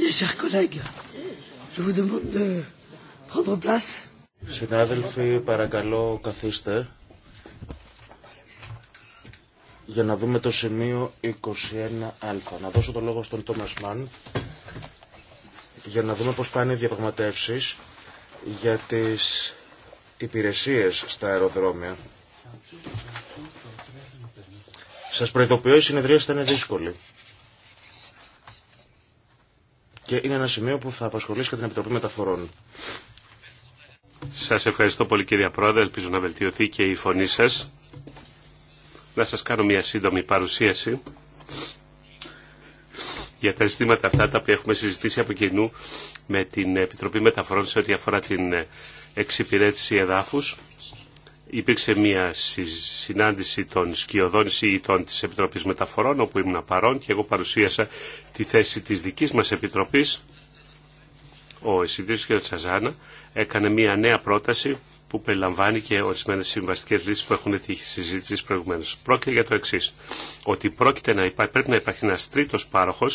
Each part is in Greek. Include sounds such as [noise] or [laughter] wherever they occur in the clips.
Mes chers collègues, je vous demande de prendre place. Συνάδελφοι, παρακαλώ καθίστε για να δούμε το σημείο 21α. Να δώσω το λόγο στον Τόμας Μαν για να δούμε πώς πάνε οι διαπραγματεύσεις για τις υπηρεσίες στα αεροδρόμια. Σας προειδοποιώ, η συνεδρία θα είναι δύσκολη και είναι ένα σημείο που θα απασχολήσει και την Επιτροπή Μεταφορών. Σας ευχαριστώ πολύ κύριε Πρόεδρε, ελπίζω να βελτιωθεί και η φωνή σας. Να σας κάνω μια σύντομη παρουσίαση για τα ζητήματα αυτά τα οποία έχουμε συζητήσει από κοινού με την Επιτροπή Μεταφορών σε ό,τι αφορά την εξυπηρέτηση εδάφους υπήρξε μια συνάντηση των σκιωδών εισηγητών της Επιτροπής Μεταφορών όπου ήμουν παρόν και εγώ παρουσίασα τη θέση της δικής μας Επιτροπής. Ο και κ. Τσαζάνα έκανε μια νέα πρόταση που περιλαμβάνει και ορισμένε συμβαστικέ λύσει που έχουν τύχει συζήτηση προηγουμένω. Πρόκειται για το εξή: Ότι πρόκειται να πρέπει να υπάρχει ένα τρίτο πάροχο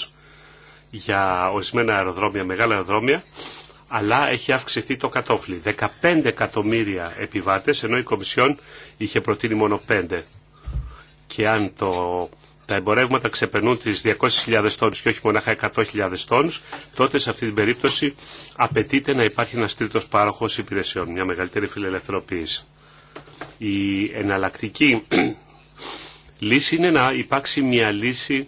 για ορισμένα αεροδρόμια, μεγάλα αεροδρόμια, αλλά έχει αυξηθεί το κατόφλι. 15 εκατομμύρια επιβάτες, ενώ η Κομισιόν είχε προτείνει μόνο 5. Και αν το, τα εμπορεύματα ξεπερνούν τις 200.000 τόνους και όχι μονάχα 100.000 τόνους, τότε σε αυτή την περίπτωση απαιτείται να υπάρχει ένας τρίτος πάροχος υπηρεσιών, μια μεγαλύτερη φιλελευθερωποίηση. Η εναλλακτική [clears throat] λύση είναι να υπάρξει μια λύση,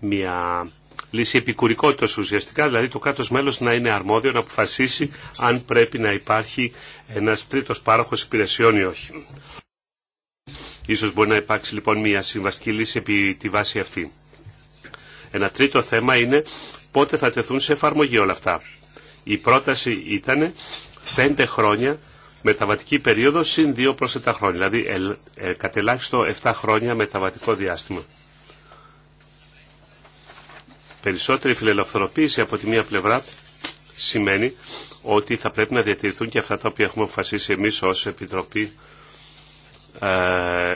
μια λύση επικουρικότητα ουσιαστικά, δηλαδή το κάτω μέλο να είναι αρμόδιο να αποφασίσει αν πρέπει να υπάρχει ένας τρίτος πάροχος υπηρεσιών ή όχι. Όσω μπορεί να υπάρξει λοιπόν μια συμβαστική λύση από τη βάση αυτή. Ένα τρίτο θέμα είναι πότε θα τεθούν σε εφαρμογή όλα αυτά. Η πρόταση ήταν πέντε χρόνια μεταβατική περίοδο συν δύο προς 7 χρόνια, δηλαδή ε, ε, 7 χρόνια μεταβατικό διάστημα. Περισσότερη φιλελευθερωποίηση από τη μία πλευρά σημαίνει ότι θα πρέπει να διατηρηθούν και αυτά τα οποία έχουμε αποφασίσει εμείς ως Επιτροπή ε,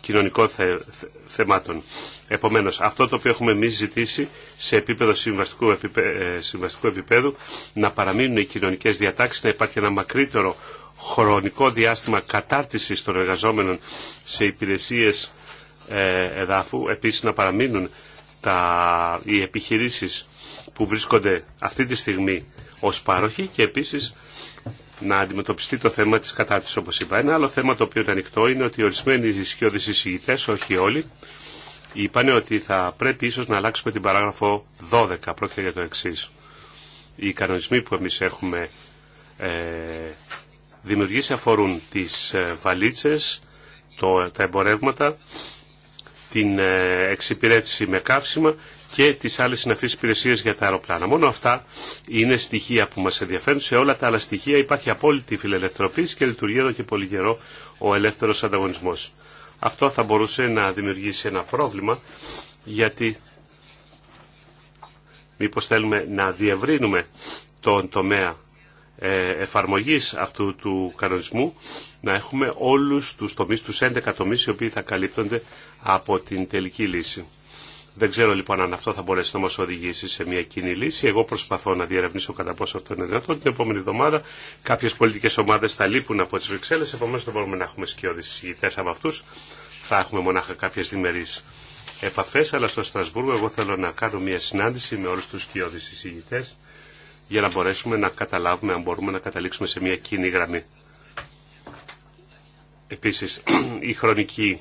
κοινωνικών θε, θε, θεμάτων. Επομένως, αυτό το οποίο έχουμε εμεί ζητήσει σε επίπεδο συμβαστικού, επιπέ, ε, επίπεδου να παραμείνουν οι κοινωνικές διατάξεις, να υπάρχει ένα μακρύτερο χρονικό διάστημα κατάρτισης των εργαζόμενων σε υπηρεσίες ε, εδάφου, επίσης να παραμείνουν τα, οι επιχειρήσεις που βρίσκονται αυτή τη στιγμή ως πάροχοι και επίσης να αντιμετωπιστεί το θέμα της κατάρτισης όπως είπα. Ένα άλλο θέμα το οποίο είναι ανοιχτό είναι ότι ορισμένοι ισχυώδεις εισηγητές, όχι όλοι, είπαν ότι θα πρέπει ίσως να αλλάξουμε την παράγραφο 12, πρόκειται για το εξή. Οι κανονισμοί που εμείς έχουμε ε, δημιουργήσει αφορούν τις ε, βαλίτσες, το, τα εμπορεύματα την ε, εξυπηρέτηση με καύσιμα και τις άλλες συναφείς υπηρεσίες για τα αεροπλάνα. Μόνο αυτά είναι στοιχεία που μας ενδιαφέρουν. Σε όλα τα άλλα στοιχεία υπάρχει απόλυτη φιλελευθεροποίηση και λειτουργεί εδώ και πολύ καιρό ο ελεύθερος ανταγωνισμός. Αυτό θα μπορούσε να δημιουργήσει ένα πρόβλημα γιατί μήπως θέλουμε να διευρύνουμε τον τομέα ε, εφαρμογής αυτού του κανονισμού να έχουμε όλους τους τομείς, τους 11 τομείς οι οποίοι θα καλύπτονται από την τελική λύση. Δεν ξέρω λοιπόν αν αυτό θα μπορέσει να μας οδηγήσει σε μια κοινή λύση. Εγώ προσπαθώ να διερευνήσω κατά πόσο αυτό είναι δυνατό. Την επόμενη εβδομάδα κάποιες πολιτικές ομάδες θα λείπουν από τις Βρυξέλλες, επομένως δεν μπορούμε να έχουμε σκιώδεις συζητητές από αυτούς. Θα έχουμε μονάχα κάποιες διμερείς επαφέ. αλλά στο Στρασβούργο εγώ θέλω να κάνω μια συνάντηση με όλου του σκιώδεις συζητητές για να μπορέσουμε να καταλάβουμε αν μπορούμε να καταλήξουμε σε μια κοινή γραμμή. Επίσης, [clears throat] η χρονική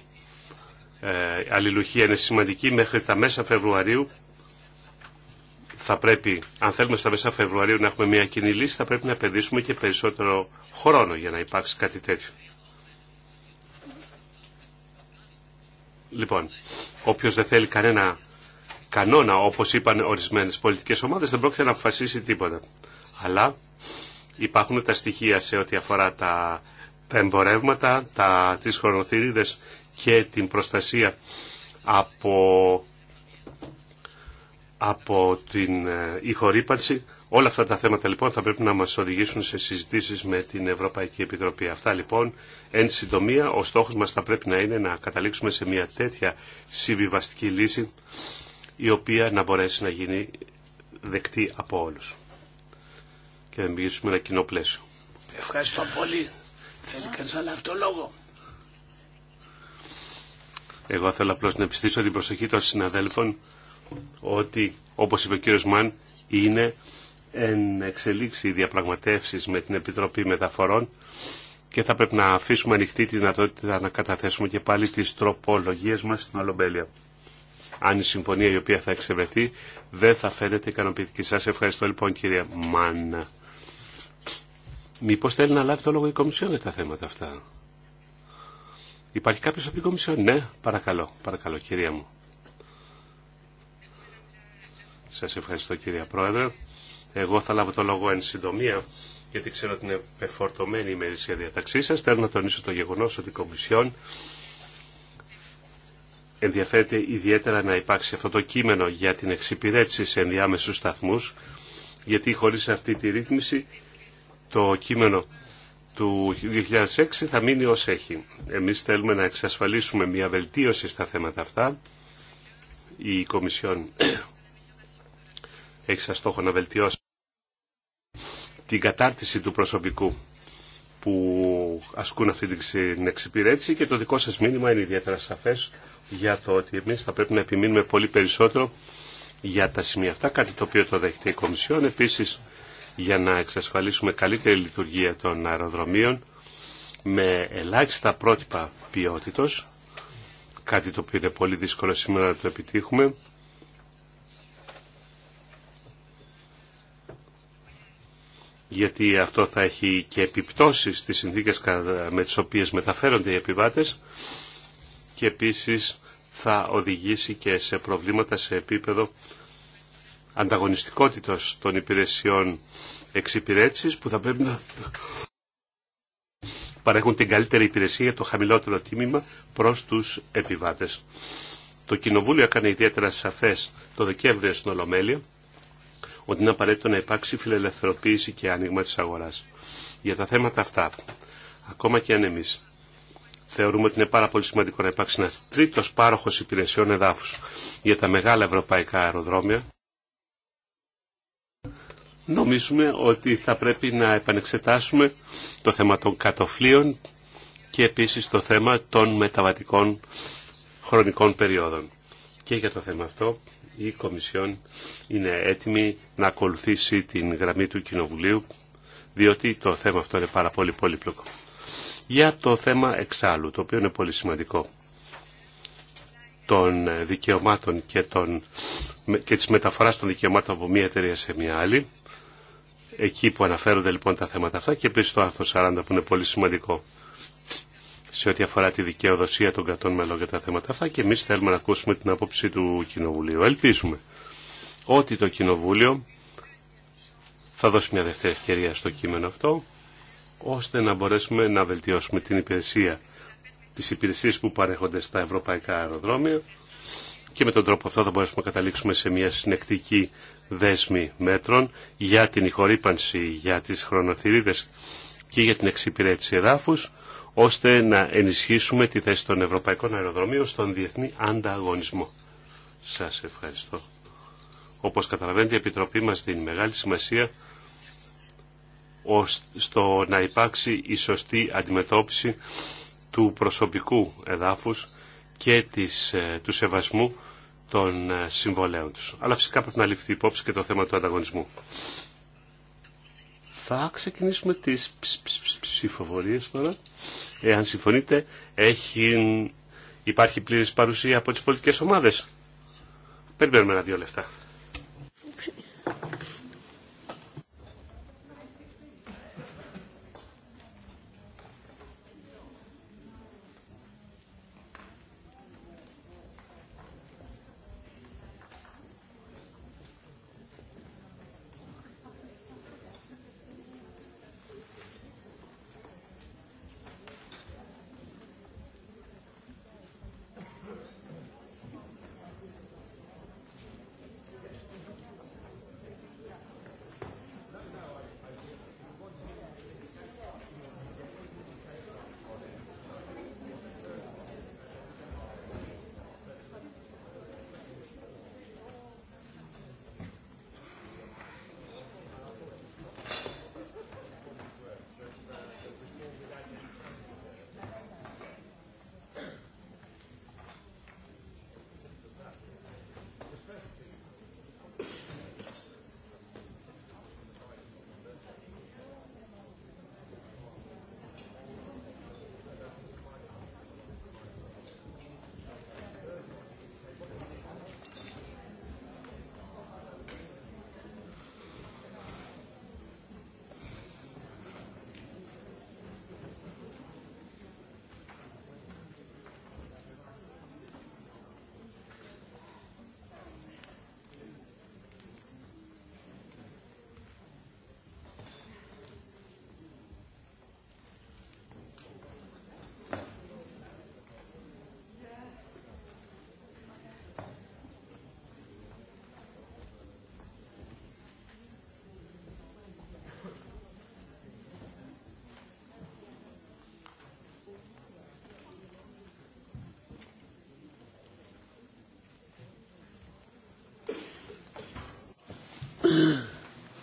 ε, αλληλουχία είναι σημαντική. Μέχρι τα μέσα Φεβρουαρίου θα πρέπει, αν θέλουμε στα μέσα Φεβρουαρίου να έχουμε μια κοινή λύση, θα πρέπει να επενδύσουμε και περισσότερο χρόνο για να υπάρξει κάτι τέτοιο. Λοιπόν, όποιος δεν θέλει κανένα κανόνα, όπως είπαν ορισμένες πολιτικές ομάδες, δεν πρόκειται να αποφασίσει τίποτα. Αλλά υπάρχουν τα στοιχεία σε ό,τι αφορά τα, εμπορεύματα, τα, τις χρονοθυρίδες και την προστασία από, από την ε, ηχορύπανση. Όλα αυτά τα θέματα λοιπόν θα πρέπει να μας οδηγήσουν σε συζητήσεις με την Ευρωπαϊκή Επιτροπή. Αυτά λοιπόν, εν συντομία, ο στόχος μας θα πρέπει να είναι να καταλήξουμε σε μια τέτοια συμβιβαστική λύση η οποία να μπορέσει να γίνει δεκτή από όλους και να δημιουργήσουμε ένα κοινό πλαίσιο. Ευχαριστώ πολύ. Θέλει κανείς άλλο αυτό λόγο. Εγώ θέλω απλώς να επιστήσω την προσοχή των συναδέλφων ότι, όπως είπε ο κύριος Μαν, είναι εν εξελίξει διαπραγματεύσεις με την Επιτροπή Μεταφορών και θα πρέπει να αφήσουμε ανοιχτή τη δυνατότητα να καταθέσουμε και πάλι τις τροπολογίες μας στην Ολομπέλεια αν η συμφωνία η οποία θα εξευρεθεί δεν θα φαίνεται ικανοποιητική. Σας ευχαριστώ λοιπόν κυρία Μαν. Μήπως θέλει να λάβει το λόγο η Κομισιόν για τα θέματα αυτά. Υπάρχει κάποιος από την Κομισιόν. Ναι, παρακαλώ, παρακαλώ κυρία μου. Σας ευχαριστώ κυρία Πρόεδρε. Εγώ θα λάβω το λόγο εν συντομία γιατί ξέρω ότι είναι πεφορτωμένη η ημερήσια διαταξή σα. Θέλω να τονίσω το γεγονός ότι η Κομισιόν ενδιαφέρεται ιδιαίτερα να υπάρξει αυτό το κείμενο για την εξυπηρέτηση σε ενδιάμεσους σταθμούς, γιατί χωρίς αυτή τη ρύθμιση το κείμενο του 2006 θα μείνει ως έχει. Εμείς θέλουμε να εξασφαλίσουμε μια βελτίωση στα θέματα αυτά. Η Κομισιόν έχει σαν στόχο να βελτιώσει την κατάρτιση του προσωπικού που ασκούν αυτή την εξυπηρέτηση και το δικό σας μήνυμα είναι ιδιαίτερα σαφές για το ότι εμεί θα πρέπει να επιμείνουμε πολύ περισσότερο για τα σημεία αυτά, κάτι το οποίο το δέχεται η Κομισιόν. Επίση, για να εξασφαλίσουμε καλύτερη λειτουργία των αεροδρομίων με ελάχιστα πρότυπα ποιότητο, κάτι το οποίο είναι πολύ δύσκολο σήμερα να το επιτύχουμε. γιατί αυτό θα έχει και επιπτώσεις στις συνθήκες με τις οποίες μεταφέρονται οι επιβάτες και επίσης θα οδηγήσει και σε προβλήματα σε επίπεδο ανταγωνιστικότητας των υπηρεσιών εξυπηρέτησης που θα πρέπει να παρέχουν την καλύτερη υπηρεσία για το χαμηλότερο τίμημα προς τους επιβάτες. Το Κοινοβούλιο έκανε ιδιαίτερα σαφές το Δεκέμβριο στην Ολομέλεια ότι είναι απαραίτητο να υπάρξει φιλελευθερωποίηση και άνοιγμα της αγοράς. Για τα θέματα αυτά, ακόμα και αν εμείς Θεωρούμε ότι είναι πάρα πολύ σημαντικό να υπάρξει ένα τρίτο πάροχο υπηρεσιών εδάφου για τα μεγάλα ευρωπαϊκά αεροδρόμια. Νομίζουμε ότι θα πρέπει να επανεξετάσουμε το θέμα των κατοφλίων και επίσης το θέμα των μεταβατικών χρονικών περίοδων. Και για το θέμα αυτό η Κομισιόν είναι έτοιμη να ακολουθήσει την γραμμή του Κοινοβουλίου διότι το θέμα αυτό είναι πάρα πολύ πολύπλοκο για το θέμα εξάλλου, το οποίο είναι πολύ σημαντικό των δικαιωμάτων και, των, και της μεταφοράς των δικαιωμάτων από μία εταιρεία σε μία άλλη. Εκεί που αναφέρονται λοιπόν τα θέματα αυτά και επίσης το άρθρο 40 που είναι πολύ σημαντικό σε ό,τι αφορά τη δικαιοδοσία των κρατών μελών για τα θέματα αυτά και εμείς θέλουμε να ακούσουμε την άποψη του Κοινοβουλίου. Ελπίζουμε ότι το Κοινοβούλιο θα δώσει μια δεύτερη ευκαιρία στο κείμενο αυτό ώστε να μπορέσουμε να βελτιώσουμε την υπηρεσία, τις υπηρεσίες που παρέχονται στα ευρωπαϊκά αεροδρόμια και με τον τρόπο αυτό θα μπορέσουμε να καταλήξουμε σε μια συνεκτική δέσμη μέτρων για την ηχορύπανση, για τις χρονοθυρίδες και για την εξυπηρέτηση εδάφους, ώστε να ενισχύσουμε τη θέση των ευρωπαϊκών αεροδρομίων στον διεθνή ανταγωνισμό. Σας ευχαριστώ. Όπως καταλαβαίνετε η Επιτροπή μας δίνει μεγάλη σημασία στο να υπάρξει η σωστή αντιμετώπιση του προσωπικού εδάφους και της, ε, του σεβασμού των ε, συμβολέων τους. Αλλά φυσικά πρέπει να ληφθεί υπόψη και το θέμα του ανταγωνισμού. Θα ξεκινήσουμε τις ψηφοφορίες τώρα. Εάν συμφωνείτε, έχει, υπάρχει πλήρης παρουσία από τις πολιτικές ομάδες. Περιμένουμε ένα-δύο λεφτά.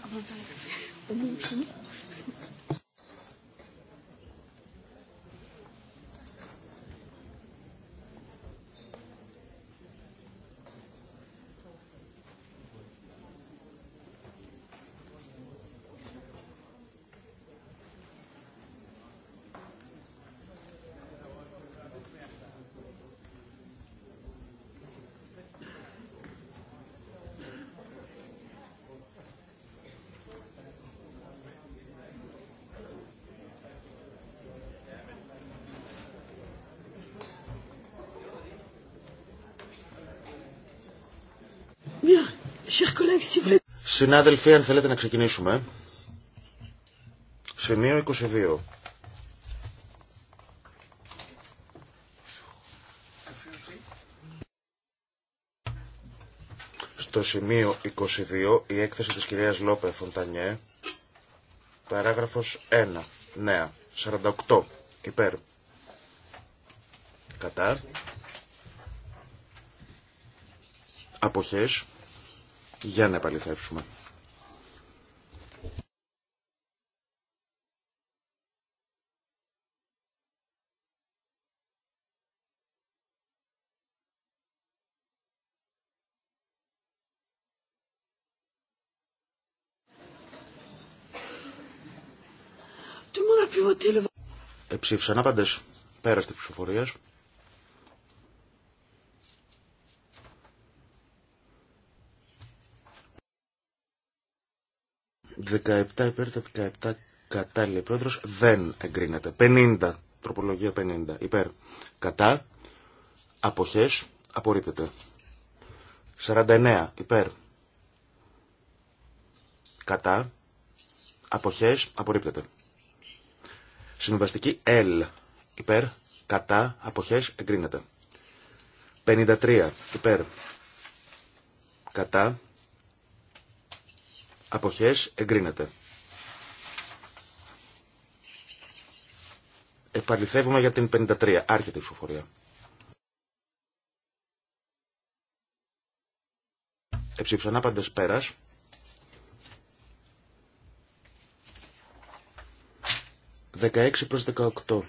Από τα Συνάδελφοι, αν θέλετε να ξεκινήσουμε. Σημείο 22. Στο σημείο 22, η έκθεση της κυρίας Λόπε Φοντανιέ, παράγραφος 1, νέα, 48, υπέρ. Κατά. Αποχές για να επαληθεύσουμε. Εψήφισαν άπαντες πέρασε τη ψηφοφορία. 17 υπέρ 17 κατά λέει πρόεδρος δεν εγκρίνεται 50 τροπολογία 50 υπέρ κατά αποχές απορρίπτεται 49 υπέρ κατά αποχές απορρίπτεται συμβαστική L υπέρ κατά αποχές εγκρίνεται 53 υπέρ κατά Αποχές εγκρίνεται. Επαληθεύουμε για την 53. Άρχεται η ψηφοφορία. Εψήφισαν άπαντες πέρας. 16 προς 18.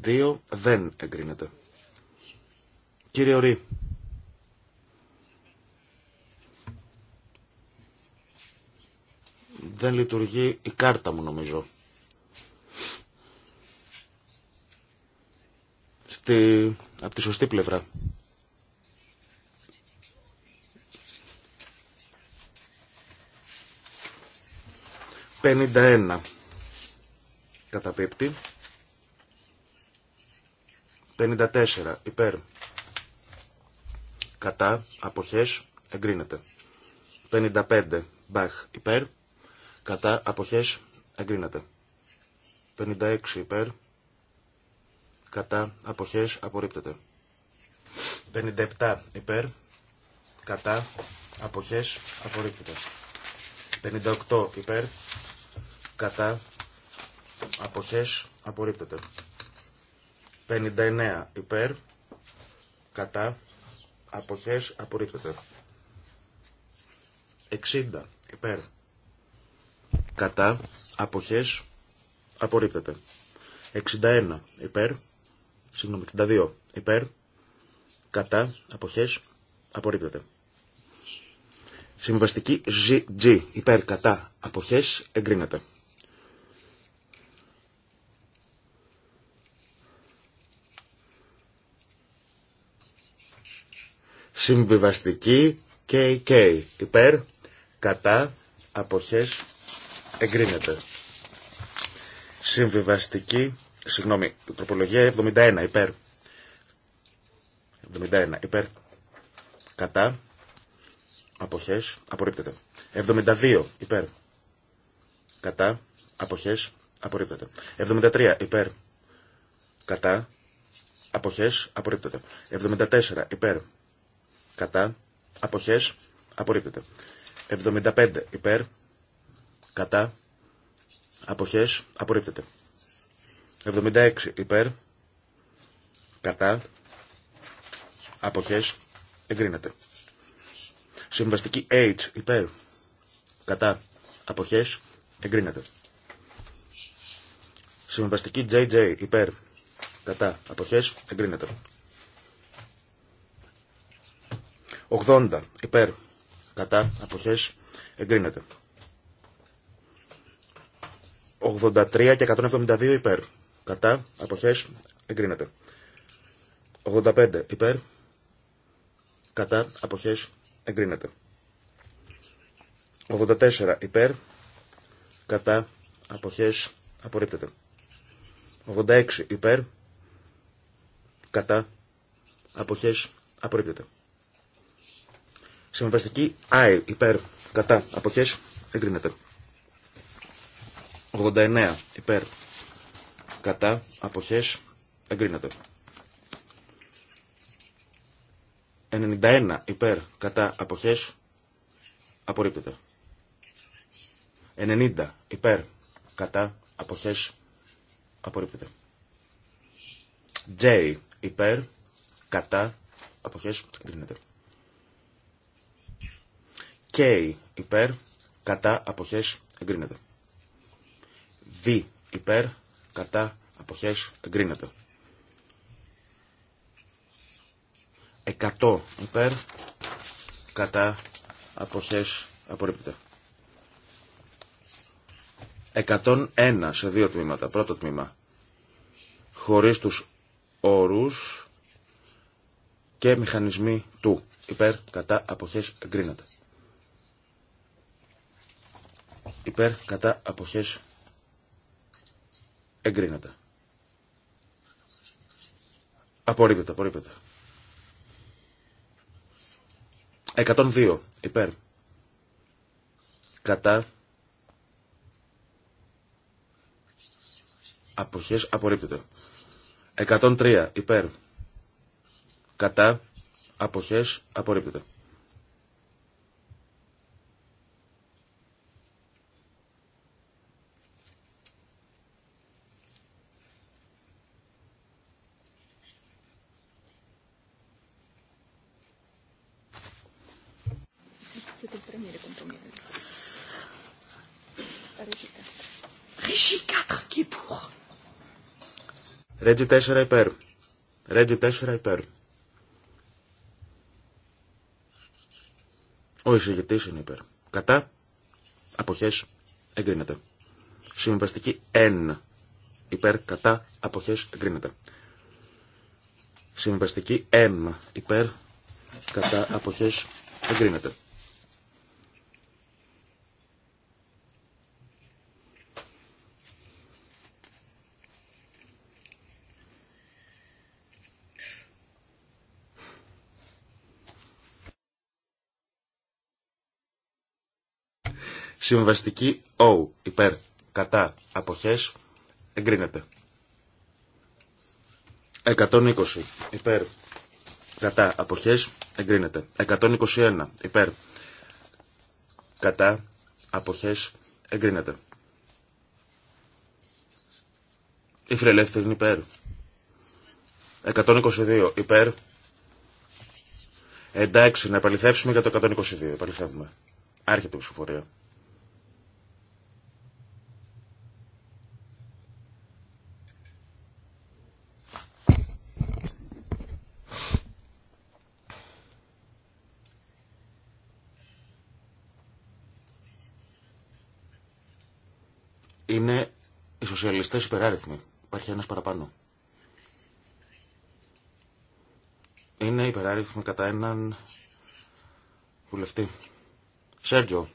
Δύο δεν εγκρίνεται. Κύριε Ρή, Δεν λειτουργεί η κάρτα μου νομίζω. Στη... Από τη σωστή πλευρά. 51. Καταπίπτει. 54. Υπέρ. Κατά. Αποχές. Εγκρίνεται. 55. Μπαχ. Υπέρ. Κατά αποχές εγκρίνεται. 56 υπέρ. Κατά αποχές απορρίπτεται. 57 υπέρ. Κατά αποχές απορρίπτεται. 58 υπέρ. Κατά αποχές απορρίπτεται. 59 υπέρ. Κατά αποχές απορρίπτεται. 60 υπέρ κατά, αποχές, απορρίπτεται. 61 υπέρ, συγγνώμη, 62 υπέρ, κατά, αποχές, απορρίπτεται. Συμβαστική G, υπέρ, κατά, αποχές, εγκρίνεται. Συμβιβαστική KK, υπέρ, κατά, αποχές, εγκρίνεται. Συμβιβαστική, συγγνώμη, τροπολογία 71 υπέρ. 71 υπέρ. Κατά. Αποχές. Απορρίπτεται. 72 υπέρ. Κατά. Αποχές. Απορρίπτεται. 73 υπέρ. Κατά. Αποχές. Απορρίπτεται. 74 υπέρ. Κατά. Αποχές. Απορρίπτεται. 75 υπέρ κατά, αποχές, απορρίπτεται. 76 υπέρ, κατά, αποχές, εγκρίνεται. Συμβαστική H υπέρ, κατά, αποχές, εγκρίνεται. Συμβαστική JJ υπέρ, κατά, αποχές, εγκρίνεται. 80 υπέρ, κατά, αποχές, εγκρίνεται. 83 και 172 υπέρ. Κατά. Αποχές. Εγκρίνεται. 85 υπέρ. Κατά. Αποχές. Εγκρίνεται. 84 υπέρ. Κατά. Αποχές. Απορρίπτεται. 86 υπέρ. Κατά. Αποχές. Απορρίπτεται. Συμβαστική I υπέρ. Κατά. Αποχές. Εγκρίνεται. 89 υπέρ κατά αποχές εγκρίνεται. 91 υπέρ κατά αποχές απορρίπτεται. 90 υπέρ κατά αποχές απορρίπτεται. J υπέρ κατά αποχές εγκρίνεται. K υπέρ κατά αποχές εγκρίνεται. Β υπέρ κατά αποχές εγκρίνεται. 100 υπέρ κατά αποχές απορρίπτεται. 101 σε δύο τμήματα. Πρώτο τμήμα. Χωρίς τους όρους και μηχανισμοί του. Υπέρ, κατά, αποχές, εγκρίνεται. Υπέρ, κατά, αποχές, Εγκρίνεται. Απορρίπτεται, απορρίπτεται. 102 υπέρ. Κατά. Αποχές απορρίπτεται. 103 υπέρ. Κατά. Αποχές απορρίπτεται. Ρέτζι 4 υπέρ. Ρέτζι 4 υπέρ. Ο εισηγητής είναι υπέρ. Κατά. Αποχές. Εγκρίνεται. Συμβαστική N. Υπέρ. Κατά. Αποχές. Εγκρίνεται. Συμβαστική M. Υπέρ. Κατά. Αποχές. Εγκρίνεται. Συμβαστική O υπέρ κατά αποχές εγκρίνεται. 120 υπέρ κατά αποχές εγκρίνεται. 121 υπέρ κατά αποχές εγκρίνεται. Η φιλελεύθερη είναι υπέρ. 122 υπέρ. Ε, εντάξει, να επαληθεύσουμε για το 122. Επαληθεύουμε. Άρχεται η ψηφοφορία. είναι οι σοσιαλιστές υπεράριθμοι. Υπάρχει ένας παραπάνω. Είναι υπεράριθμοι κατά έναν βουλευτή. Σέργιο,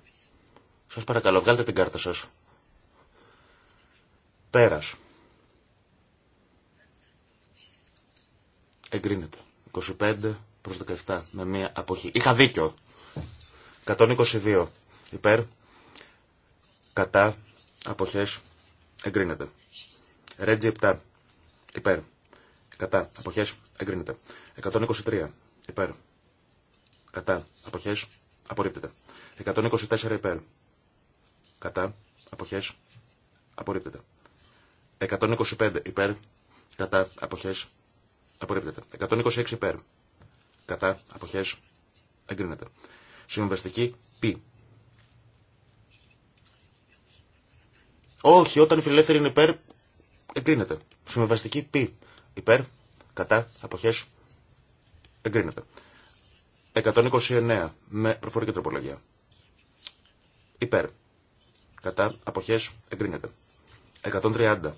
σας παρακαλώ, βγάλτε την κάρτα σας. Πέρας. Εγκρίνεται. 25 προς 17 με μία αποχή. Είχα δίκιο. 122 υπέρ. Κατά Αποχές. Εγκρίνεται. Ρέτζι 7. Υπέρ. Κατά. Αποχές. Εγκρίνεται. 123. Υπέρ. Κατά. Αποχές. Απορρίπτεται. 124 υπέρ. Κατά. Αποχές. Απορρίπτεται. 125 υπέρ. Κατά. Αποχές. Απορρίπτεται. 126 υπέρ. Κατά. Αποχές. Εγκρίνεται. Συμβαστική π. Όχι, όταν η φιλελεύθερη είναι υπέρ, εγκρίνεται. Συμβαστική π. Υπέρ, κατά, αποχέ, εγκρίνεται. 129 με προφορική τροπολογία. Υπέρ. Κατά απόχέ, εγκρίνεται. 130.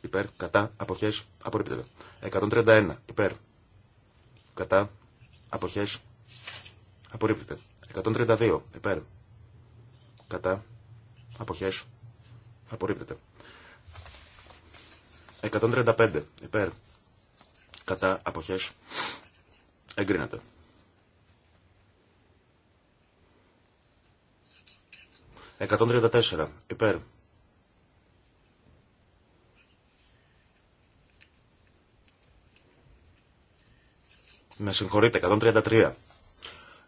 Υπέρ. Κατά αποχέ, απορρίπτεται. 131. Υπέρ. Κατά απόχέ, απορρίπτεται. 132. Υπέρ. Κατά Αποχές. Απορρίπτεται. 135. Υπέρ. Κατά. Αποχές. Εγκρίνεται. 134. Υπέρ. Με συγχωρείτε. 133.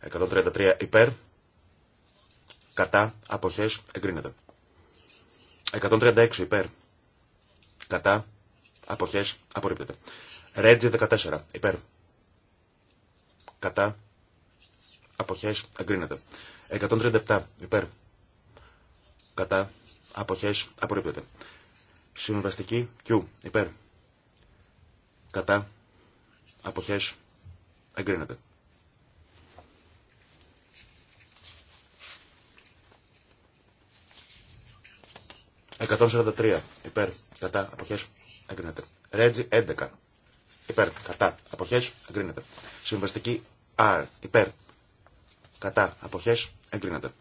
133. Υπέρ. Κατά. Αποχές. Εγκρίνεται. 136 υπέρ. Κατά. Αποχές. Απορρίπτεται. Ρέτζι 14 υπέρ. Κατά. Αποχές. Εγκρίνεται. 137 υπέρ. Κατά. Αποχές. Απορρίπτεται. Συμβαστική Q υπέρ. Κατά. Αποχές. Εγκρίνεται. 143 υπέρ κατά Αποχέ. εγκρίνεται. Ρέτζι 11 υπέρ κατά Αποχέ. εγκρίνεται. Συμβαστική R υπέρ κατά απόχέ, εγκρίνεται.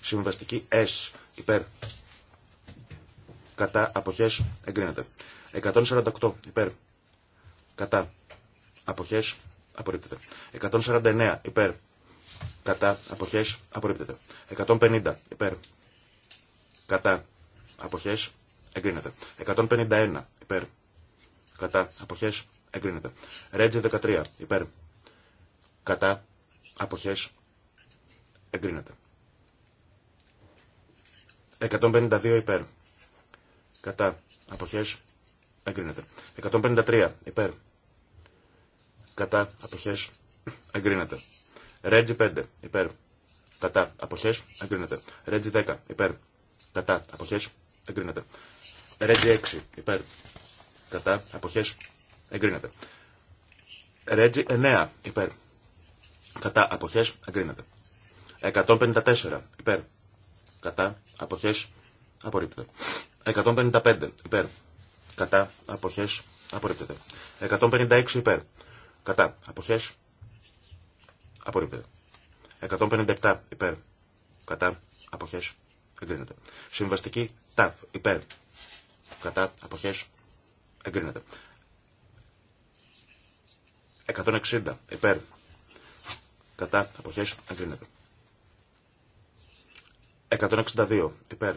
Συμβαστική S υπέρ κατά Αποχέ. εγκρίνεται. 148 υπέρ κατά απόχέ, απορρίπτεται. 149 υπέρ κατά Αποχέ. απορρίπτεται. 150 υπέρ κατά Αποχές. Εγκρίνεται. 151. Υπέρ. Κατά. Αποχές. Εγκρίνεται. Ρέτζε 13. Υπέρ. Κατά. Αποχές. Εγκρίνεται. 152 υπέρ. Κατά. Αποχές. Εγκρίνεται. 153 υπέρ. Κατά. Αποχές. Εγκρίνεται. Ρέτζι 5 υπέρ. Κατά. Αποχές. Εγκρίνεται. Ρέτζι 10 υπέρ. Κατά. Αποχές. Εγκρίνεται. Ρέτζι 6. Υπέρ. Κατά. Εποχέ. Εγκρίνεται. Ρέτζι 9. Υπέρ. Κατά. Αποχές. Εγκρίνεται. 154. Υπέρ. Κατά. Αποχές. Απορρίπτεται. 155. Υπέρ. Κατά. απόχέ, Απορρίπτεται. 156. Υπέρ. Κατά. αποχέ, Απορρίπτεται. 157. Υπέρ. Κατά. απόχέ. Εγκρίνεται. Συμβαστική ΤΑΒ Υπέρ. Κατά. Αποχές. Εγκρίνεται. 160. Υπέρ. Κατά. Αποχές. Εγκρίνεται. 162. Υπέρ.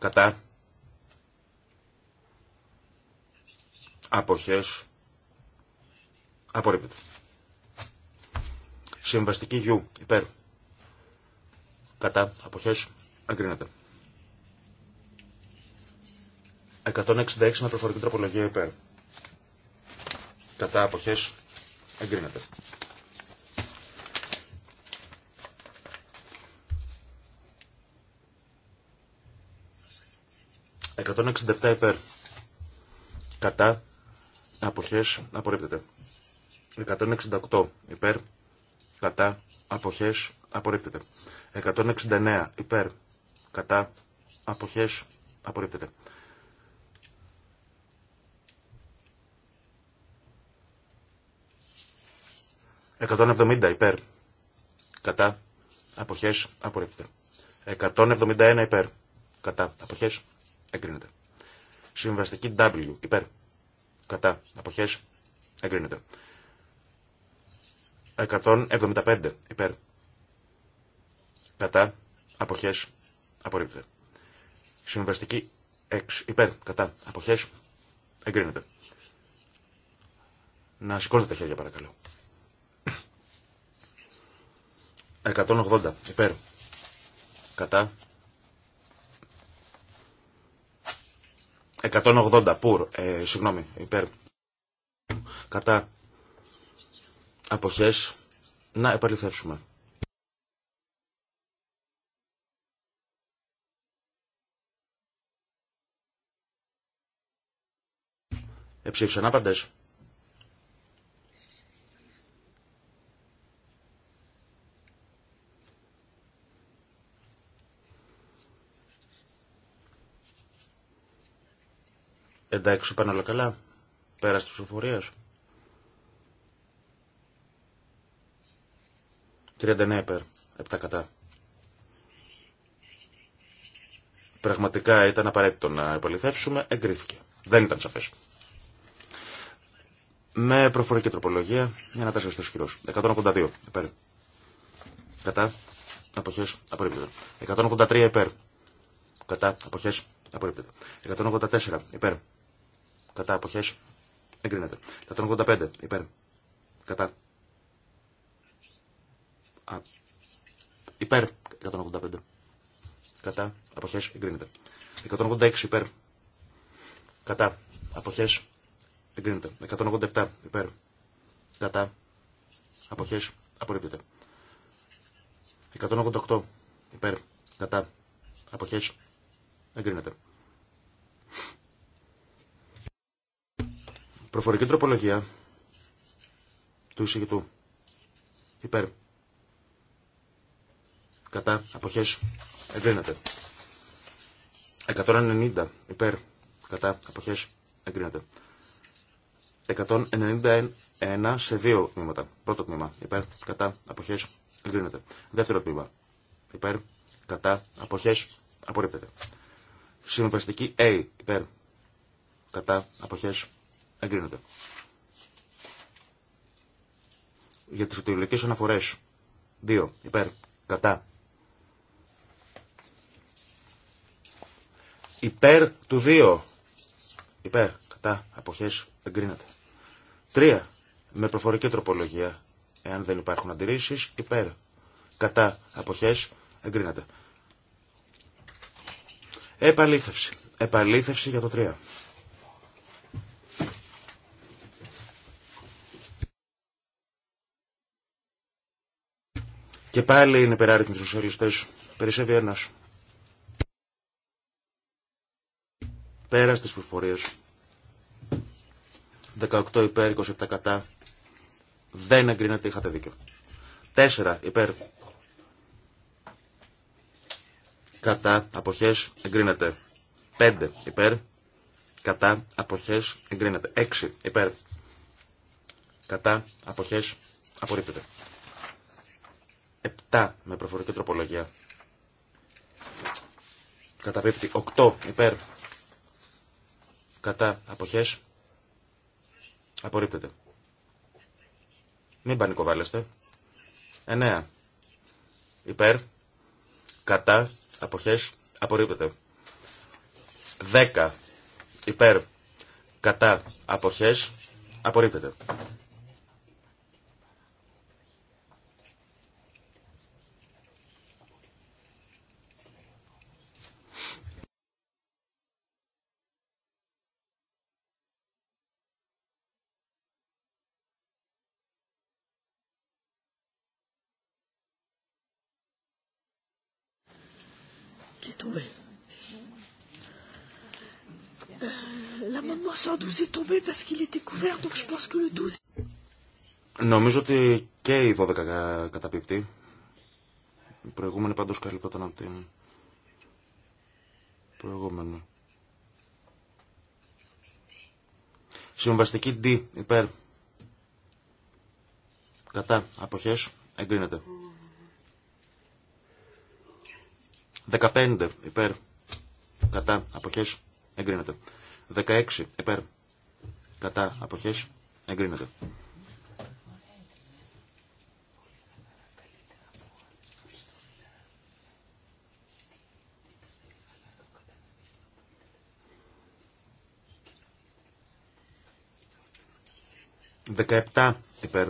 Κατά. Αποχές. Απορρίπτεται. Συμβαστική γιού, Υπέρ. Κατά. Αποχές. εγκρίνεται 166 με προφορική τροπολογία υπέρ. Κατά αποχές εγκρίνεται. 167, υπέρ. Κατά αποχές απορρίπτεται. 168 υπέρ κατά, αποχές, απορρίπτεται. 169 υπέρ, κατά, αποχές, απορρίπτεται. «170 υπέρ, κατά, αποχές, απορρίπτεται. 171 υπέρ, κατά, αποχές, εγκρίνεται. Συμβαστική W υπέρ, κατά, αποχές, εγκρίνεται. 175 υπέρ. Κατά. απόχέ, Απορρίπτεται. Συμβαστική 6 υπέρ. Κατά. Αποχές. Εγκρίνεται. Να σηκώνετε τα χέρια παρακαλώ. 180 υπέρ. Κατά. 180 πουρ. Ε, συγγνώμη. Υπέρ. Κατά αποχές να επαληθεύσουμε. Εψήφισαν άπαντες. Εντάξει, πάνε όλα καλά. Πέρα τη ψηφοφορία. 39 υπέρ, 7 κατά. Πραγματικά ήταν απαραίτητο να επαληθεύσουμε, εγκρίθηκε. Δεν ήταν σαφές. Με προφορική τροπολογία, για να τέσσερα στο χειρός. 182 υπέρ. Κατά. Αποχές. Απορρίπτεται. 183 υπέρ. Κατά. Αποχές. Απορρίπτεται. 184 υπέρ. Κατά. Αποχές. Εγκρίνεται. 185 υπέρ. Κατά. Α, υπέρ 185. Κατά. Αποχές. Εγκρίνεται. 186 υπέρ. Κατά. Αποχές. Εγκρίνεται. 187 υπέρ. Κατά. Αποχές. Απορρίπτεται. 188 υπέρ. Κατά. Αποχές. Εγκρίνεται. Προφορική τροπολογία του εισηγητού. Υπέρ κατά αποχές εγκρίνεται. 190 υπέρ κατά αποχέ, εγκρίνεται. 191 σε δύο τμήματα. Πρώτο τμήμα υπέρ κατά αποχές εγκρίνεται. Δεύτερο τμήμα υπέρ κατά αποχέ, απορρίπτεται. Συμβαστική A υπέρ κατά αποχές εγκρίνεται. Για τι φυτογλυκές αναφορέ. 2 υπέρ κατά Υπέρ του 2. Υπέρ. Κατά. Αποχές. Εγκρίνεται. 3. Με προφορική τροπολογία. Εάν δεν υπάρχουν αντιρρήσεις. Υπέρ. Κατά. Αποχές. Εγκρίνεται. Επαλήθευση. Επαλήθευση για το 3. Και πάλι είναι υπεράριθμοι στους σοσιαλιστές. Περισσεύει ένας. Πέρα στις προφορίες. 18 υπέρ, 27 κατά. Δεν εγκρίνεται, είχατε δίκιο. 4 υπέρ. Κατά, αποχές, εγκρίνεται. 5 υπέρ. Κατά, αποχές, εγκρίνεται. 6 υπέρ. Κατά, αποχές, απορρίπτεται. 7 με προφορική τροπολογία. Καταπίπτει 8 υπέρ Κατά αποχές απορρίπτεται. Μην πανικοβάλλεστε. 9. Υπέρ. Κατά αποχές απορρίπτεται. 10. Υπέρ. Κατά αποχές απορρίπτεται. 12 est tombé parce qu'il était couvert, donc je pense que le 12... Νομίζω ότι και η 12 καταπίπτει. Η προηγούμενη πάντως καλύπτωταν από την προηγούμενη. Συμβαστική D, υπέρ. Κατά, απόχέ εγκρίνεται. 15, υπέρ. Κατά, απόχέ εγκρίνεται. 16, υπέρ κατά αποχές εγκρίνεται. Δεκαεπτά υπέρ.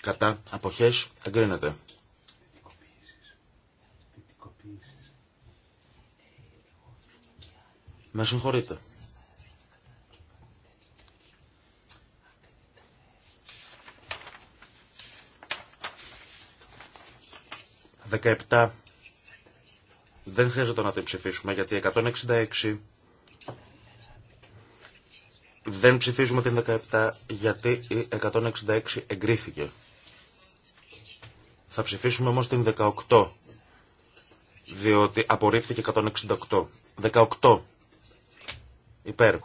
Κατά αποχές εγκρίνεται. Με συγχωρείτε. 17 δεν χρειάζεται να την ψηφίσουμε γιατί 166 δεν ψηφίζουμε την 17 γιατί η 166 εγκρίθηκε. Θα ψηφίσουμε όμως την 18 διότι απορρίφθηκε 168. 18 υπέρ.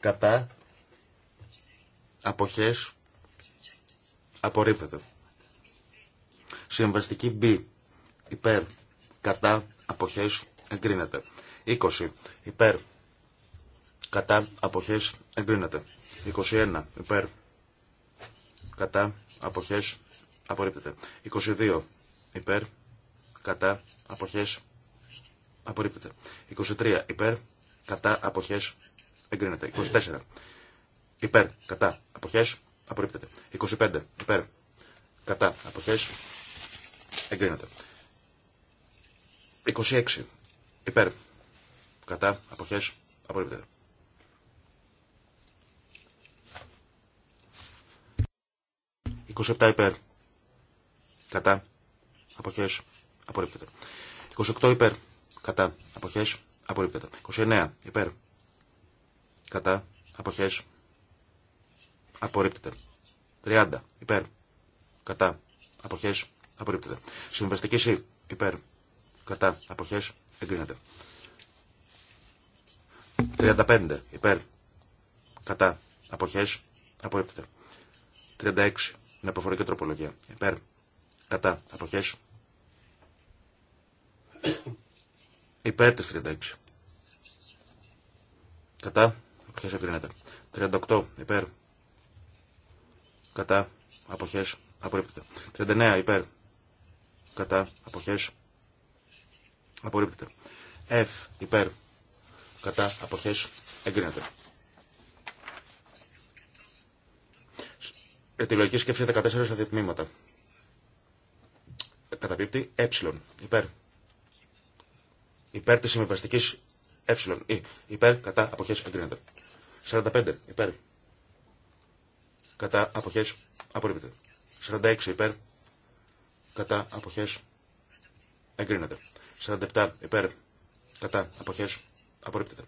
Κατά αποχές Απορρίπτεται. Συμβαστική B. Υπέρ. Κατά. Αποχές. Εγκρίνεται. 20. Υπέρ. Κατά. αποχέ Εγκρίνεται. 21. Υπέρ. Κατά. αποχέ Απορρίπτεται. 22. Υπέρ. Κατά. απόχέ, Απορρίπτεται. 23. Υπέρ. Κατά. αποχέ, Εγκρίνεται. 24. Υπέρ. Κατά. αποχέ. Απορρίπτεται. 25 υπέρ. Κατά. αποθέσει, Εγκρίνεται. 26 υπέρ. Κατά. Αποχές. Απορρίπτεται. 27 υπέρ. Κατά. Αποχές. Απορρίπτεται. 28 υπέρ. Κατά. Αποχές. Απορρίπτεται. 29 υπέρ. Κατά. Αποχές. Απορρίπτεται. 30. Υπέρ. Κατά. Αποχέ. Απορρίπτεται. Συμβαστική ΣΥ. Υπέρ. Κατά. Αποχέ. Εγκρίνεται. 35. Υπέρ. Κατά. Αποχέ. Απορρίπτεται. 36. Με προφορική τροπολογία. Υπέρ. Κατά. Αποχέ. Υπέρ τη 36. Κατά. Αποχέ εγκρίνεται. 38. Υπέρ. Κατά. απόχέ, Απορρίπτεται. 39 υπέρ. Κατά. Αποχέ. Απορρίπτεται. F υπέρ. Κατά. Αποχέ. Εγκρίνεται. Ετυλογική σκέψη 14 στα Κατά Καταπίπτει ε. Υπέρ. Υπέρ τη συμβιβαστική ε. Υπέρ κατά αποχέ εγκρίνεται. 45. Υπέρ κατά αποχές απορρίπτεται. 46 υπέρ κατά αποχές εγκρίνεται. 47 υπέρ κατά αποχές απορρίπτεται.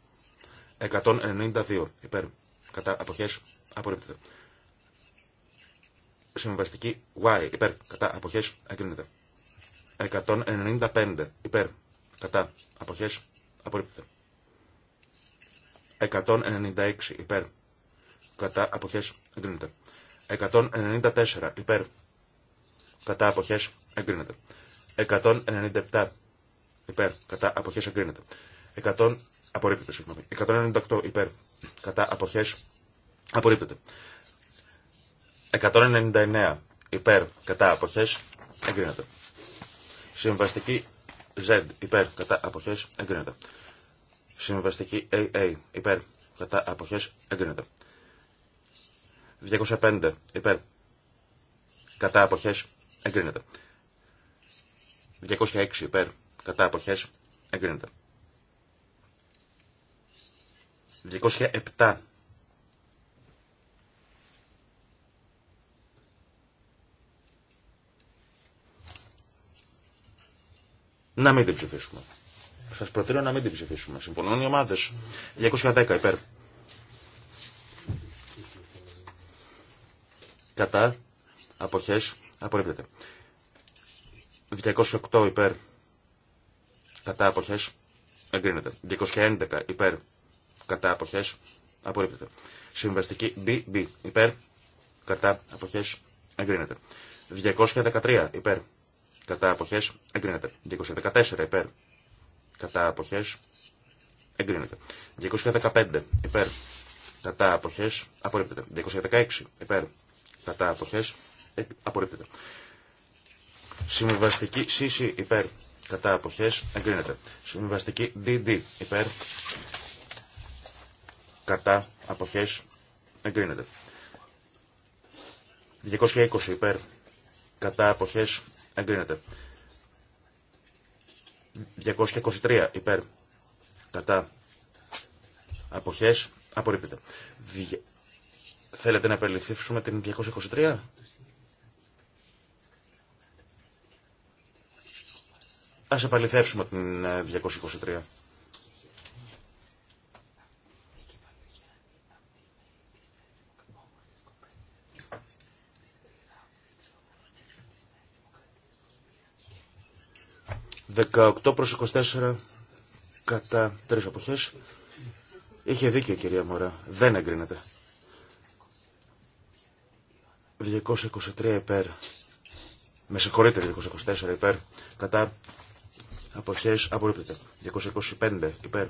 192 υπέρ κατά αποχές απορρίπτεται. Συμβαστική Y υπέρ κατά αποχές εγκρίνεται. 195 υπέρ κατά αποχές απορρίπτεται. 196 υπέρ κατά αποχές εγκρίνεται. 194 υπέρ. Κατά απόχέ, εγκρίνεται. 197 υπέρ. Κατά απόχε εγκρίνεται. 100 απορρίπτεται, συγγνώμη. 198 υπέρ. Κατά αποχές απορρίπτεται. 199 υπέρ. Κατά αποχέ εγκρίνεται. Συμβαστική Z υπέρ. Κατά αποχές εγκρίνεται. Συμβαστική AA υπέρ. Κατά απόχέ εγκρίνεται. 205 υπέρ. Κατά αποχές εγκρίνεται. 206 υπέρ. Κατά αποχές εγκρίνεται. 207 Να μην την ψηφίσουμε. Σας προτείνω να μην την ψηφίσουμε. Συμφωνούν οι ομάδες. 210 υπέρ. κατά, αποχές, απορρίπτεται. 208 υπέρ, κατά, αποχές, εγκρίνεται. 211 υπέρ, κατά, αποχές, απορρίπτεται. Συμβαστική BB υπέρ, κατά, αποχές, εγκρίνεται. 213 υπέρ, κατά, αποχές, εγκρίνεται. 214 υπέρ, κατά, αποχές, εγκρίνεται. 215 υπέρ, κατά, αποχές, απορρίπτεται. 216 υπέρ, κατά αποχές ε, απορρίπτεται. Συμβαστική CC υπέρ κατά αποχές εγκρίνεται. Συμβαστική DD υπέρ κατά αποχές εγκρίνεται. 220 υπέρ κατά αποχές εγκρίνεται. 223 υπέρ κατά αποχές απορρίπτεται. Θέλετε να επαληθεύσουμε την 223? Ας επαληθεύσουμε την 223. Ε, 18 προς 24 κατά τρεις αποχές. Είχε δίκιο κυρία Μωρά. Δεν εγκρίνεται. 223 υπέρ. Με συγχωρείτε, 224 υπέρ. Κατά αποχές απορρίπτεται. 225 υπέρ.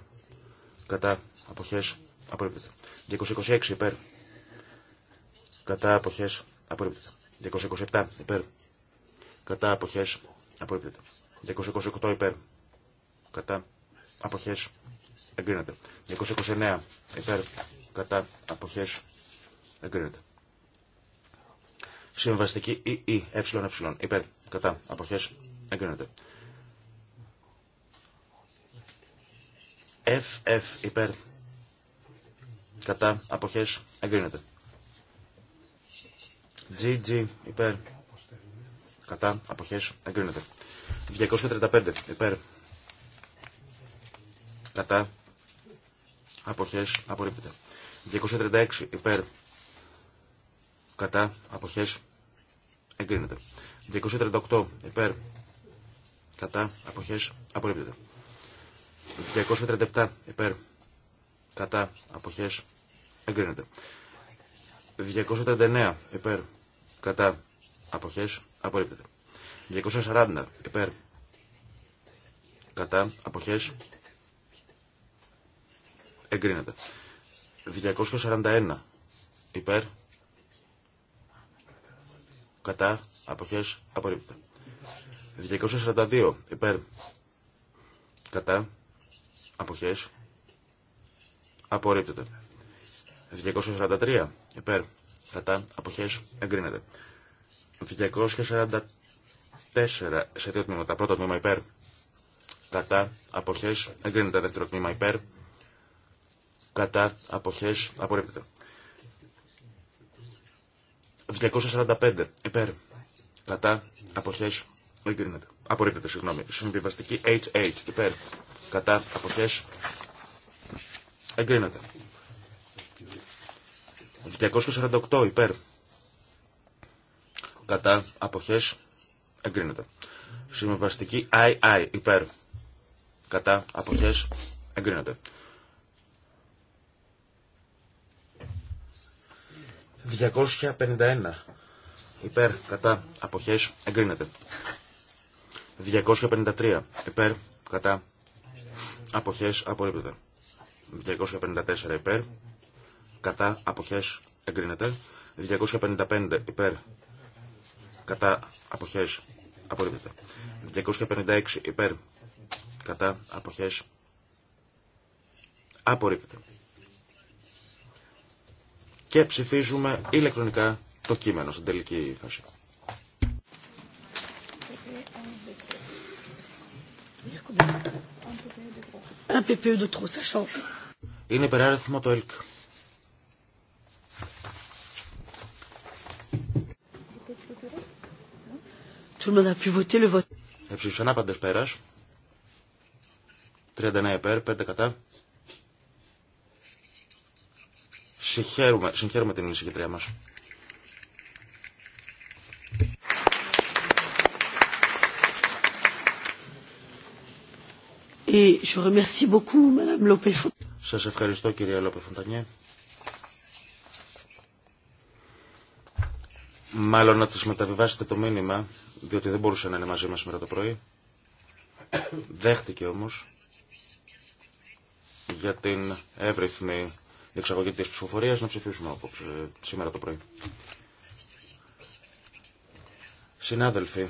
Κατά αποχές απορρίπτεται. 226 υπέρ. Κατά αποχές απορρίπτεται. 227 υπέρ. Κατά αποχές απορρίπτεται. 228 υπέρ. Κατά αποχές εγκρίνεται. 229 υπέρ. Κατά αποχές εγκρίνεται. Συμβαστική ή ε, ε, ΕΕ. υπέρ, κατά, αποχές, εγκρίνεται. FF υπέρ, κατά, αποχές, εγκρίνεται. GG υπέρ, κατά, αποχές, εγκρίνεται. 235 υπέρ, κατά, αποχές, απορρίπτεται. 236 υπέρ, κατά αποχές εγκρίνεται. 238 υπέρ κατά αποχές απορρίπτεται. 237 υπέρ κατά αποχές εγκρίνεται. 239 υπέρ κατά αποχές απορρίπτεται. 240 υπέρ κατά αποχές εγκρίνεται. 241 υπέρ κατά, αποχές, απορρίπτεται. 242 υπέρ, κατά, αποχές, απορρίπτεται. 243 υπέρ, κατά, αποχές, εγκρίνεται. 244 σε δύο τμήματα. Πρώτο τμήμα υπέρ, κατά, αποχές, εγκρίνεται. Δεύτερο τμήμα υπέρ, κατά, αποχές, απορρίπτεται. 245 υπέρ κατά αποχές εγκρίνεται. Απορρίπτεται, συγγνώμη. Συμβιβαστική HH υπέρ κατά αποχές εγκρίνεται. 248 υπέρ κατά αποχές εγκρίνεται. Συμβιβαστική II υπέρ κατά αποχές εγκρίνεται. 251 υπέρ κατά αποχές εγκρίνεται. 253 υπέρ κατά αποχές απορρίπτεται. 254 υπέρ κατά αποχές εγκρίνεται. 255 υπέρ κατά αποχές απορρίπτεται. 256 υπέρ κατά αποχές απορρίπτεται και ψηφίζουμε ηλεκτρονικά το κείμενο στην τελική φάση. Είναι υπεράριθμο το ΕΛΚ. Εψήφισαν άπαντες πέρας. 39 υπέρ, 5 κατά. Συγχαίρουμε, συγχαίρουμε την εισηγητρία μας. Et Σας ευχαριστώ κυρία Λόπε Φοντανιέ. Μάλλον να της μεταβιβάσετε το μήνυμα, διότι δεν μπορούσε να είναι μαζί μας σήμερα το πρωί. Δέχτηκε όμως για την εύρυθμη Εξαγωγή της ψηφοφορία να ψηφίσουμε απόψε, σήμερα το πρωί. Συνάδελφοι,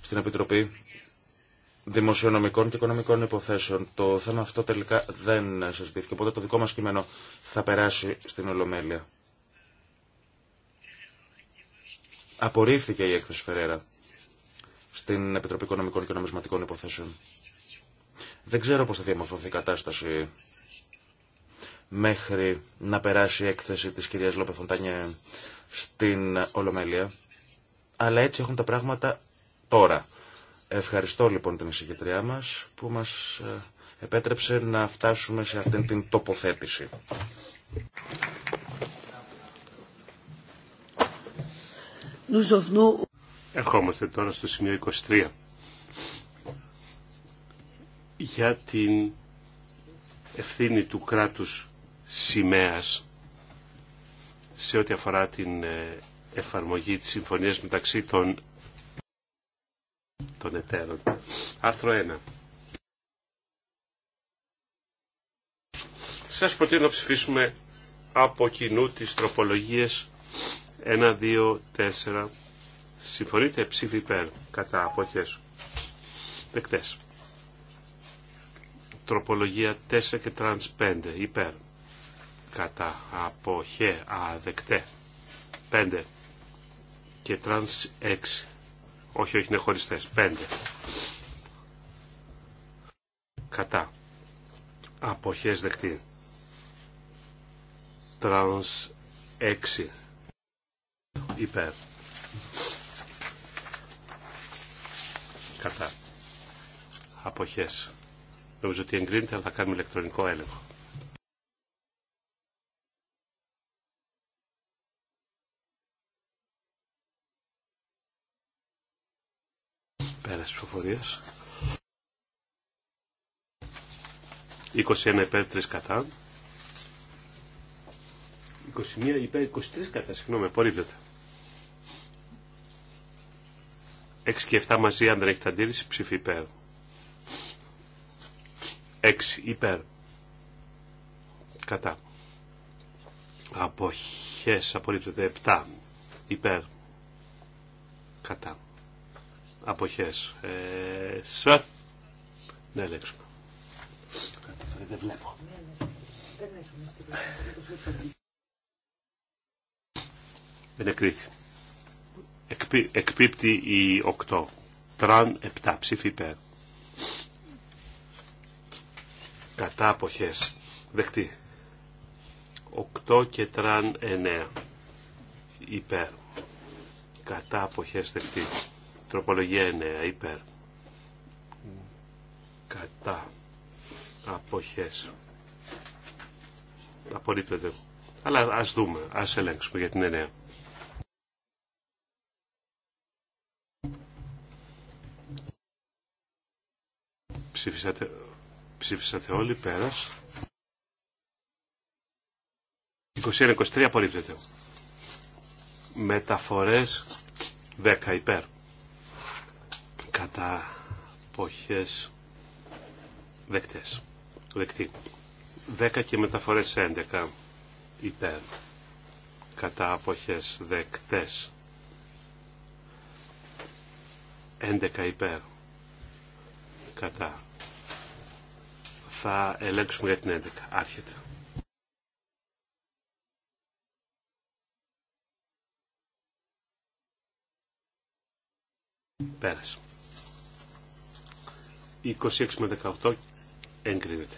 στην Επιτροπή Δημοσιονομικών και Οικονομικών Υποθέσεων το θέμα αυτό τελικά δεν συζητήθηκε, οπότε το δικό μας κείμενο θα περάσει στην Ολομέλεια. Απορρίφθηκε η έκθεση Φερέρα στην Επιτροπή Οικονομικών και Νομισματικών Υποθέσεων. Δεν ξέρω πώς θα διαμορφωθεί η κατάσταση μέχρι να περάσει η έκθεση της κυρίας Λόπε Φοντάνιε στην Ολομέλεια. Αλλά έτσι έχουν τα πράγματα τώρα. Ευχαριστώ λοιπόν την εισηγητριά μας που μας ε, επέτρεψε να φτάσουμε σε αυτήν την τοποθέτηση. Ερχόμαστε τώρα στο σημείο 23 για την ευθύνη του κράτους σημαίας σε ό,τι αφορά την ε, εφαρμογή της συμφωνίας μεταξύ των, των εταίρων. Άρθρο 1. Σας προτείνω να ψηφίσουμε από κοινού τις τροπολογίες 1, 2, 4. Συμφωνείτε ψήφι υπέρ κατά αποχές. Δεκτές τροπολογία 4 και τρανς 5 υπέρ κατά αποχέ αδεκτέ 5 και τρανς 6 όχι όχι είναι χωριστές 5 κατά Χε. δεκτή τρανς 6 υπέρ κατά αποχές Νομίζω ότι εγκρίνεται, αλλά θα κάνουμε ηλεκτρονικό έλεγχο. Πέρας ψηφοφορίας. 21 υπέρ 3 κατά. 21 υπέρ 23 κατά, συγγνώμη, απορρίπτεται. 6 και 7 μαζί, αν δεν έχετε αντίρρηση, ψήφι υπέρ. 6 υπέρ. Κατά. Αποχές απορρίπτεται 7 υπέρ. Κατά. Αποχές. Ε, σε. Ναι, λέξουμε. Δεν βλέπω. Δεν εκρίθη. Εκπίπτει η 8. Τραν 7 ψήφι υπέρ. κατά αποχές δεχτεί Οκτώ και τραν εννέα. υπέρ κατά αποχές δεχτεί τροπολογία εννέα. υπέρ κατά αποχές απορρίπτεται αλλά ας δούμε, ας ελέγξουμε για την εννέα. ψήφισατε Ψήφισατε όλοι, πέρας. 21-23 απορρίπτεται. Μεταφορές 10 υπέρ. Κατά ποχές δεκτές. Δεκτή. 10 και μεταφορές 11 υπέρ. Κατά ποχές δεκτές. 11 υπέρ. Κατά θα ελέγξουμε για την 11. Άρχεται. Πέρασε. 26 με 18 εγκρίνεται.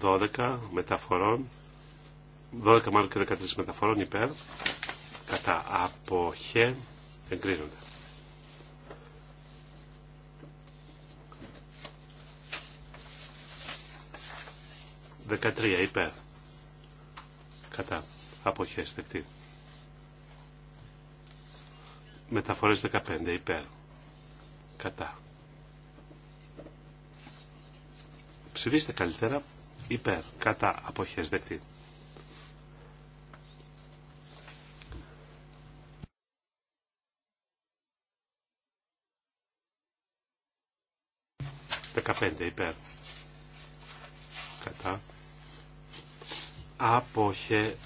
12 μεταφορών, 12 μάλλον και 13 μεταφορών υπέρ, κατά αποχέ εγκρίνονται. 13 υπέρ. Κατά. Αποχές δεκτή. Μεταφορές 15 υπέρ. Κατά. Ψηφίστε καλύτερα υπέρ. Κατά. Αποχές δεκτή. 15 υπέρ. Κατά Απόχε.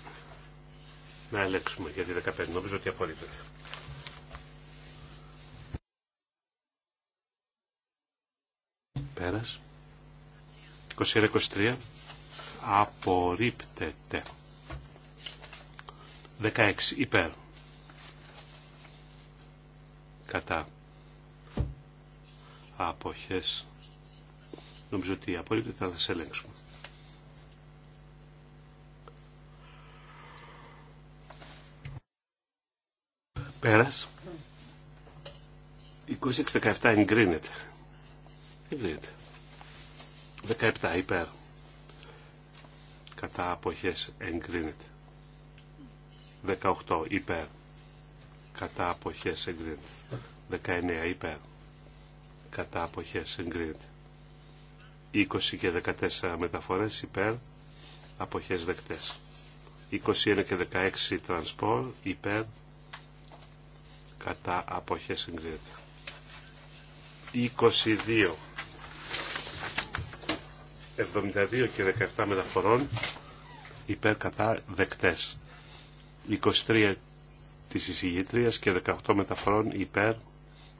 Να ελέγξουμε για τη 15. Νομίζω ότι απορρίπτεται. Πέρας. 21-23. Απορρίπτεται. 16. Υπέρ. Κατά. Αποχές. Νομίζω ότι απορρίπτεται, θα σε ελέγξουμε. Πέρας. 26-17 εγκρίνεται. Εγκρίνεται. 17 εγκρινεται Κατά αποχές εγκρίνεται. 18 υπέρ. Κατά αποχές εγκρίνεται. 19 υπέρ. Κατά αποχές εγκρίνεται. 20 και 14 μεταφορές υπέρ. Αποχές δεκτές. 21 και 16 τρανσπορ υπέρ κατά αποχές συγκρίνεται. 22, 72 και 17 μεταφορών υπέρ κατά δεκτές. 23 της εισηγητρίας και 18 μεταφορών υπέρ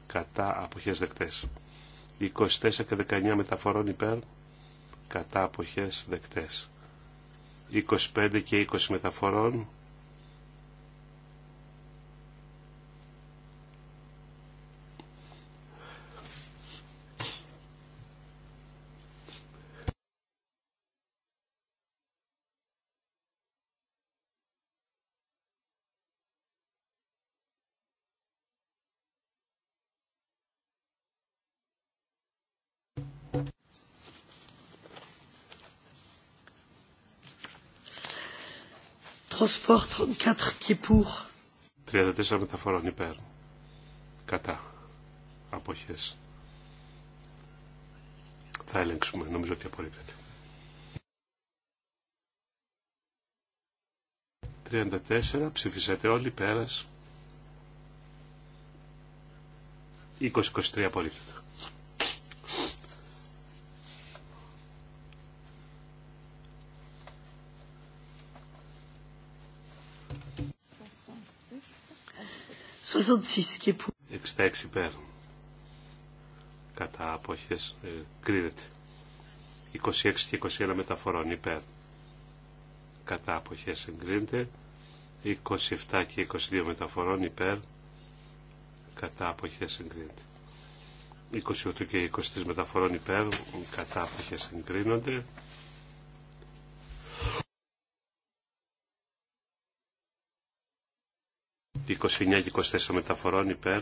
κατά αποχές δεκτές. 24 και 19 μεταφορών υπέρ κατά αποχές δεκτές. 25 και 20 μεταφορών transport 34 pour. 34 μεταφορών υπέρ. Κατά. Αποχές. Θα ελέγξουμε. Νομίζω ότι απορρίπτεται. 34. Ψηφίσατε όλοι. Πέρας. 20-23 απορρίπτεται. 66 υπέρ. Κατά αποχέ ε, κρίνεται. 26 και 21 μεταφορών υπέρ. Κατά αποχέ εγκρίνεται. 27 και 22 μεταφορών υπέρ. Κατά αποχέ εγκρίνεται. 28 και 23 μεταφορών υπέρ. Κατά αποχέ εγκρίνονται. 29 και 24 μεταφορών υπέρ,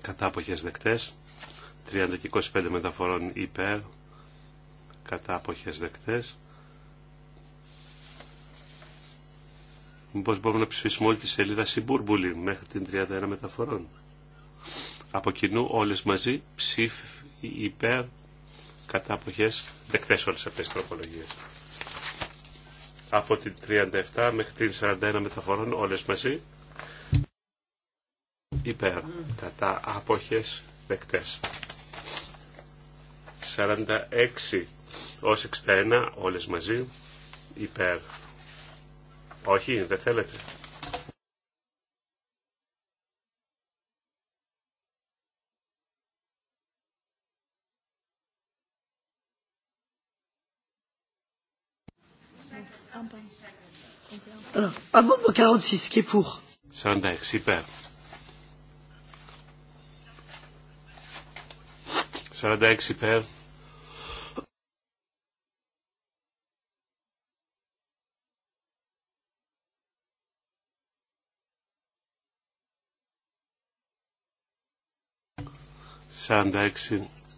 κατά αποχές δεκτές, 30 και 25 μεταφορών υπέρ, κατά αποχές δεκτές. Μήπως μπορούμε να ψηφίσουμε όλη τη σελίδα Συμπούρμπουλη μέχρι την 31 μεταφορών. Από κοινού όλες μαζί ψήφ υπέρ κατά αποχές δεκτές όλες αυτές τις τροπολογίες. Από την 37 μέχρι την 41 μεταφορών όλες μαζί υπέρ κατά άποχες δεκτές. 46 ως 61 όλες μαζί υπέρ. Όχι, δεν θέλετε. Amendement 46 qui est pour. 46 υπέρ. 46 υπέρ.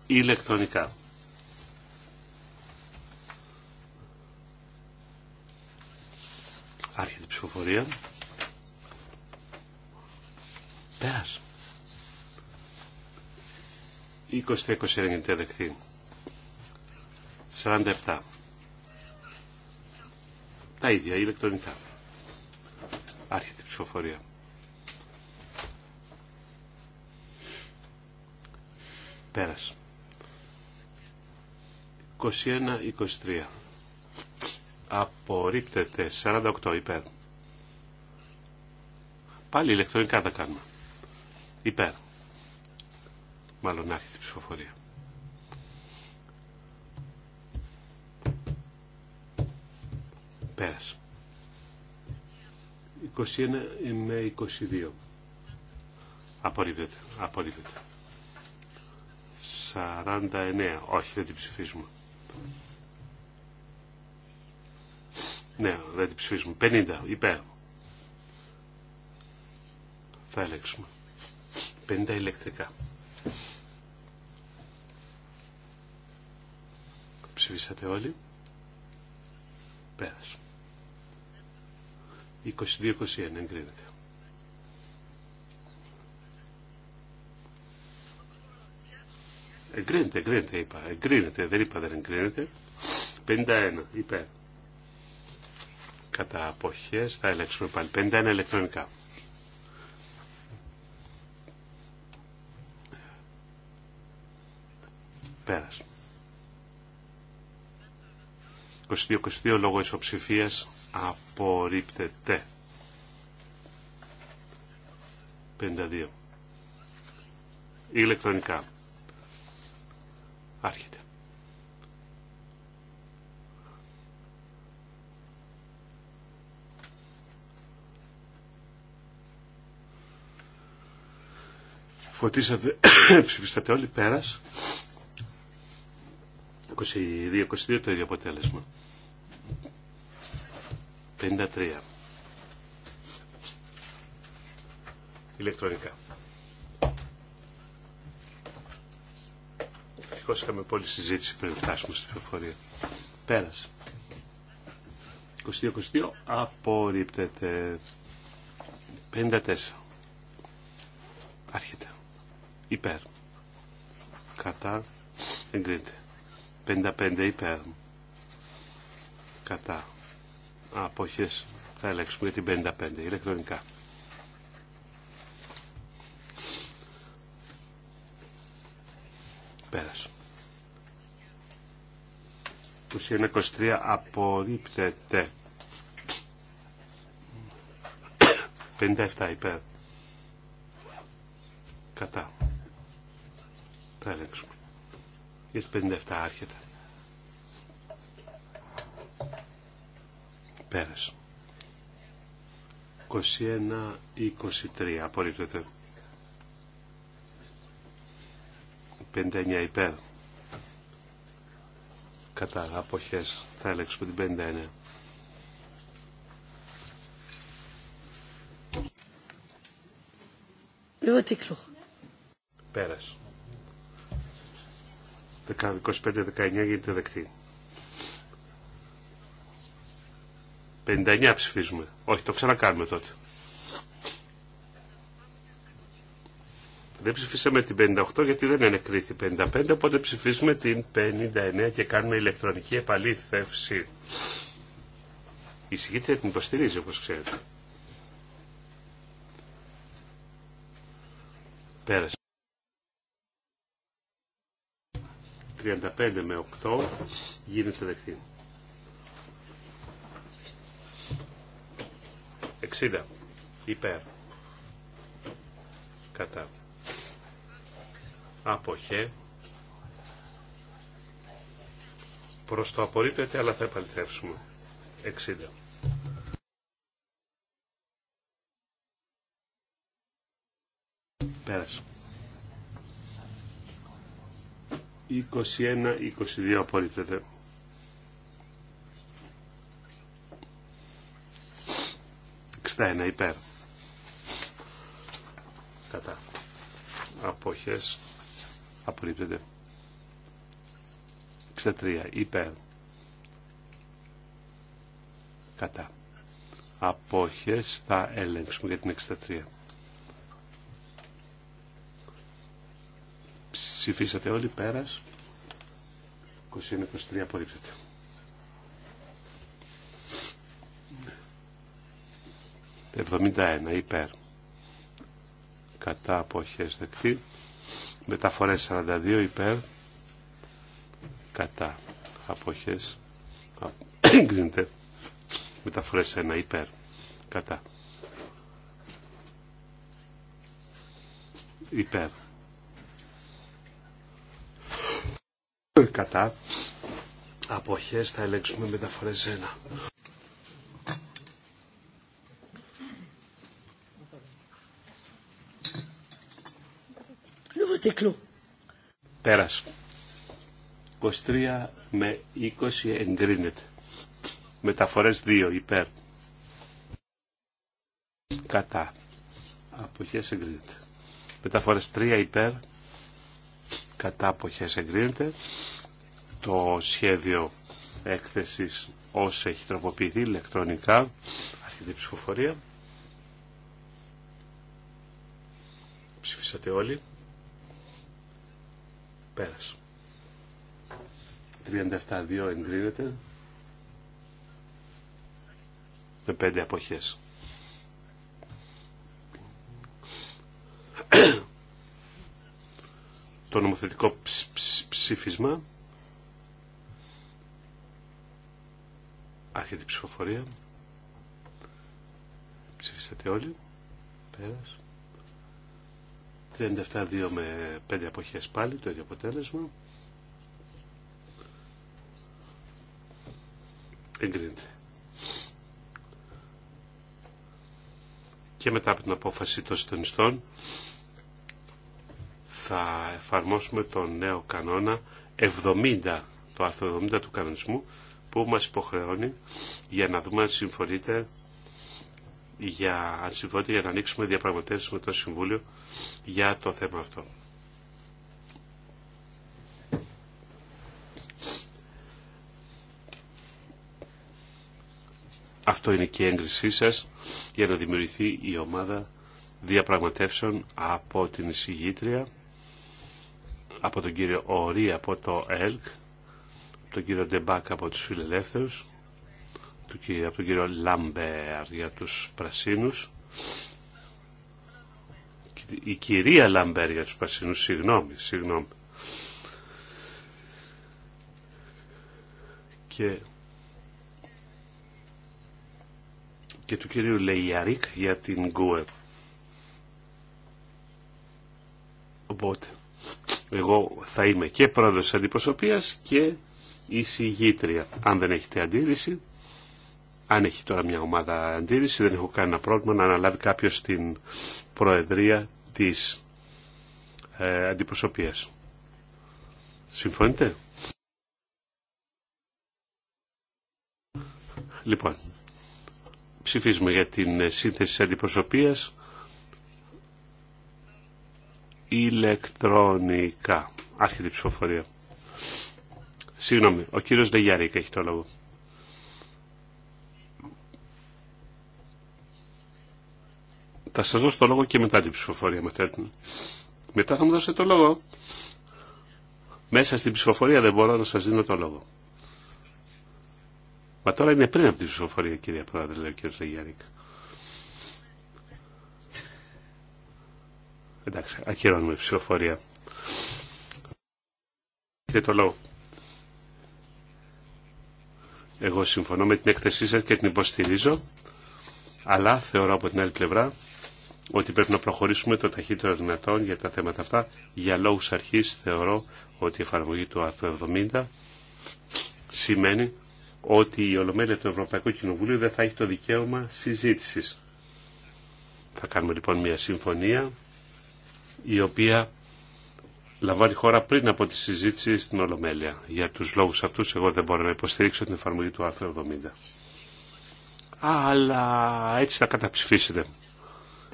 ηλεκτρονικά. Άρχεται η ψηφοφορία. Πέρασε. 20 29 21 47. Τα ίδια, ηλεκτρονικά. Άρχεται η ψηφοφορία. Πέρασε. 21-23. Απορρίπτεται. 48 υπέρ. Πάλι ηλεκτρονικά θα κάνουμε. Υπέρ. Μάλλον έρθει η ψηφοφορία. Πέρασε. 21 με 22. Απορρίπτεται. Απορρίπτεται. 49. Όχι, δεν την ψηφίζουμε. Ναι, δεν την ψηφίζουμε. 50. Υπέρ. Θα ελέγξουμε. 50 ηλεκτρικά. Ψηφίσατε όλοι. Πέρασε. 22-21 εγκρίνεται. Εγκρίνεται, εγκρίνεται είπα. Εγκρίνεται, δεν είπα δεν εγκρίνεται. 51 είπε. Κατά αποχές θα ελέγξουμε πάλι. 51 ηλεκτρονικά. Πέρασε. 2022 22 λόγω ισοψηφίας απορρίπτεται. 52. Ηλεκτρονικά. Άρχεται. Φωτίσατε, [coughs] ψηφίσατε όλοι πέρας. 22-22 το ίδιο αποτέλεσμα. 53. Ηλεκτρονικά. Ευτυχώς είχαμε πολλή συζήτηση πριν φτάσουμε στην πληροφορία. Πέρασε. 22-22 απορρίπτεται. 54. Άρχεται. Υπέρ. Κατά. Εγκρίνεται. 55 υπέρ. Κατά αποχές θα ελέγξουμε την 55 ηλεκτρονικά. είναι 21-23 απορρίπτεται. 57 υπέρ. Κατά. Θα ελέγξουμε. Για 57 άρχεται. Πέρας. 21-23 απορρίπτεται. 59 υπέρ. Κατά αποχές θα έλεξουμε την 59. λιγο τικλο τύκλο. Πέρας. 25-19 γίνεται δεκτή. 59 ψηφίζουμε. Όχι, το ξανακάνουμε τότε. Δεν ψηφίσαμε την 58 γιατί δεν είναι κρίση 55, οπότε ψηφίσουμε την 59 και κάνουμε ηλεκτρονική επαλήθευση. Η συγκίτρια την υποστηρίζει, όπως ξέρετε. Πέρασε. 35 με 8 γίνεται δεκτή. 60 υπέρ κατά αποχέ προς το απορρίπτεται αλλά θα επαληθεύσουμε 60 πέρασε 21-22 απορρίπτεται 61 υπέρ. Κατά. Αποχές. Απορρίπτεται. 63 υπέρ. Κατά. Απόχες θα ελέγξουμε για την 63. Ψηφίσατε όλοι πέρας. 21-23 απορρίπτεται. 71 υπέρ κατά αποχές δεκτή μεταφορές 42 υπέρ κατά αποχές [coughs] εγκρίνεται μεταφορές 1 υπέρ κατά υπέρ κατά αποχές θα ελέγξουμε μεταφορές 1 vote 23 με 20 εγκρίνεται. Μεταφορές 2 υπέρ. Κατά. Αποχές εγκρίνεται. Μεταφορές 3 υπέρ. Κατά αποχές εγκρίνεται. Το σχέδιο έκθεσης όσο έχει τροποποιηθεί ηλεκτρονικά. Αρχιτεί ψηφοφορία. Ψηφίσατε όλοι. Πέρας. 37-2 εγκρίνεται με 5 αποχές. Το νομοθετικό ψήφισμα άρχεται η ψηφοφορία ψηφίσατε όλοι πέρας 37-2 με 5 αποχές πάλι, το ίδιο αποτέλεσμα. Εγκρίνεται. Και μετά από την απόφαση των συντονιστών θα εφαρμόσουμε τον νέο κανόνα 70, το άρθρο 70 του κανονισμού που μας υποχρεώνει για να δούμε αν συμφωνείτε για, αν για να ανοίξουμε διαπραγματεύσει με το Συμβούλιο για το θέμα αυτό. Αυτό είναι και η έγκρισή σας για να δημιουργηθεί η ομάδα διαπραγματεύσεων από την εισηγήτρια, από τον κύριο Ορή από το ΕΛΚ, τον κύριο Ντεμπάκ από τους Φιλελεύθερους, του, από τον κύριο Λάμπερ για τους πρασίνους. Η κυρία Λάμπερ για τους πρασίνους, συγγνώμη, συγγνώμη. Και, και του κυρίου Λεϊαρίκ για την Γκουε. Οπότε, εγώ θα είμαι και πρόεδρος αντιπροσωπείας και εισηγήτρια. Αν δεν έχετε αντίρρηση, αν έχει τώρα μια ομάδα αντίρρηση, δεν έχω κανένα πρόβλημα να αναλάβει κάποιο την προεδρία της ε, αντιπροσωπείας. Συμφωνείτε? Λοιπόν, ψηφίζουμε για την σύνθεση της αντιπροσωπείας ηλεκτρονικά. Άρχεται η ψηφοφορία. Συγγνώμη, ο κύριος Λεγιαρίκα έχει το λόγο. Θα σας δώσω το λόγο και μετά την ψηφοφορία, με θέλετε. Μετά θα μου δώσετε το λόγο. Μέσα στην ψηφοφορία δεν μπορώ να σας δίνω το λόγο. Μα τώρα είναι πριν από την ψηφοφορία, κύριε Πρόεδρε, λέει ο κύριος Λεγιάρικ. Εντάξει, ακυρώνουμε ψηφοφορία. το λόγο. Εγώ συμφωνώ με την έκθεσή σας και την υποστηρίζω, αλλά θεωρώ από την άλλη πλευρά ότι πρέπει να προχωρήσουμε το ταχύτερο δυνατόν για τα θέματα αυτά. Για λόγους αρχής θεωρώ ότι η εφαρμογή του άρθρου 70 σημαίνει ότι η Ολομέλεια του Ευρωπαϊκού Κοινοβουλίου δεν θα έχει το δικαίωμα συζήτησης. Θα κάνουμε λοιπόν μια συμφωνία η οποία λαμβάνει χώρα πριν από τη συζήτηση στην Ολομέλεια. Για τους λόγους αυτούς εγώ δεν μπορώ να υποστηρίξω την εφαρμογή του άρθρου 70. Αλλά έτσι θα καταψηφίσετε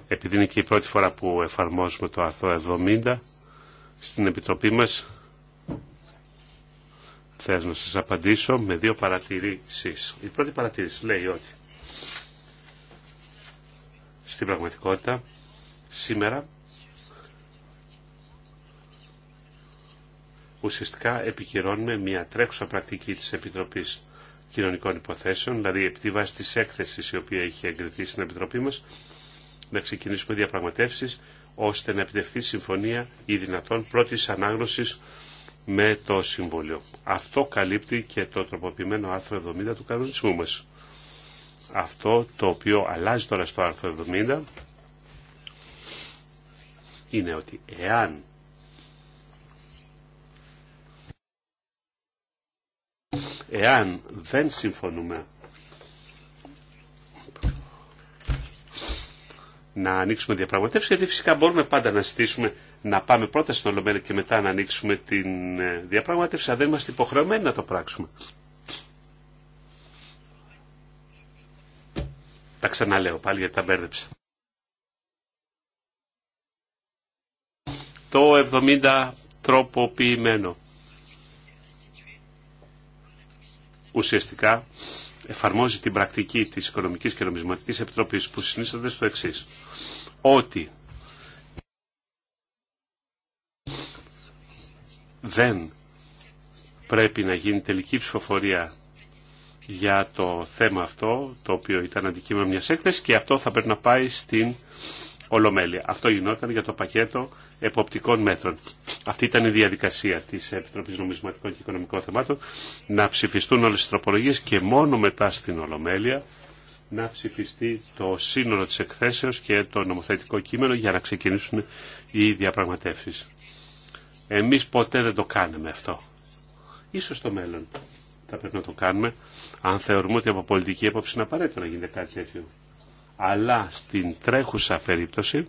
επειδή είναι και η πρώτη φορά που εφαρμόζουμε το άρθρο 70 στην Επιτροπή μας, θέλω να σας απαντήσω με δύο παρατηρήσεις. Η πρώτη παρατηρήση λέει ότι στην πραγματικότητα σήμερα ουσιαστικά επικυρώνουμε μια τρέχουσα πρακτική της Επιτροπής Κοινωνικών Υποθέσεων, δηλαδή επί τη βάση της έκθεσης η οποία είχε εγκριθεί στην Επιτροπή μας, να ξεκινήσουμε διαπραγματεύσεις ώστε να επιτευχθεί συμφωνία ή δυνατόν πρώτης ανάγνωσης με το Συμβούλιο. Αυτό καλύπτει και το τροποποιημένο άρθρο 70 του κανονισμού μας. Αυτό το οποίο αλλάζει τώρα στο άρθρο 70 είναι ότι εάν εάν δεν συμφωνούμε να ανοίξουμε διαπραγματεύσει, γιατί φυσικά μπορούμε πάντα να στήσουμε να πάμε πρώτα στην Ολομέλεια και μετά να ανοίξουμε την ε, διαπραγματεύση, αλλά δεν είμαστε υποχρεωμένοι να το πράξουμε. Τα ξαναλέω πάλι γιατί τα μπέρδεψα. Το 70 τροποποιημένο. Ουσιαστικά εφαρμόζει την πρακτική της Οικονομικής και Νομισματικής Επιτροπής που συνίσταται στο εξή. Ότι δεν πρέπει να γίνει τελική ψηφοφορία για το θέμα αυτό, το οποίο ήταν αντικείμενο μιας έκθεσης και αυτό θα πρέπει να πάει στην Ολομέλεια. Αυτό γινόταν για το πακέτο εποπτικών μέτρων. Αυτή ήταν η διαδικασία τη Επιτροπή Νομισματικών και Οικονομικών Θεμάτων να ψηφιστούν όλε τι τροπολογίε και μόνο μετά στην Ολομέλεια να ψηφιστεί το σύνολο τη εκθέσεω και το νομοθετικό κείμενο για να ξεκινήσουν οι διαπραγματεύσει. Εμεί ποτέ δεν το κάνουμε αυτό. Ίσως στο μέλλον θα πρέπει να το κάνουμε αν θεωρούμε ότι από πολιτική έποψη είναι απαραίτητο να γίνεται κάτι τέτοιο αλλά στην τρέχουσα περίπτωση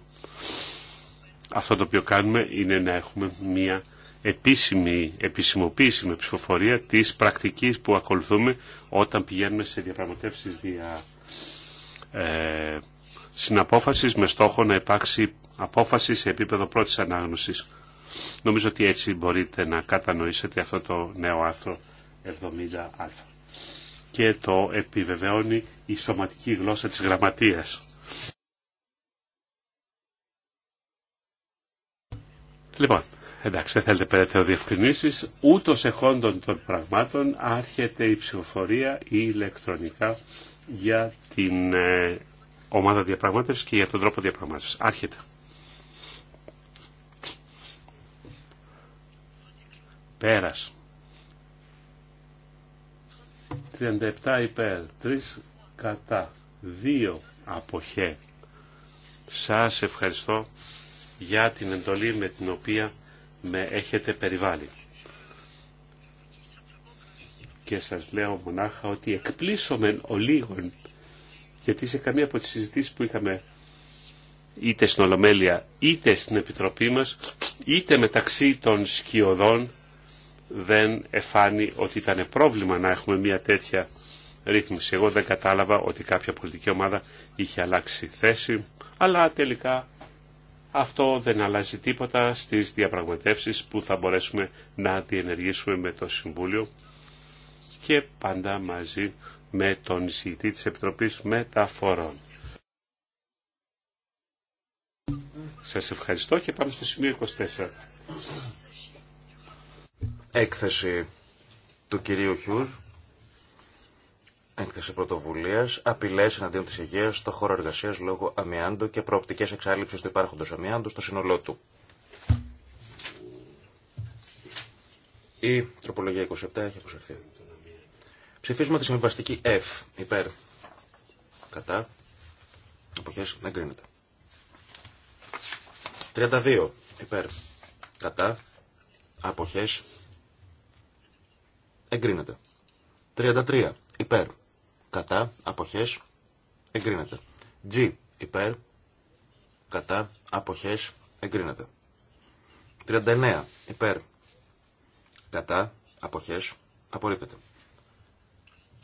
αυτό το οποίο κάνουμε είναι να έχουμε μια επίσημη επισημοποίηση με ψηφοφορία της πρακτικής που ακολουθούμε όταν πηγαίνουμε σε διαπραγματεύσεις δια ε, συναπόφασης με στόχο να υπάρξει απόφαση σε επίπεδο πρώτης ανάγνωσης. Νομίζω ότι έτσι μπορείτε να κατανοήσετε αυτό το νέο άρθρο 70α και το επιβεβαιώνει η σωματική γλώσσα της γραμματείας. Λοιπόν, εντάξει, δεν θέλετε περαιτέρω διευκρινήσεις. Ούτως εχόντων των πραγμάτων άρχεται η ψηφοφορία ηλεκτρονικά για την ε, ομάδα διαπραγμάτευσης και για τον τρόπο διαπραγμάτευσης. Άρχεται. Πέρας. 37 υπέρ, 3 κατά, 2 αποχέ. Σας ευχαριστώ για την εντολή με την οποία με έχετε περιβάλει. Και σας λέω μονάχα ότι εκπλήσωμεν ο λίγων, γιατί σε καμία από τις συζητήσεις που είχαμε είτε στην Ολομέλεια, είτε στην Επιτροπή μας, είτε μεταξύ των σκιωδών, δεν εφάνει ότι ήταν πρόβλημα να έχουμε μια τέτοια ρύθμιση. Εγώ δεν κατάλαβα ότι κάποια πολιτική ομάδα είχε αλλάξει θέση, αλλά τελικά αυτό δεν αλλάζει τίποτα στις διαπραγματεύσεις που θα μπορέσουμε να διενεργήσουμε με το Συμβούλιο και πάντα μαζί με τον εισηγητή της Επιτροπής Μεταφορών. Σας ευχαριστώ και πάμε στο σημείο 24 έκθεση του κυρίου Χιούς, έκθεση πρωτοβουλία, απειλέ εναντίον τη υγεία στο χώρο εργασία λόγω αμοιάντου και προοπτικέ εξάλληψη του υπάρχοντο αμοιάντου στο σύνολό του. Η τροπολογία 27 έχει αποσυρθεί. Ψηφίζουμε τη συμβαστική F υπέρ. Κατά. αποχές να κρίνεται. 32 υπέρ. Κατά. Αποχές εγκρίνεται. 33 υπέρ κατά αποχές εγκρίνεται. G υπέρ κατά αποχές εγκρίνεται. 39 υπέρ κατά αποχές απορρίπτεται.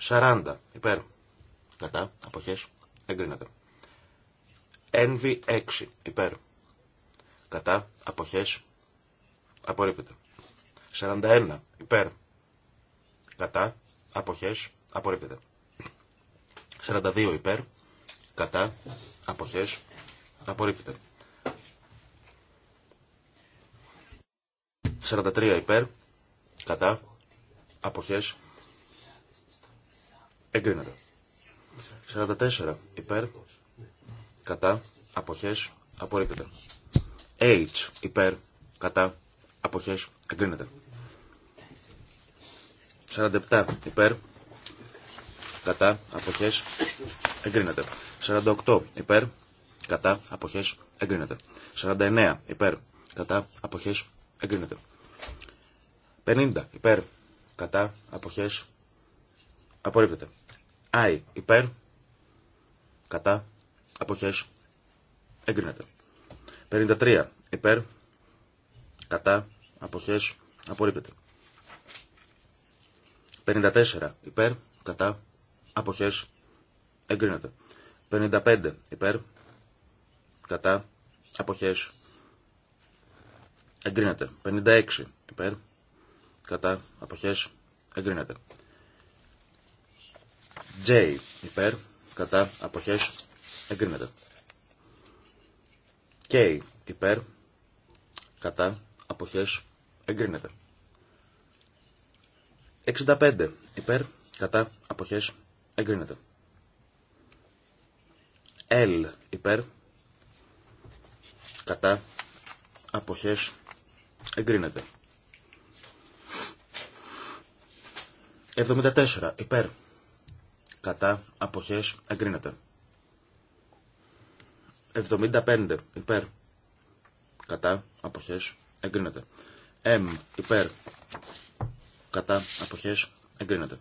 40 υπέρ κατά αποχές εγκρίνεται. NV6 υπέρ κατά αποχές απορρίπτεται. 41 υπέρ κατά, αποχές, απορρίπτεται. 42 υπέρ, κατά, αποχές, απορρίπτεται. 43 υπέρ, κατά, αποχές, εγκρίνεται. 44 υπέρ, κατά, αποχές, απορρίπτεται. H υπέρ, κατά, αποχές, εγκρίνεται. 47 υπέρ. Κατά. Αποχές. Εγκρίνεται. 48 υπέρ. Κατά. Αποχές. Εγκρίνεται. 49 υπέρ. Κατά. Αποχές. Εγκρίνεται. 50 υπέρ. Κατά. Αποχές. Απορρίπτεται. Άι. Υπέρ. Κατά. Αποχές. Εγκρίνεται. 53 υπέρ. Κατά. Αποχές. Απορρίπτεται. 54 υπέρ, κατά, αποχές, εγκρίνεται. 55 υπέρ, κατά, αποχές, εγκρίνεται. 56 υπέρ, κατά, αποχές, εγκρίνεται. J υπέρ, κατά, αποχές, εγκρίνεται. K υπέρ, κατά, αποχές, εγκρίνεται. 65 υπέρ κατά αποχές εγκρίνεται. L υπέρ κατά αποχές εγκρίνεται. 74 υπέρ κατά αποχές εγκρίνεται. 75 υπέρ κατά αποχές εγκρίνεται. M υπέρ κατά αποχές εγκρίνεται.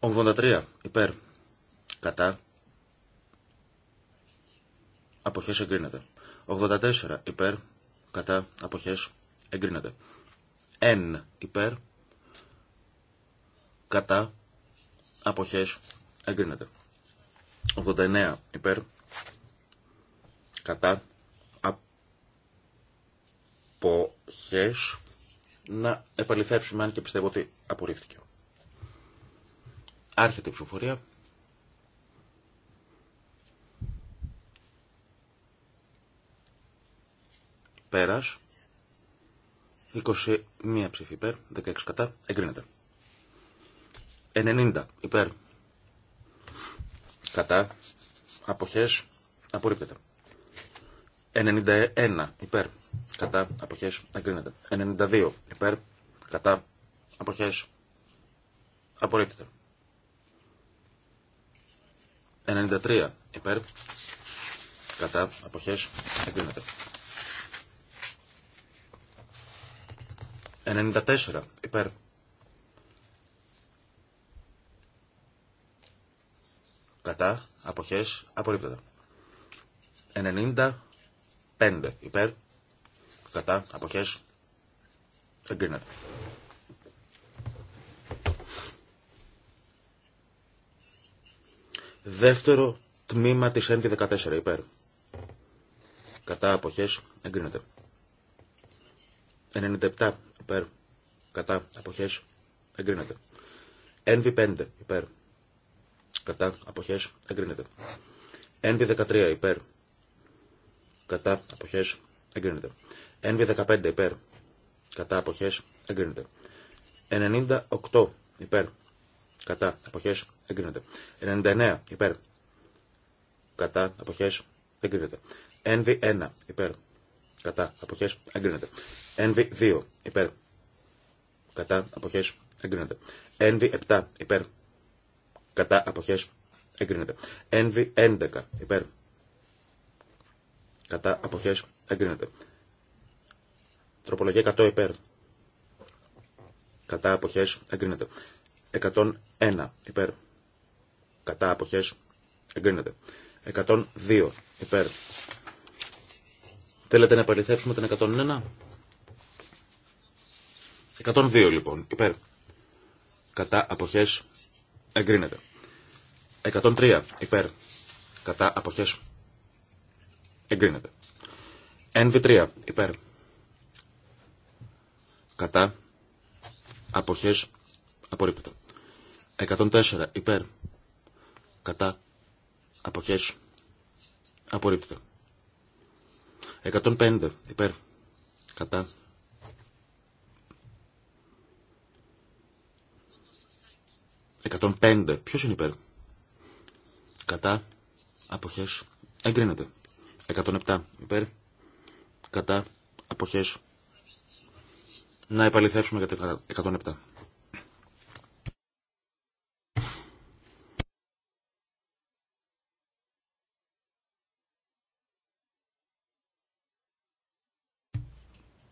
83 υπέρ κατά αποχές εγκρίνεται. 84 υπέρ κατά αποχές εγκρίνεται. 1 υπέρ κατά αποχές εγκρίνεται. 89 υπέρ κατά αποχές να επαληθεύσουμε, αν και πιστεύω ότι απορρίφθηκε. Άρχεται η ψηφοφορία. Πέρας. 21 ψήφι υπέρ, 16 κατά, εγκρίνεται. 90 υπέρ, κατά, αποχές, απορρίπτεται. 91 υπέρ κατά αποχές εγκρίνεται. 92 υπέρ κατά αποχές απορρίπτεται. 93 υπέρ κατά αποχές εγκρίνεται. 94 υπέρ κατά αποχές απορρίπτεται. 90 5 υπέρ. Κατά. Αποχές. Εγκρίνεται. Δεύτερο τμήμα της NV14 υπέρ. Κατά. Αποχές. Εγκρίνεται. 97 υπέρ. Κατά. Αποχές. Εγκρίνεται. NV5 υπέρ. Κατά. Αποχές. Εγκρίνεται. NV13 υπέρ κατα αποχε αποχές εγκρίνεται. NV15 υπέρ κατά αποχέ εγκρίνεται. 98 υπέρ κατά αποχές εγκρίνεται. 99 υπέρ κατά αποχές εγκρίνεται. NV1 υπέρ κατά αποχές εγκρίνεται. NV2 υπέρ κατά αποχές εγκρίνεται. NV7 υπέρ κατά αποχές εγκρίνεται. NV11 υπέρ Κατά αποχές εγκρίνεται. Τροπολογία 100 υπέρ. Κατά αποχές εγκρίνεται. 101 υπέρ. Κατά αποχές εγκρίνεται. 102 υπέρ. Θέλετε να επαληθεύσουμε την 101. 102 λοιπόν υπέρ. Κατά αποχές εγκρίνεται. 103 υπέρ. Κατά αποχές Εγκρίνεται. NV3. Υπέρ. Κατά. Αποχές. απορρίπτω. 104. Υπέρ. Κατά. Αποχές. απορρίπτω. 105. Υπέρ. Κατά. 105. Ποιος είναι υπέρ. Κατά. Αποχές. Εγκρίνεται. 107 υπέρ. Κατά. Αποχές. Να επαληθεύσουμε για τα 107.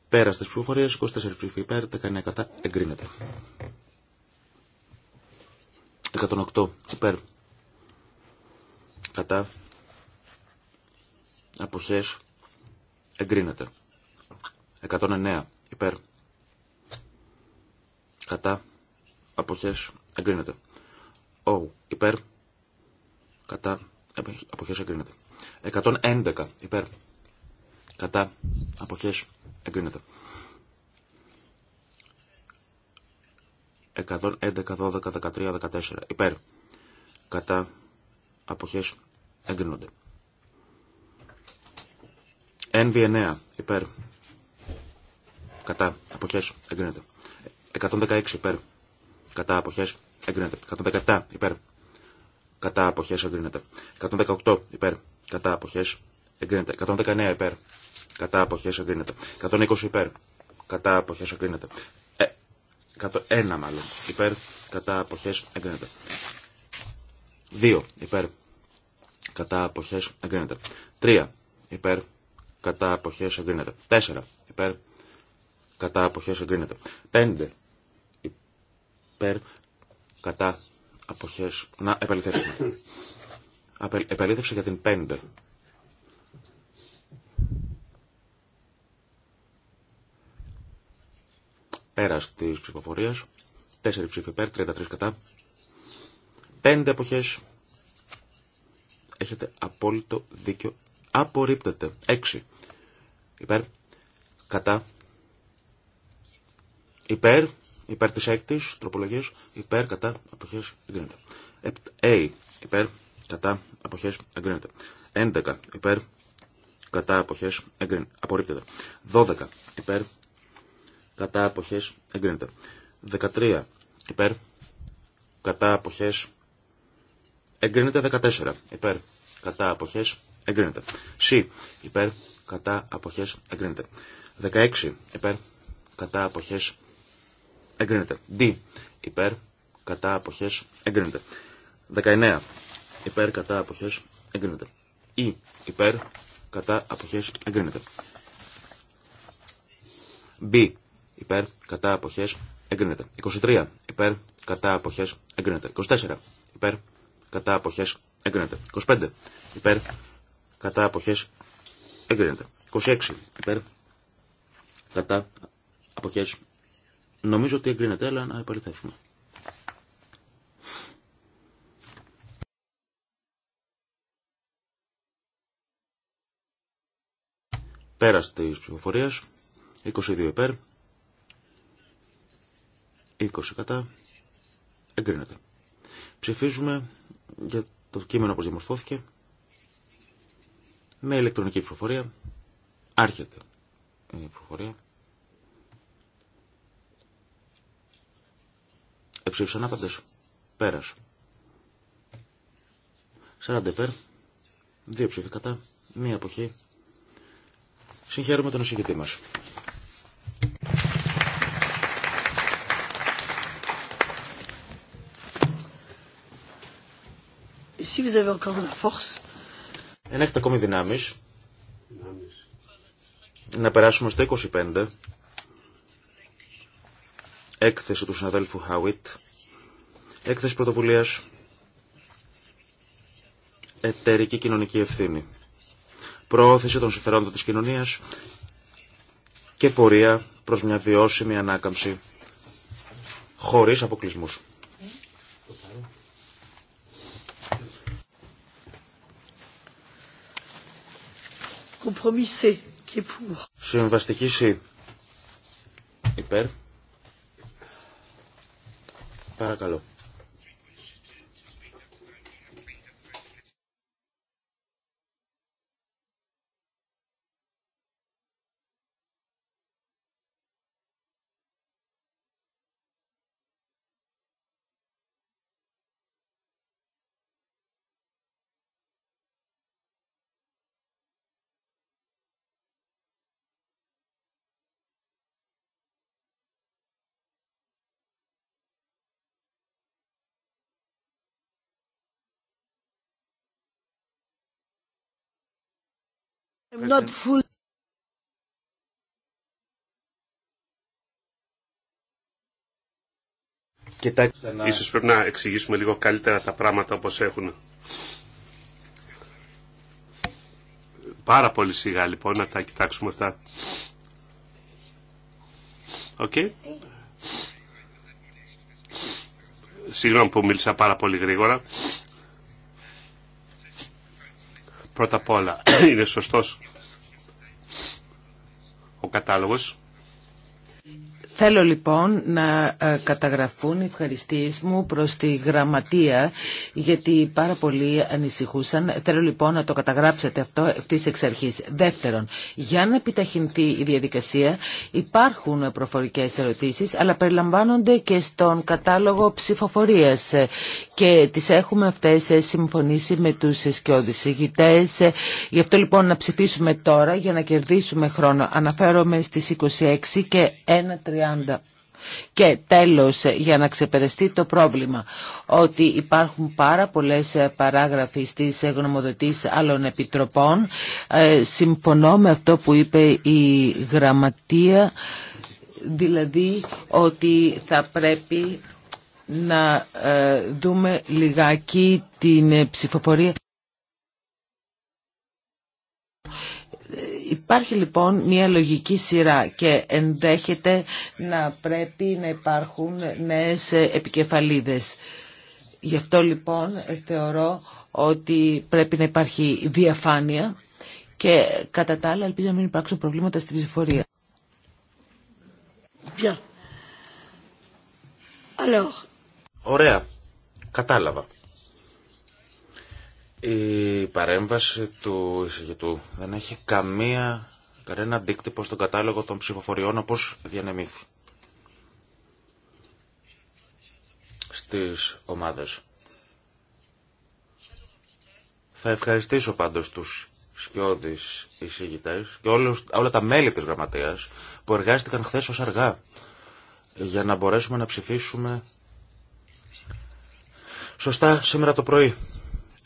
Πέρα στις ψηφοφορίες, 24 ψήφοι υπέρ, 19 κατά, εγκρίνεται. 108 υπέρ. Κατά αποχές εγκρίνεται. 109 υπέρ κατά αποχές εγκρίνεται. Ο υπέρ κατά αποχές εγκρίνεται. 111 υπέρ κατά αποχές εγκρίνεται. 111, 12, 13, 14 υπέρ κατά αποχές εγκρίνονται. NV9 υπέρ. Κατά αποχές εγκρίνεται. 116 υπέρ. Κατά αποχές εγκρίνεται. 117 υπέρ. Κατά αποχές εγκρίνεται. 118 υπέρ. Κατά αποχές εγκρίνεται. 119 υπέρ. Κατά αποχές εγκρίνεται. 120 υπέρ. Κατά αποχές εγκρίνεται. 101 ε, μάλλον. Υπέρ. Κατά αποχές εγκρίνεται. 2 υπέρ. Κατά αποχές εγκρίνεται. 3 υπέρ κατά αποχέ εγκρίνεται. 4 υπέρ κατά αποχές εγκρίνεται. 5 υπέρ κατά αποχέ. Να επαληθεύσουμε. Επαλήθευση για την 5. Πέρα τη ψηφοφορία. 4 ψήφοι υπέρ, 33 κατά. 5 εποχέ. Έχετε απόλυτο δίκιο Απορρίπτεται. 6. Υπέρ. Κατά. Υπέρ. Υπέρ τη έκτη τροπολογία. Υπέρ. Κατά. Αποχέ. Εγκρίνεται. 7. Υπέρ. Κατά. Αποχέ. Εγκρίνεται. 11. Υπέρ. Κατά. Αποχέ. Εγκρίνεται. Απορρίπτεται. 12. Υπέρ. Κατά. Αποχέ. Εγκρίνεται. 13. Υπέρ. Κατά. Αποχέ. Εγκρίνεται 14. Υπέρ. Κατά. Αποχέ εγκρίνεται. Σ υπέρ κατά αποχές εγκρίνεται. 16 υπέρ κατά αποχές εγκρίνεται. Δ. υπέρ κατά αποχές εγκρίνεται. 19 υπέρ κατά αποχές εγκρίνεται. Ε. υπέρ κατά αποχές εγκρίνεται. B υπέρ κατά αποχές εγκρίνεται. 23 υπέρ κατά αποχές εγκρίνεται. 24 υπέρ κατά αποχές εγκρίνεται. 25 υπέρ κατά αποχές εγκρίνεται. 26 υπέρ κατά αποχές νομίζω ότι εγκρίνεται αλλά να επαληθεύσουμε. Πέρα τη ψηφοφορία 22 υπέρ 20 κατά εγκρίνεται. Ψηφίζουμε για το κείμενο όπως διαμορφώθηκε με ηλεκτρονική ψηφοφορία. Άρχεται η ψηφοφορία. Εψήφισαν άπαντες. Πέρασε. 40 υπέρ. 2 ψήφοι κατά. Μία αποχή. Συγχαίρουμε τον εισηγητή μας. Si vous avez encore de la force, δεν έχετε ακόμη δυνάμεις. Να περάσουμε στο 25. Έκθεση του συναδέλφου Χάουιτ. Έκθεση πρωτοβουλίας. Εταιρική κοινωνική ευθύνη. Προώθηση των συμφερόντων της κοινωνίας και πορεία προς μια βιώσιμη ανάκαμψη χωρίς αποκλεισμούς. compromis Συμβαστική C. Υπέρ. Παρακαλώ. I'm not Κοιτάξτε Ίσως πρέπει να εξηγήσουμε λίγο καλύτερα τα πράγματα όπως έχουν. Πάρα πολύ σιγά λοιπόν να τα κοιτάξουμε αυτά. Οκ. Okay. Συγγνώμη που μίλησα πάρα πολύ γρήγορα. Πρώτα απ' όλα, [clears throat] είναι σωστός ο κατάλογος. Θέλω λοιπόν να ε, καταγραφούν ευχαριστήσεις μου προς τη γραμματεία γιατί πάρα πολλοί ανησυχούσαν. Θέλω λοιπόν να το καταγράψετε αυτό ευθύ εξ αρχή. Δεύτερον, για να επιταχυνθεί η διαδικασία υπάρχουν προφορικέ ερωτήσει, αλλά περιλαμβάνονται και στον κατάλογο ψηφοφορία και τι έχουμε αυτέ συμφωνήσει με του σκιώδει ηγητέ. Γι' αυτό λοιπόν να ψηφίσουμε τώρα για να κερδίσουμε χρόνο. Αναφέρομαι στις 26 και 1.30 και τέλος, για να ξεπεραστεί το πρόβλημα ότι υπάρχουν πάρα πολλές ε, παράγραφοι στις ε, γνωμοδοτήσεις άλλων επιτροπών, ε, συμφωνώ με αυτό που είπε η γραμματεία, δηλαδή ότι θα πρέπει να δούμε λιγάκι την ψηφοφορία Υπάρχει λοιπόν μια λογική σειρά και ενδέχεται να πρέπει να υπάρχουν νέες επικεφαλίδες. Γι' αυτό λοιπόν θεωρώ ότι πρέπει να υπάρχει διαφάνεια και κατά τα άλλα ελπίζω να μην υπάρξουν προβλήματα στη ψηφορία. Ωραία. Κατάλαβα. Η παρέμβαση του εισηγητού δεν έχει καμία, κανένα αντίκτυπο στον κατάλογο των ψηφοφοριών όπως διανεμήθη στις ομάδες. Θα ευχαριστήσω πάντως τους σκιώδεις εισηγητές και όλα τα μέλη της γραμματείας που εργάστηκαν χθες ως αργά για να μπορέσουμε να ψηφίσουμε σωστά σήμερα το πρωί.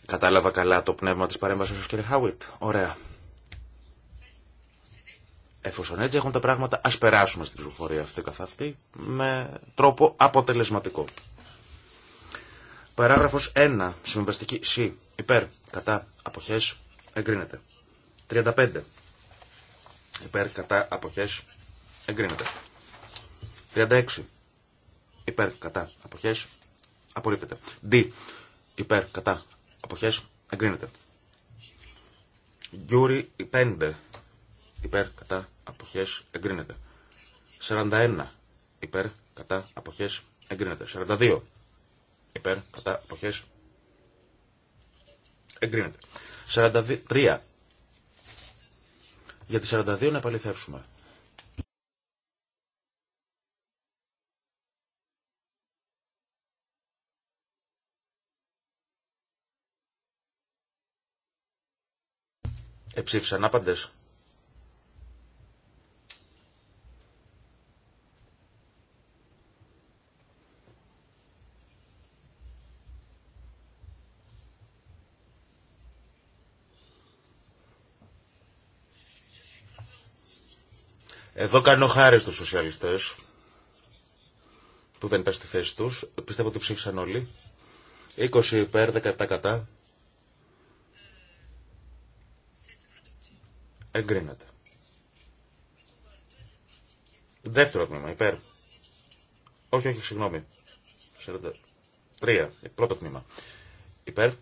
Κατάλαβα καλά το πνεύμα της παρέμβασης σας, κύριε Χάουιτ. Ωραία. Εφόσον έτσι έχουν τα πράγματα, ας περάσουμε στην πληροφορία αυτή καθ' αυτή με τρόπο αποτελεσματικό. Παράγραφος 1. Συμβαστική Σ. Υπέρ. Κατά. Αποχές. Εγκρίνεται. 35. Υπέρ. Κατά. Αποχές. Εγκρίνεται. 36. Υπέρ. Κατά. Αποχές. Απορρίπτεται. D. Υπέρ. Κατά. Αποχέ Εγκρίνεται. Γιούρι 5. Υπέρ. Κατά. αποχέ. Εγκρίνεται. 41. Υπέρ. Κατά. αποχέ. Εγκρίνεται. 42. Υπέρ. Κατά. αποχέ. Εγκρίνεται. 43. Για τη 42 να επαληθεύσουμε. Εψήφισαν άπαντες. Εδώ κάνω χάρη στους σοσιαλιστές που δεν ήταν στη θέση τους. Πιστεύω ότι ψήφισαν όλοι. 20 υπέρ, 17 κατά. Εγκρίνεται. Δεύτερο τμήμα, υπέρ. Όχι, όχι, συγγνώμη. 43. Πρώτο τμήμα. Υπέρ.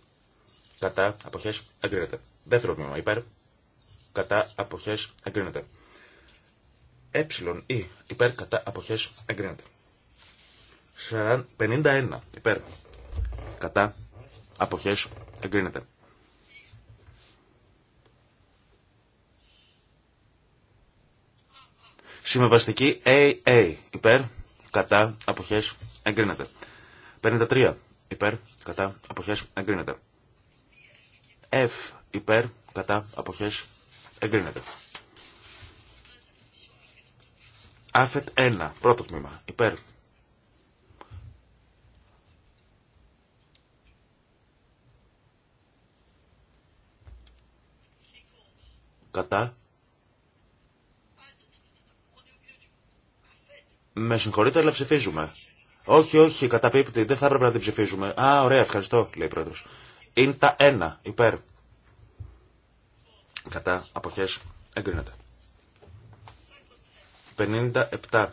Κατά. Αποχέ. Εγκρίνεται. Δεύτερο τμήμα. Υπέρ. Κατά. Αποχέ. Εγκρίνεται. Ε. Υπέρ. Κατά. Αποχέ. Εγκρίνεται. 51. Υπέρ. Κατά. Αποχέ. Εγκρίνεται. Συμβαστική AA υπέρ, κατά, αποχές, εγκρίνεται. 53 υπέρ, κατά, αποχές, εγκρίνεται. F υπέρ, κατά, αποχές, εγκρίνεται. Άφετ 1, πρώτο τμήμα, υπέρ. Κατά, Με συγχωρείτε, αλλά ψηφίζουμε. Όχι, όχι, πίπτη, δεν θα έπρεπε να την ψηφίζουμε. Α, ωραία, ευχαριστώ, λέει η πρόεδρο. Είναι τα ένα, υπέρ. Κατά αποχέ εγκρίνεται. 57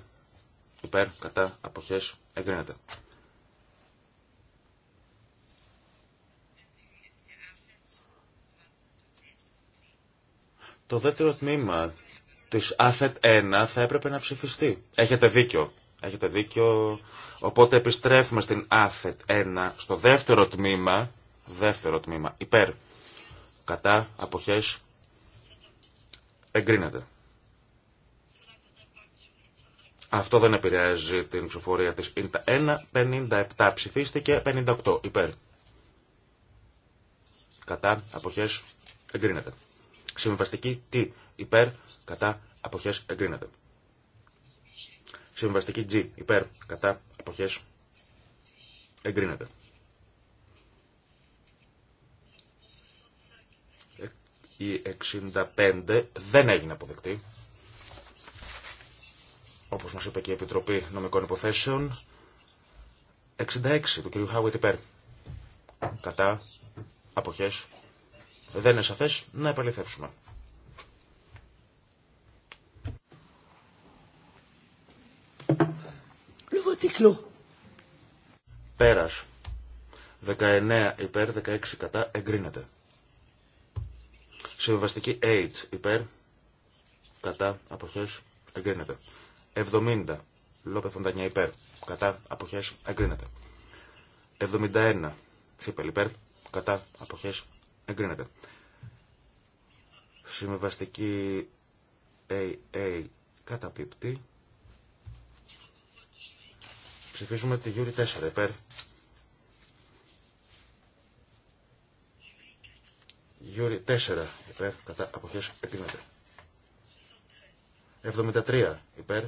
υπέρ, κατά αποχέ εγκρίνεται. Το δεύτερο τμήμα της ΑΘΕΤ 1 θα έπρεπε να ψηφιστεί. Έχετε δίκιο. Έχετε δίκιο. Οπότε επιστρέφουμε στην ΑΘΕΤ 1, στο δεύτερο τμήμα, δεύτερο τμήμα, υπέρ, κατά, αποχές, εγκρίνεται. Αυτό δεν επηρεάζει την ψηφοφορία της ΙΝΤΑ 1, 57 ψηφίστηκε, 58 υπέρ. Κατά, αποχές, εγκρίνεται. Συμβαστική, τι, υπέρ, κατά, αποχές, εγκρίνεται. Συμβαστική G, υπέρ, κατά, αποχές, εγκρίνεται. Ε, η 65 δεν έγινε αποδεκτή. Όπως μας είπε και η Επιτροπή Νομικών Υποθέσεων, 66 του κ. Χάουιτ υπέρ. Κατά, αποχές, δεν είναι σαφές, να επαληθεύσουμε. τίκλο. Πέρας. 19 υπέρ, 16 κατά, εγκρίνεται. Συμβαστική H υπέρ, κατά, αποχές, εγκρίνεται. 70, Λόπε Φοντανιά υπέρ, κατά, αποχές, εγκρίνεται. 71, Σίπελ υπέρ, κατά, αποχές, εγκρίνεται. Συμβαστική AA καταπίπτει. Ψηφίζουμε τη Γιούρι 4 υπέρ. Γιούρι 4 υπέρ κατά αποχές επίνεται. 73 υπέρ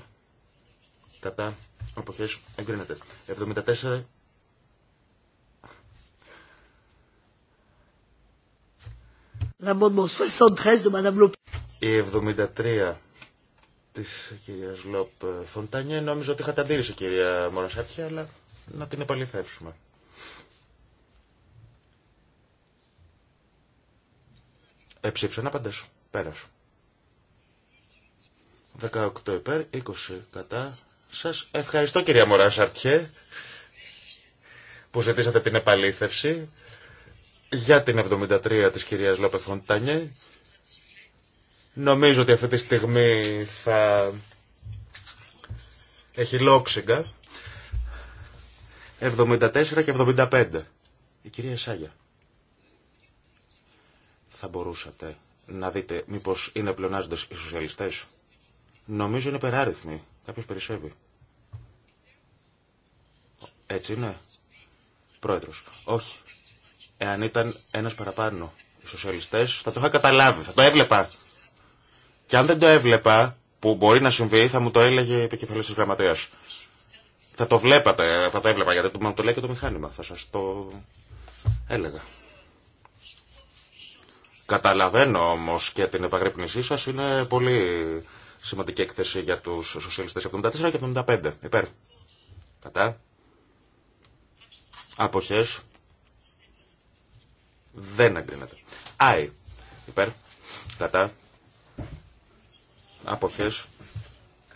κατά αποχές εγκρίνεται. 74 L'amendement 73 de Madame Η 73 Τη κύρια Λόπ Φοντανιέ. Νόμιζα ότι είχατε αντίρρηση κυρία Μονασάτια, αλλά να την επαληθεύσουμε. Εψήφισα να απαντήσω. Πέρασε. 18 υπέρ, 20 κατά. Σας ευχαριστώ κυρία Σαρτιέ που ζητήσατε την επαλήθευση για την 73 της κυρίας Λόπε Φοντανιέ. Νομίζω ότι αυτή τη στιγμή θα έχει λόξιγκα. 74 και 75. Η κυρία Σάγια. Θα μπορούσατε να δείτε μήπως είναι πλεονάζοντες οι σοσιαλιστές. Νομίζω είναι περάριθμοι. Κάποιος περισσεύει. Έτσι είναι. Πρόεδρος. Όχι. Εάν ήταν ένας παραπάνω οι σοσιαλιστές θα το είχα καταλάβει. Θα το έβλεπα. Και αν δεν το έβλεπα, που μπορεί να συμβεί, θα μου το έλεγε η επικεφαλής τη γραμματείας. Θα το βλέπατε, θα το έβλεπα, γιατί μου το λέει και το μηχάνημα. Θα σα το έλεγα. Καταλαβαίνω όμω και την επαγρύπνησή σα είναι πολύ σημαντική έκθεση για τους σοσιαλιστές 74 και 75. Υπέρ. Κατά. Αποχέ. Δεν εγκρίνεται. Άι. Υπέρ. Κατά. Αποχές.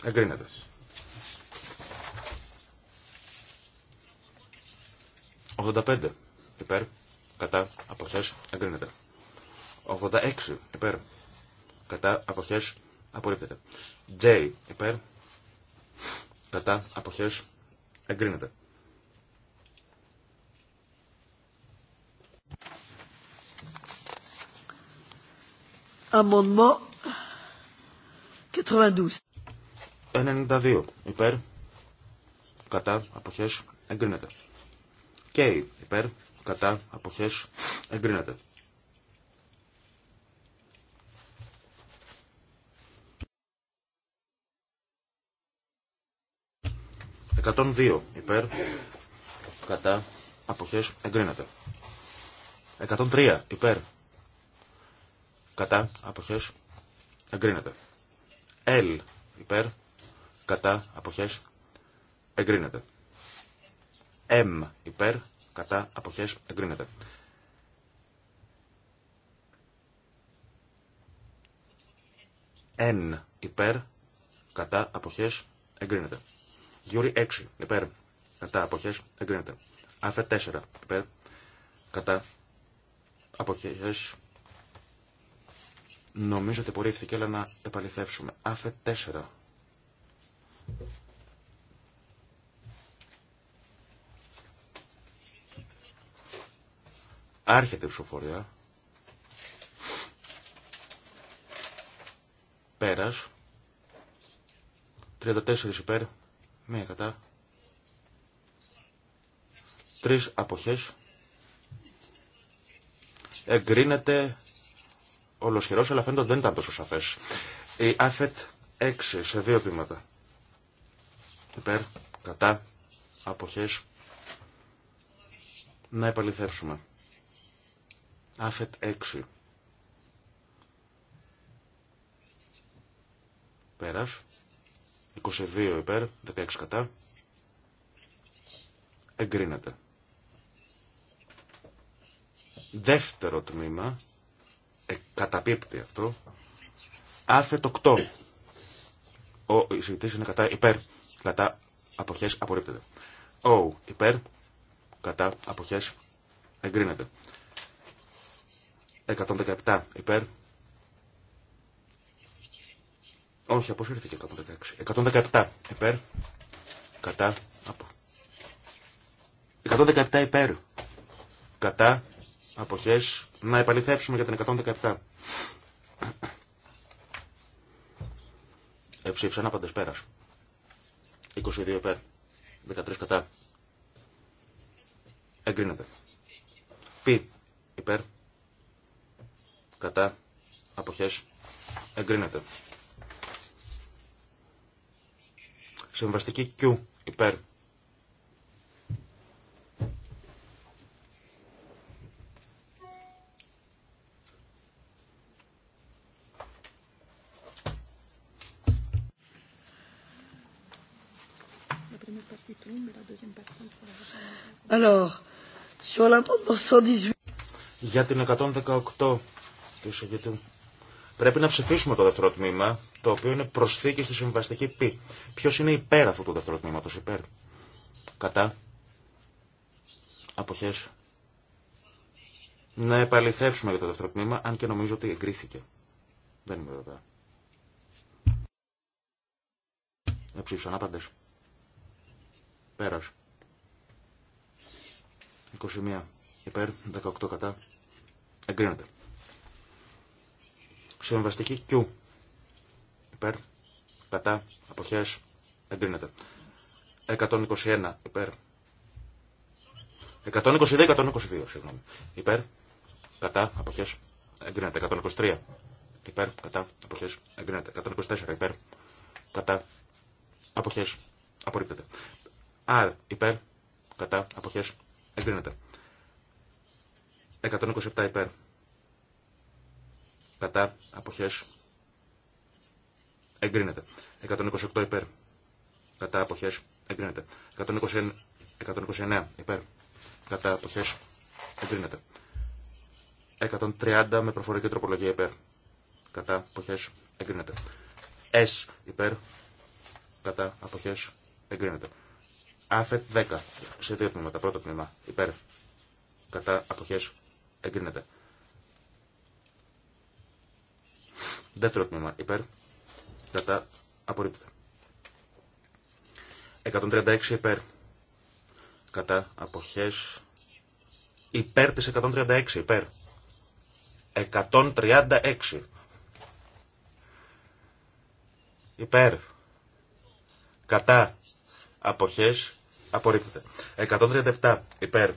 Εγκρίνεται. 85 υπέρ. Κατά. Αποχές. Εγκρίνεται. 86 υπέρ. Κατά. Αποχές. Απορρίπτεται. J υπέρ. Κατά. Αποχές. Εγκρίνεται. Amendement 92. Υπέρ. Κατά. Αποχές. Εγκρίνεται. και Υπέρ. Κατά. Αποχές. Εγκρίνεται. Εκατόν δύο. Υπέρ. Κατά. Αποχές. Εγκρίνεται. 103. Υπέρ. Κατά. Αποχές. Εγκρίνεται. L υπέρ, κατά, αποχές, εγκρίνεται. M υπέρ, κατά, αποχές, εγκρίνεται. N υπέρ, κατά, αποχές, εγκρίνεται. Γιούρι 6 υπέρ, κατά, αποχές, εγκρίνεται. Αφε 4 υπέρ, κατά, αποχές, εγκρίνεται Νομίζω ότι απορρίφθηκε, αλλά να επαληθεύσουμε. Άφε 4. Άρχεται η ψηφοφορία. Πέρας. 34 υπέρ. Μία κατά. Τρεις αποχές. Εγκρίνεται ολοσχερό, αλλά φαίνεται ότι δεν ήταν τόσο σαφέ. Η ΑΦΕΤ 6 σε δύο τμήματα. Υπέρ, κατά, αποχέ. Να επαληθεύσουμε. ΑΦΕΤ 6. Πέρας. 22 υπέρ, 16 κατά. Εγκρίνεται. Δεύτερο τμήμα καταπίπτει αυτό. Άφετο 8. Ο εισηγητής είναι κατά υπέρ. Κατά αποχές απορρίπτεται. Ο υπέρ. Κατά αποχές εγκρίνεται. 117 υπέρ. Όχι, αποσύρθηκε 116. 117 υπέρ. Κατά. Από. 117 υπέρ. Κατά. Αποχές να επαληθεύσουμε για την 117. Εψήφισαν πάντες πέρας. 22 υπέρ. 13 κατά. Εγκρίνεται. Π. Υπέρ. Κατά. Αποχές. Εγκρίνεται. Συμβαστική Q. Υπέρ. Για την 118 του Πρέπει να ψηφίσουμε το δεύτερο τμήμα, το οποίο είναι προσθήκη στη συμβαστική π. Ποιο είναι υπέρ αυτού του δεύτερου τμήματο, υπέρ. Κατά. Αποχέ. Να επαληθεύσουμε για το δεύτερο τμήμα, αν και νομίζω ότι εγκρίθηκε. Δεν είμαι βέβαια. Δεν να άπαντε. Πέρασε. 21 υπέρ, 18 κατά. Εγκρίνεται. Συμβαστική Q. Υπέρ, κατά, αποχές, εγκρίνεται. 121 υπέρ. 122, 122, συγγνώμη. Υπέρ, κατά, αποχές, εγκρίνεται. 123 υπέρ, κατά, αποχές, εγκρίνεται. 124 υπέρ, κατά, αποχές, απορρίπτεται. R υπέρ, κατά, αποχές, Εγκρίνεται. 127 υπέρ. Κατά. Αποχές. Εγκρίνεται. 128 υπέρ. Κατά. Αποχές. Εγκρίνεται. 129, 129 υπέρ. Κατά. Αποχές. Εγκρίνεται. 130 με προφορική τροπολογία υπέρ. Κατά. Αποχές. Εγκρίνεται. S υπέρ. Κατά. Αποχές. Εγκρίνεται. ΑΦΕΤ 10 σε δύο τμήματα. Πρώτο τμήμα υπέρ κατά απόχέ εγκρίνεται. Δεύτερο τμήμα υπέρ κατά απορρίπτεται. 136 υπέρ κατά απόχέ. υπέρ τη 136 υπέρ 136 υπέρ κατά αποχές απορρίπτεται. 137 υπέρ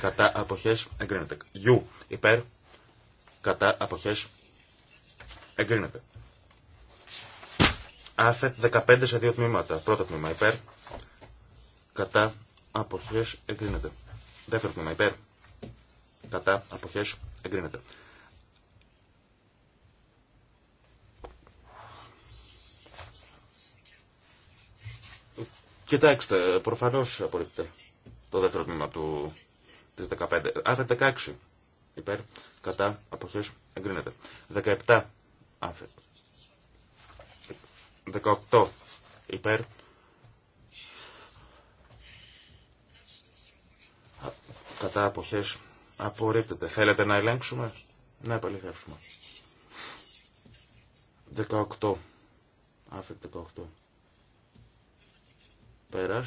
κατά αποχές εγκρίνεται. U υπέρ κατά αποχές εγκρίνεται. Άφετ 15 σε δύο τμήματα. Πρώτο τμήμα υπέρ κατά αποχές εγκρίνεται. Δεύτερο τμήμα υπέρ κατά αποχές εγκρίνεται. Κοιτάξτε, προφανώς απορρίπτεται το δεύτερο τμήμα του της 15. Άθε 16 υπέρ, κατά, αποχές, εγκρίνεται. 17 άφετ. 18 υπέρ. Κατά αποχές απορρίπτεται. Θέλετε να ελέγξουμε. Να επαληθεύσουμε. 18. Άφετ 18. Πέρας.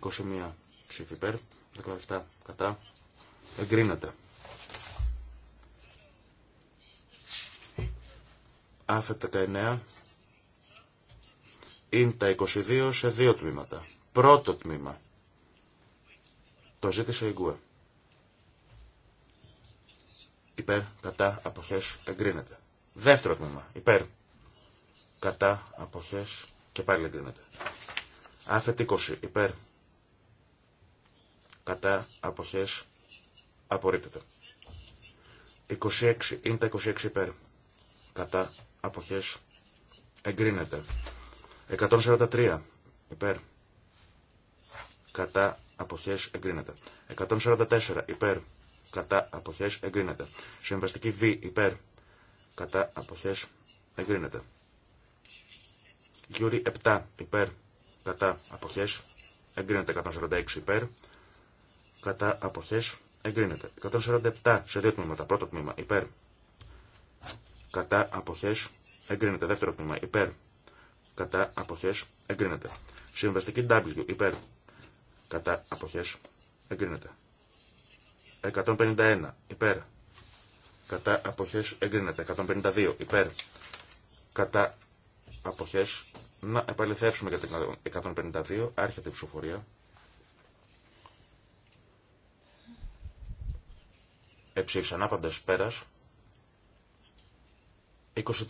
21 ψήφι υπέρ. 17 κατά. Εγκρίνεται. Άφετ 19. Είναι τα 22 σε δύο τμήματα. Πρώτο τμήμα. Το ζήτησε η Γκουέ. Υπέρ, κατά, αποχές, εγκρίνεται. Δεύτερο τμήμα. Υπέρ, κατά, αποχές, και πάλι εγκρίνεται. Άφετ 20 υπέρ. Κατά απόχέ απορρίπτεται. 26, είναι τα 26 υπέρ. Κατά αποχές εγκρίνεται. 143 υπέρ. Κατά αποχές εγκρίνεται. 144 υπέρ. Κατά αποχές εγκρίνεται. Συμβαστική Β υπέρ. Κατά αποχές εγκρίνεται. Γιούρι 7 υπέρ κατά αποχές εγκρίνεται 146 υπέρ κατά αποχές εγκρίνεται 147 σε δύο τμήματα πρώτο τμήμα υπέρ κατά αποχές εγκρίνεται δεύτερο τμήμα υπέρ κατά αποχές εγκρίνεται συμβαστική W υπέρ κατά αποχές εγκρίνεται 151 υπέρ κατά αποχές εγκρίνεται 152 υπέρ κατά Αποχέ να επαληθεύσουμε για το 152 άρχεται η ψηφοφορία εψήφισαν άπαντες πέρας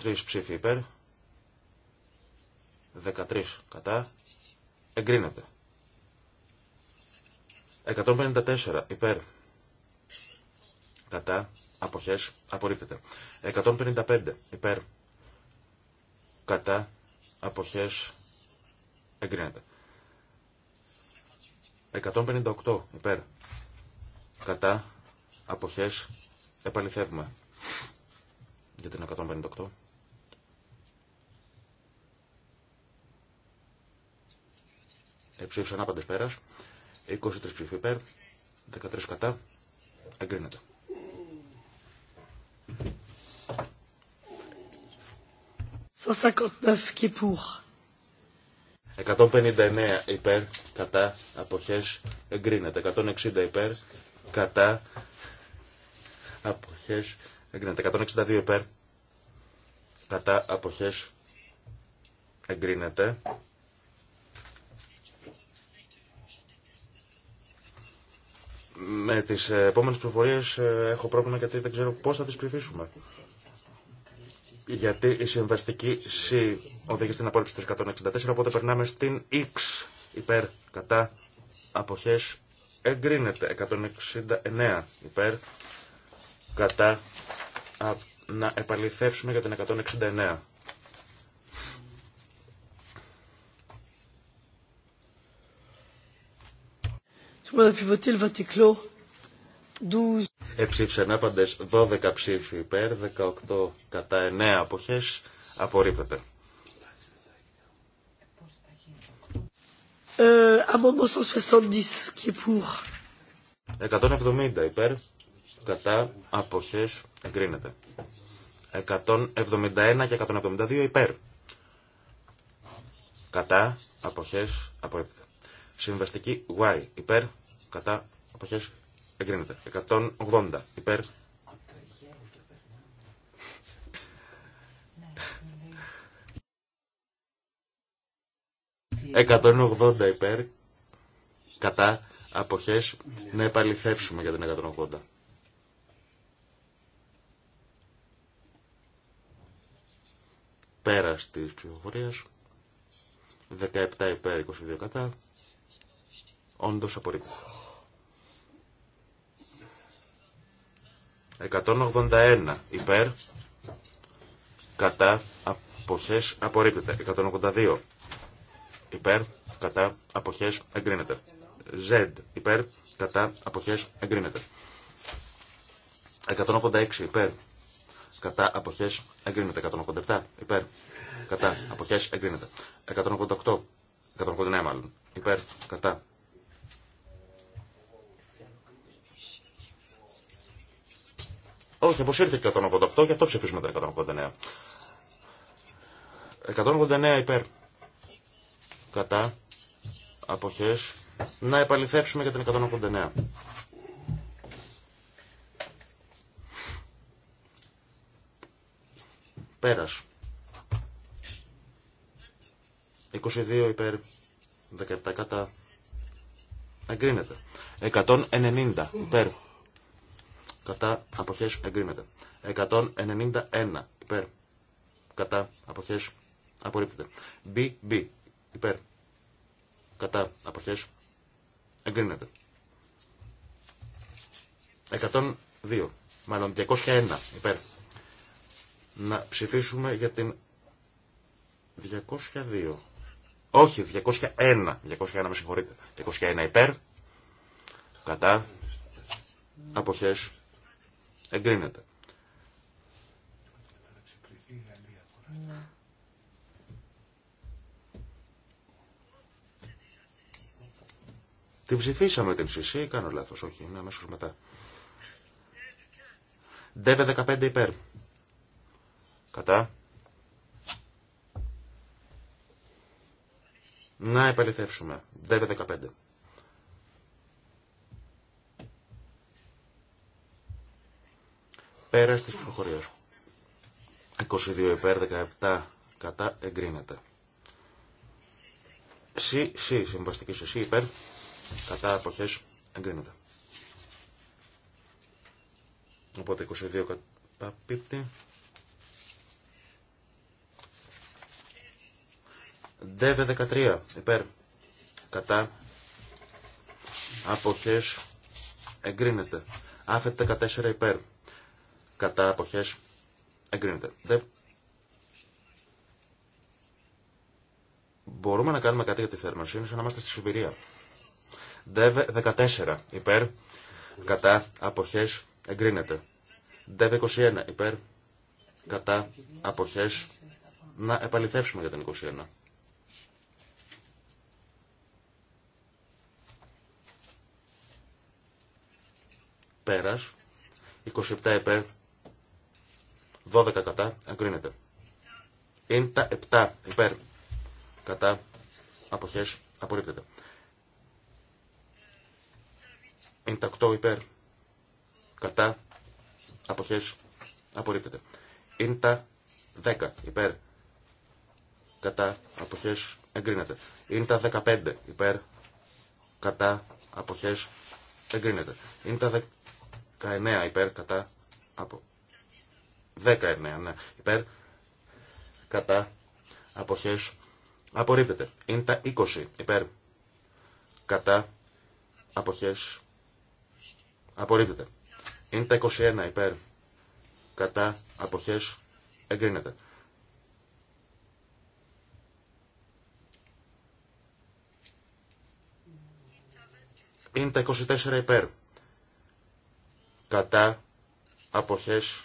23 ψήφοι υπέρ 13 κατά εγκρίνεται 154 υπέρ κατά αποχές απορρίπτεται 155 υπέρ κατά αποχές εγκρίνεται. 158 υπέρ κατά αποχές επαληθεύουμε για την 158. Εψήφισαν άπαντες πέρας. 23 ψήφοι υπέρ, 13 κατά, εγκρίνεται. 159 και pour. 159 υπέρ, κατά, αποχές, εγκρίνεται. 160 υπέρ, κατά, αποχές, εγκρίνεται. 162 υπέρ, κατά, αποχές, εγκρίνεται. Με τις ε, επόμενες προφορίες ε, έχω πρόβλημα γιατί δεν ξέρω πώς θα τις πληθήσουμε γιατί η συμβαστική C οδηγεί στην απόρριψη της 164, οπότε περνάμε στην X υπέρ κατά αποχές εγκρίνεται 169 υπέρ κατά να επαληθεύσουμε για την 169. clos. 12. Εψήφισαν άπαντες 12 ψήφοι υπέρ, 18 κατά 9 αποχές. Απορρίπτεται. Ε, 170 υπέρ, κατά αποχές εγκρίνεται. 171 και 172 υπέρ. Κατά αποχές απορρίπτεται. Συμβαστική Y υπέρ, κατά αποχές Εγκρίνεται. 180 υπέρ. 180 υπέρ. Κατά αποχέ να επαληθεύσουμε για την 180. Πέρα τη ψηφοφορία. 17 υπέρ 22 κατά. Όντω απορρίπτω. 181 υπέρ, κατά, αποχές, απορρίπτεται. 182 υπέρ, κατά, αποχές, εγκρίνεται. Z υπέρ, κατά, αποχές, εγκρίνεται. 186 υπέρ, κατά, αποχές, εγκρίνεται. 187 υπέρ, κατά, αποχές, εγκρίνεται. 188, 189 μάλλον, υπέρ, κατά, Όχι, αποσύρθηκε 188, γι' αυτό ψηφίσουμε τα 189. 189 υπέρ. Κατά. Αποχές. Να επαληθεύσουμε για την 189. Πέρας. 22 υπέρ 17 κατά. Εγκρίνεται. 190 υπέρ κατά αποχές εγκρίνεται. 191 υπέρ κατά αποχές απορρίπτεται. BB υπέρ κατά αποχές εγκρίνεται. 102 μάλλον 201 υπέρ. Να ψηφίσουμε για την 202. Όχι, 201. 201 με συγχωρείτε. 201 υπέρ. Κατά. Αποχές Εγκρίνεται. Την ψηφίσαμε την ψήση ή κάνω λάθος, όχι, είναι αμέσως μετά. Δεύε 15 υπέρ. Κατά. Να επαληθεύσουμε. Δεύε 15. Πέρα στις προχωριές. 22 υπέρ 17 κατά εγκρίνεται. Συ, συ, συμβαστική σε συ υπέρ κατά αποχές εγκρίνεται. Οπότε 22 κατά πίπτη. ΔΕΒΕ 13 υπέρ κατά αποχές εγκρίνεται. Άφετε 14 υπέρ κατά αποχές εγκρίνεται. Δεν... Μπορούμε να κάνουμε κάτι για τη θέρμανση, είναι σαν να είμαστε στη Σιβηρία. ΔΕΒ 14 υπέρ, κατά αποχές εγκρίνεται. ΔΕΒ 21 υπέρ, κατά αποχές να επαληθεύσουμε για την 21. Πέρας, 27 υπέρ, 12 κατά, εγκρίνεται. Είναι τα 7 υπέρ, κατά, αποχές, απορρίπτεται. Είναι τα 8 υπέρ, κατά, αποχές, απορρίπτεται. Είναι τα 10 υπέρ, κατά, αποχές, εγκρίνεται. Είναι τα 15 υπέρ, κατά, αποχές, εγκρίνεται. Είναι τα 19 υπέρ, κατά, απο, 19, ναι. Υπέρ. Κατά. Αποχές. Απορρίπτεται. Είναι τα 20. Υπέρ. Κατά. Αποχές. Απορρίπτεται. Είναι τα 21. Υπέρ. Κατά. Αποχές. Εγκρίνεται. Είναι τα 24 υπέρ. Κατά. Αποχές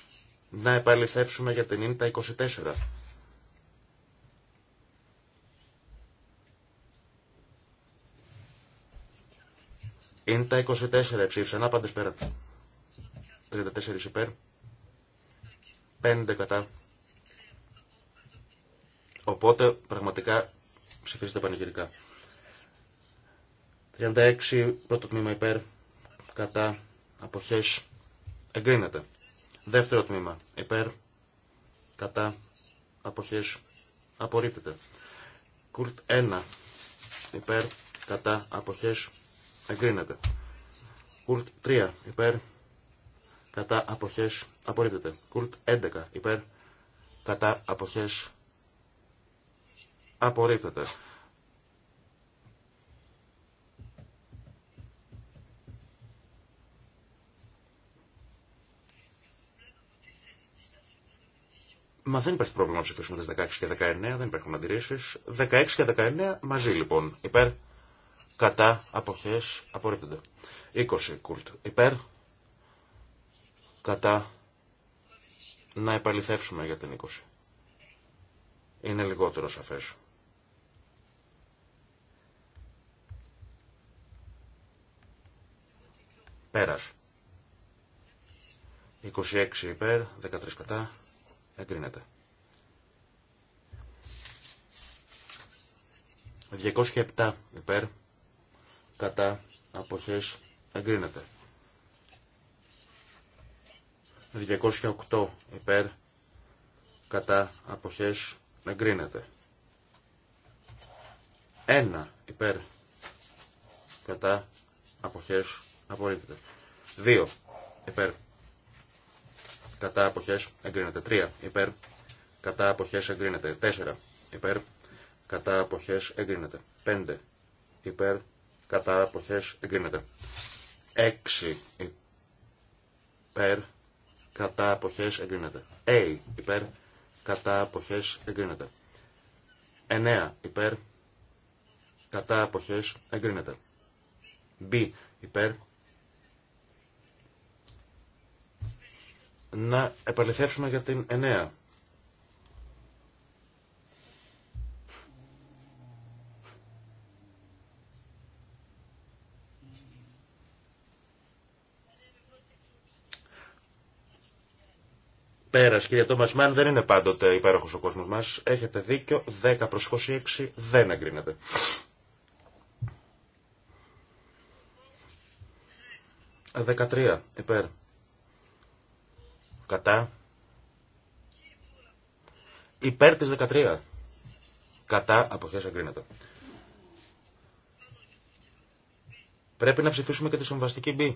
να επαληθεύσουμε για την ίντα 24. ΙΝΤΑ 24 να πάντες πέρα. 34 υπέρ. 5 κατά. Οπότε πραγματικά ψηφίζεται πανηγυρικά. 36 πρώτο τμήμα υπέρ. Κατά. Αποχές. Εγκρίνεται. Δεύτερο τμήμα. Υπέρ. Κατά. Αποχές. Απορρίπτεται. Κουλτ 1. Υπέρ. Κατά. Αποχές. Εγκρίνεται. Κουλτ 3. Υπέρ. Κατά. Αποχές. Απορρίπτεται. Κουλτ 11. Υπέρ. Κατά. Αποχές. Απορρίπτεται. Μα δεν υπάρχει πρόβλημα να ψηφίσουμε τι 16 και 19, δεν υπάρχουν αντιρρήσει. 16 και 19 μαζί λοιπόν. Υπέρ, κατά, αποχέ, απορρίπτονται. 20 κουλτ. Υπέρ, κατά, να επαληθεύσουμε για την 20. Είναι λιγότερο σαφές. Πέρας. 26 υπέρ, 13 κατά, Εγκρίνεται. 207 υπέρ. Κατά. Αποχές. Εγκρίνεται. 208 υπέρ. Κατά. Αποχές. Εγκρίνεται. 1 υπέρ. Κατά. Αποχές. Απορρίπτεται. 2 υπέρ κατά αποχές εγκρίνεται. 3 υπέρ, κατά αποχές εγκρίνεται. 4 υπέρ, κατά αποχές εγκρίνεται. 5 υπέρ, κατά αποχές εγκρίνεται. 6 υπέρ, κατά αποχές εγκρίνεται. A ε. υπέρ, κατά αποχές εγκρίνεται. 9 υπέρ, κατά αποχές εγκρίνεται. B υπέρ, να επαληθεύσουμε για την 9. Πέρα, κύριε Τόμας Μάν, δεν είναι πάντοτε υπέροχο ο κόσμος μας. Έχετε δίκιο, 10 προς 26 δεν εγκρίνεται. Α, 13, υπέρ. Κατά. Υπέρ τη 13. Κατά. Αποχές εγκρίνεται. Πρέπει να ψηφίσουμε και τη συμβαστική B.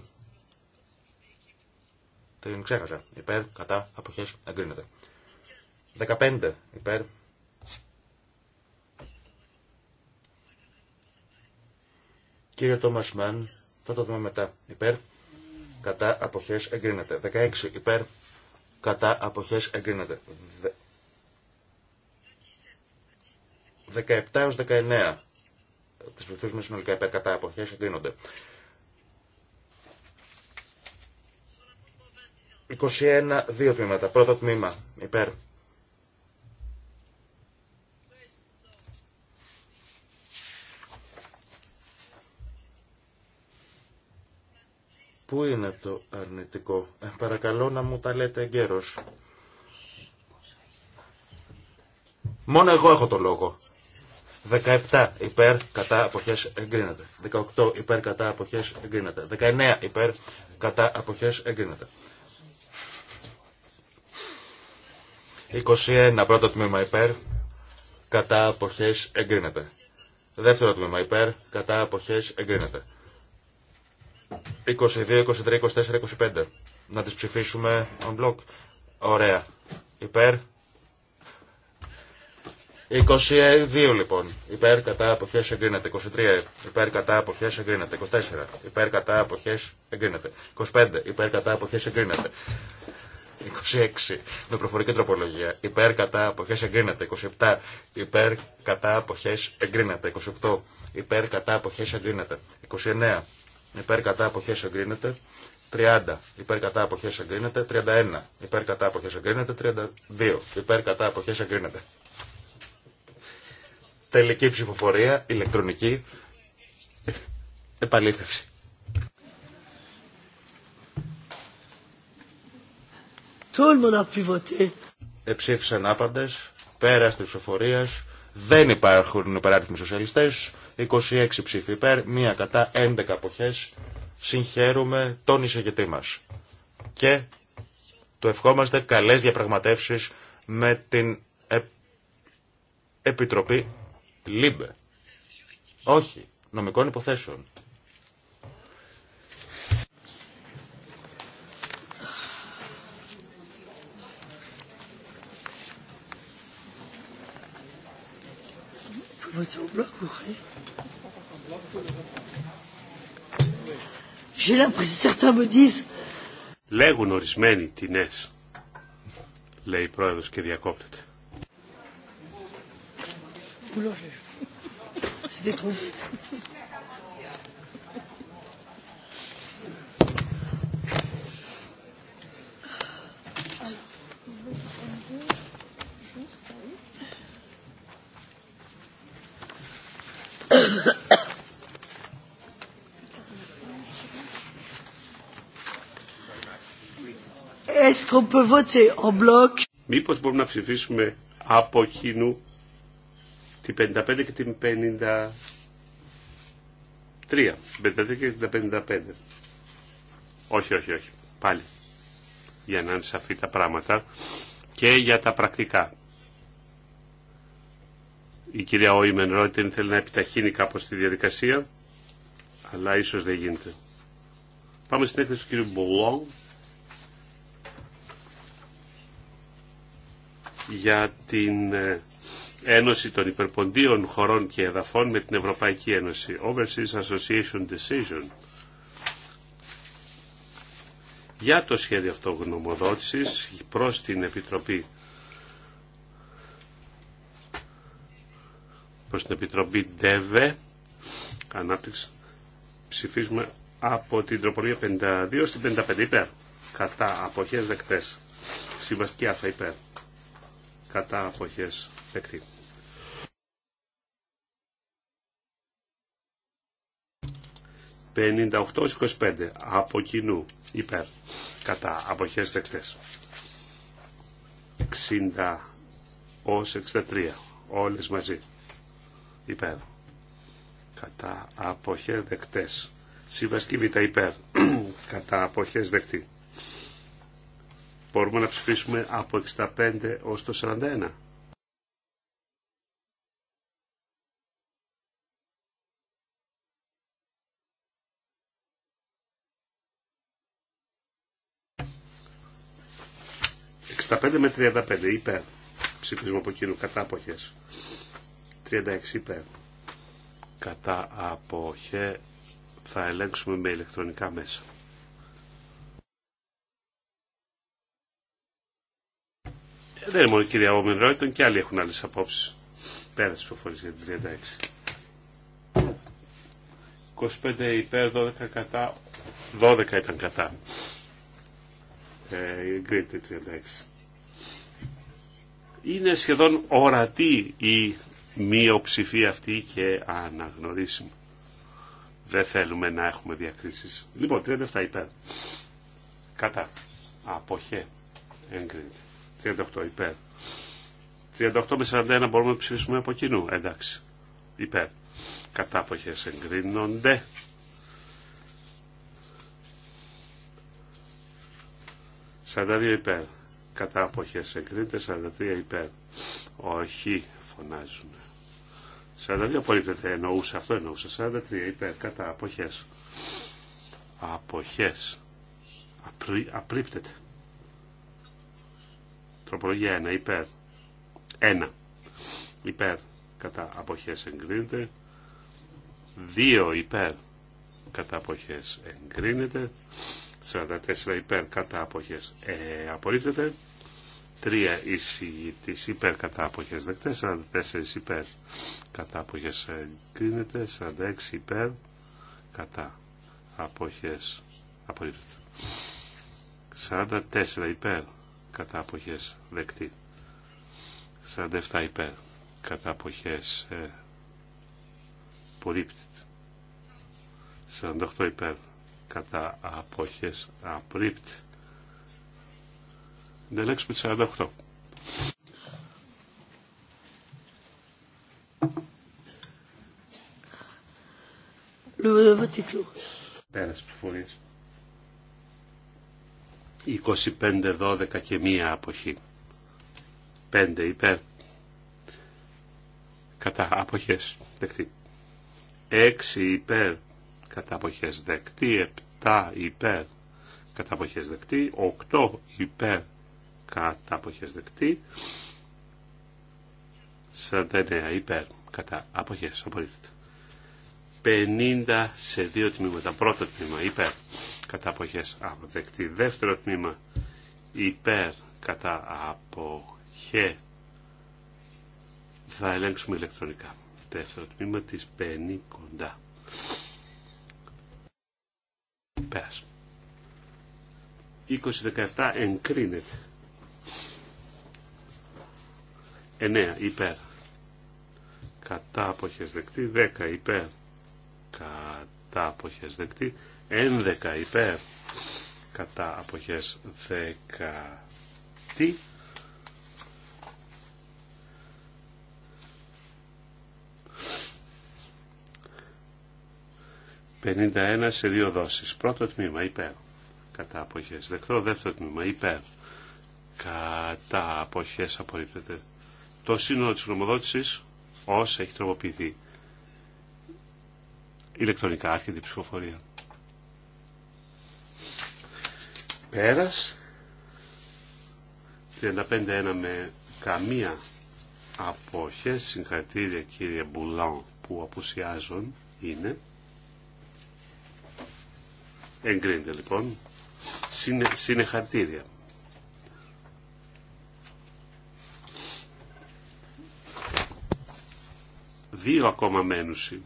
Την ξέχασα. Υπέρ, κατά, αποχές, εγκρίνεται. 15. Υπέρ. Κύριε Τόμας Μαν, θα το δούμε μετά. Υπέρ, κατά, αποχές, εγκρίνεται. 16. Υπέρ, κατά αποχές εγκρίνεται. 17 έως 19 τις πληθούσουμε συνολικά υπέρ κατά αποχές εγκρίνονται. 21 δύο τμήματα. Πρώτο τμήμα υπέρ Πού είναι το αρνητικό. Ε, παρακαλώ να μου τα λέτε εγκαίρως. Μόνο εγώ έχω το λόγο. 17 υπέρ κατά αποχές εγκρίνεται. 18 υπέρ κατά αποχές εγκρίνεται. 19 υπέρ κατά αποχές εγκρίνεται. 21 πρώτο τμήμα υπέρ κατά αποχές εγκρίνεται. Δεύτερο τμήμα υπέρ κατά αποχές εγκρίνεται. 22, 23, 24, 25. Να τις ψηφίσουμε on block. Ωραία. Υπέρ. 22 λοιπόν. Υπέρ κατά αποχές εγκρίνεται. 23. Υπέρ κατά αποχές εγκρίνεται. 24. Υπέρ κατά αποχές εγκρίνεται. 25. Υπέρ κατά αποχές εγκρίνεται. 26. Με προφορική τροπολογία. Υπέρ κατά αποχές εγκρίνεται. 27. Υπέρ κατά αποχές εγκρίνεται. 28. Υπέρ κατά αποχές εγκρίνεται. 29 υπέρ κατά αποχές εγκρίνεται. 30 υπέρ κατά αποχές εγκρίνεται. 31 υπέρ κατά αποχές εγκρίνεται. 32 υπέρ κατά αποχές εγκρίνεται. Τελική ψηφοφορία, ηλεκτρονική επαλήθευση. Εψήφισαν άπαντες, πέραστη ψηφοφορία, δεν υπάρχουν υπεράριθμοι σοσιαλιστές, 26 ψήφοι υπέρ, 1 κατά 11 αποχές. Συγχαίρουμε τον εισαγητή μας. Και του ευχόμαστε καλές διαπραγματεύσεις με την ε, Επιτροπή ΛΥΜΠΕ. Όχι, νομικών υποθέσεων. Λέγουν ορισμένοι τινές, λέει η πρόεδρος και διακόπτεται. C'était Μήπως μπορούμε να ψηφίσουμε από κοινού την 55 και την 53. και την 55. Όχι, όχι, όχι. Πάλι. Για να είναι σαφή τα πράγματα. Και για τα πρακτικά. Η κυρία Όιμεν Ρόιτεν θέλει να επιταχύνει κάπως τη διαδικασία. Αλλά ίσως δεν γίνεται. Πάμε στην έκθεση του κύριου Μπουλόν για την ε, Ένωση των Υπερποντίων Χωρών και Εδαφών με την Ευρωπαϊκή Ένωση, Overseas Association Decision. Για το σχέδιο αυτογνωμοδότησης προς την Επιτροπή προς την Επιτροπή ΔΕΒΕ Ανάπτυξη ψηφίζουμε από την τροπολογία 52 στην 55 υπέρ κατά αποχές δεκτές συμβαστική αφα υπέρ κατά αποχές δεκτή. 58-25 από κοινού υπέρ κατά αποχές δεκτές. 60 63 όλες μαζί υπέρ κατά αποχές δεκτές. Συμβαστική β' υπέρ [clears throat] κατά αποχές δεκτή. Μπορούμε να ψηφίσουμε από 65 ως το 41. 65 με 35 υπέρ ψηφίσμα από εκείνου κατά αποχές. 36 υπέρ κατά αποχέ θα ελέγξουμε με ηλεκτρονικά μέσα. Δεν είναι μόνο η κυρία Όμιν Ρόιτον και άλλοι έχουν άλλε απόψει. Πέρα τη προφορία για την 36. 25 υπέρ, 12 κατά, 12 ήταν κατά. Ε, η 36. Είναι σχεδόν ορατή η μειοψηφία αυτή και αναγνωρίσιμη. Δεν θέλουμε να έχουμε διακρίσεις. Λοιπόν, 37 υπέρ. Κατά. Αποχέ. Εγκρίνεται. 38 υπέρ. 38 με 41 μπορούμε να ψηφίσουμε από κοινού. Εντάξει. Υπέρ. Κατάποχέ εγκρίνονται. 42 υπέρ. Κατά αποχές εγκρίνεται. 43 υπέρ. Όχι. Φωνάζουν. 42 απορρίπτεται. Εννοούσε αυτό. εννοούσα, 43 υπέρ. Κατά αποχές. Αποχές. Απρί, απρίπτεται. Προπολογία 1 υπέρ. 1 υπέρ κατά αποχές εγκρίνεται. 2 υπέρ κατά αποχές εγκρίνεται. 44 υπέρ κατά αποχές ε, απορρίπτεται. 3 εισηγητής υπέρ κατά αποχές δεκτές. 44 υπέρ κατά αποχές εγκρίνεται. 46 υπέρ κατά αποχές απορρίπτεται. 44 υπέρ κατά αποχές δεκτή 47 υπέρ κατά αποχές ε, απορρίπτει 48 υπέρ κατά αποχές απορρίπτει Δελέξουμε 48 Le vote 25, 12 και μία αποχή. 5 υπέρ. Κατά αποχές δεκτή. 6 υπέρ. Κατά αποχές δεκτή. 7 υπέρ. Κατά αποχές δεκτή. 8 υπέρ. Κατά αποχές δεκτή. 49 υπέρ. Κατά αποχές απολύτω. 50 σε δύο τμήματα. Πρώτο τμήμα υπέρ κατά αποχές αποδεκτή. Δεύτερο τμήμα υπέρ κατά αποχέ. Θα ελέγξουμε ηλεκτρονικά. Δεύτερο τμήμα της 50 κοντά. Πέρας. 20-17 εγκρίνεται. 9 υπέρ. Κατά αποχές δεκτή. 10 υπέρ. Κατά αποχές δεκτή. 11 υπέρ κατά αποχές δεκατή. «51 σε δύο δόσεις. Πρώτο τμήμα υπέρ. Κατά αποχές. Δεκτό δεύτερο τμήμα υπέρ. Κατά αποχές απορρίπτεται. Το σύνολο της γνωμοδότησης ως έχει τροποποιηθεί. Ηλεκτρονικά άρχεται ψηφοφορία. Πέρας. 35-1 με καμία απόχες. Συγχαρητήρια κύριε Μπουλάν που απουσιάζουν είναι. Εγκρίνεται λοιπόν. συνεχαρητήρια Δύο ακόμα μένουσι.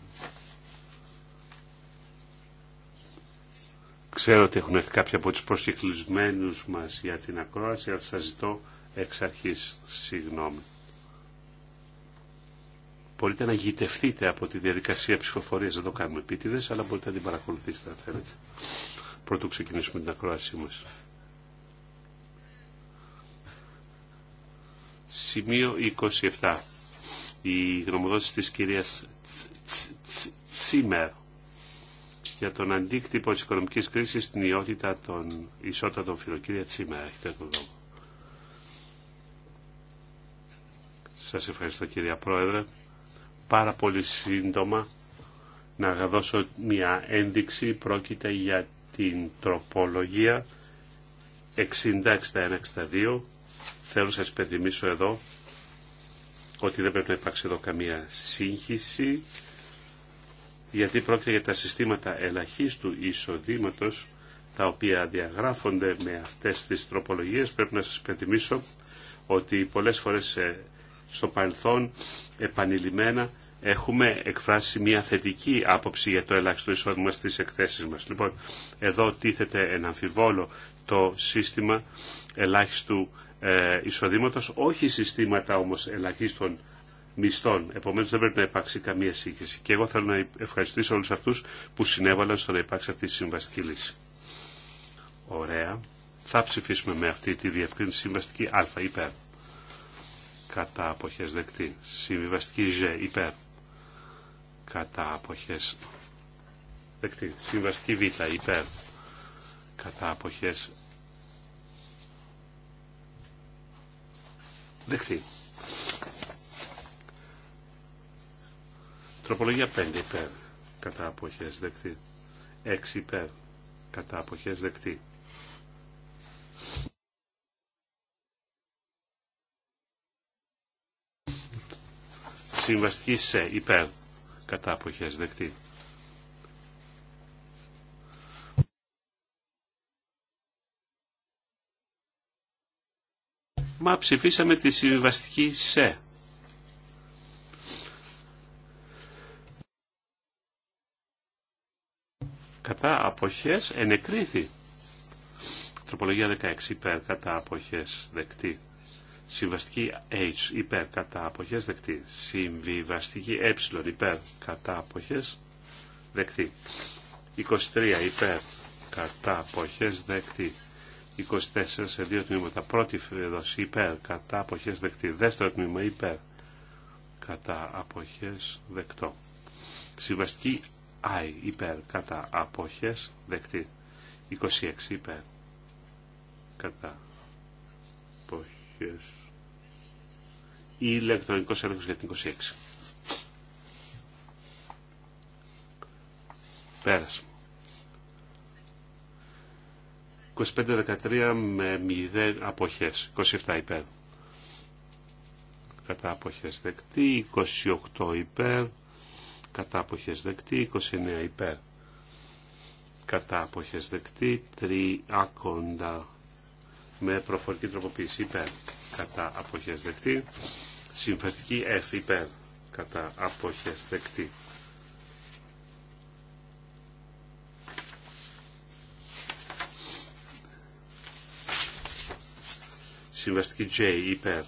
Ξέρω ότι έχουν έρθει κάποιοι από τους προσκεκλισμένους μας για την ακρόαση, αλλά σας ζητώ εξ αρχής συγγνώμη. Μπορείτε να γητευτείτε από τη διαδικασία ψηφοφορίας, δεν το κάνουμε επίτηδες, αλλά μπορείτε να την παρακολουθήσετε αν θέλετε. Πρώτο ξεκινήσουμε την ακρόασή μας. Σημείο 27. Η γνωμοδότηση της κυρίας Τσίμερ για τον αντίκτυπο της οικονομικής κρίσης στην ιότητα των ισότητα των φιλοκύρια σήμερα. Έχετε τον λόγο. Σας ευχαριστώ κυρία Πρόεδρε. Πάρα πολύ σύντομα να δώσω μια ένδειξη. Πρόκειται για την τροπολογία 60-61-62. Θέλω να σας υπενθυμίσω εδώ ότι δεν πρέπει να υπάρξει εδώ καμία σύγχυση γιατί πρόκειται για τα συστήματα ελαχίστου εισοδήματος τα οποία διαγράφονται με αυτές τις τροπολογίες. Πρέπει να σας υπενθυμίσω ότι πολλές φορές ε, στο παρελθόν επανειλημμένα έχουμε εκφράσει μια θετική άποψη για το ελάχιστο εισόδημα στις εκθέσεις μας. Λοιπόν, εδώ τίθεται ένα αμφιβόλο το σύστημα ελάχιστου ε, εισοδήματος, όχι συστήματα όμως ελαχίστων μισθών. Επομένως δεν πρέπει να υπάρξει καμία σύγχυση. Και εγώ θέλω να ευχαριστήσω όλους αυτούς που συνέβαλαν στο να υπάρξει αυτή η συμβαστική λύση. Ωραία. Θα ψηφίσουμε με αυτή τη διευκρίνηση συμβαστική α υπέρ. Κατά αποχές δεκτή. Συμβαστική ζ υπέρ. Κατά αποχές δεκτή. Συμβαστική β υπέρ. Κατά αποχές δεκτή. Τροπολογία 5 υπέρ κατά αποχές δεκτή. 6 υπέρ κατά αποχές δεκτή. Συμβαστική σε υπέρ κατά αποχές δεκτή. Μα ψηφίσαμε τη συμβαστική σε. κατά αποχές ενεκρίθη. Τροπολογία 16 υπέρ κατά αποχές δεκτή. Συμβαστική H υπέρ κατά αποχές δεκτή. Συμβιβαστική ε υπέρ κατά αποχές δεκτή. 23 υπέρ κατά αποχές δεκτή. 24 σε δύο τμήματα. Πρώτη δόση υπέρ κατά αποχές δεκτή. Δεύτερο τμήμα υπέρ κατά αποχές δεκτό. Συμβαστική I υπέρ κατά αποχές δεκτή 26 υπέρ κατά αποχές ή ηλεκτρονικός έλεγχος για την 26 πέρασε 25-13 με 0 αποχές 27 υπέρ κατά αποχές δεκτή 28 υπέρ κατά αποχές δεκτή, 29 υπέρ κατά αποχές δεκτή, ακόντα με προφορική τροποποίηση υπέρ κατά αποχές δεκτή, συμφερτική F υπέρ κατά αποχές δεκτή. Συμβαστική J υπέρ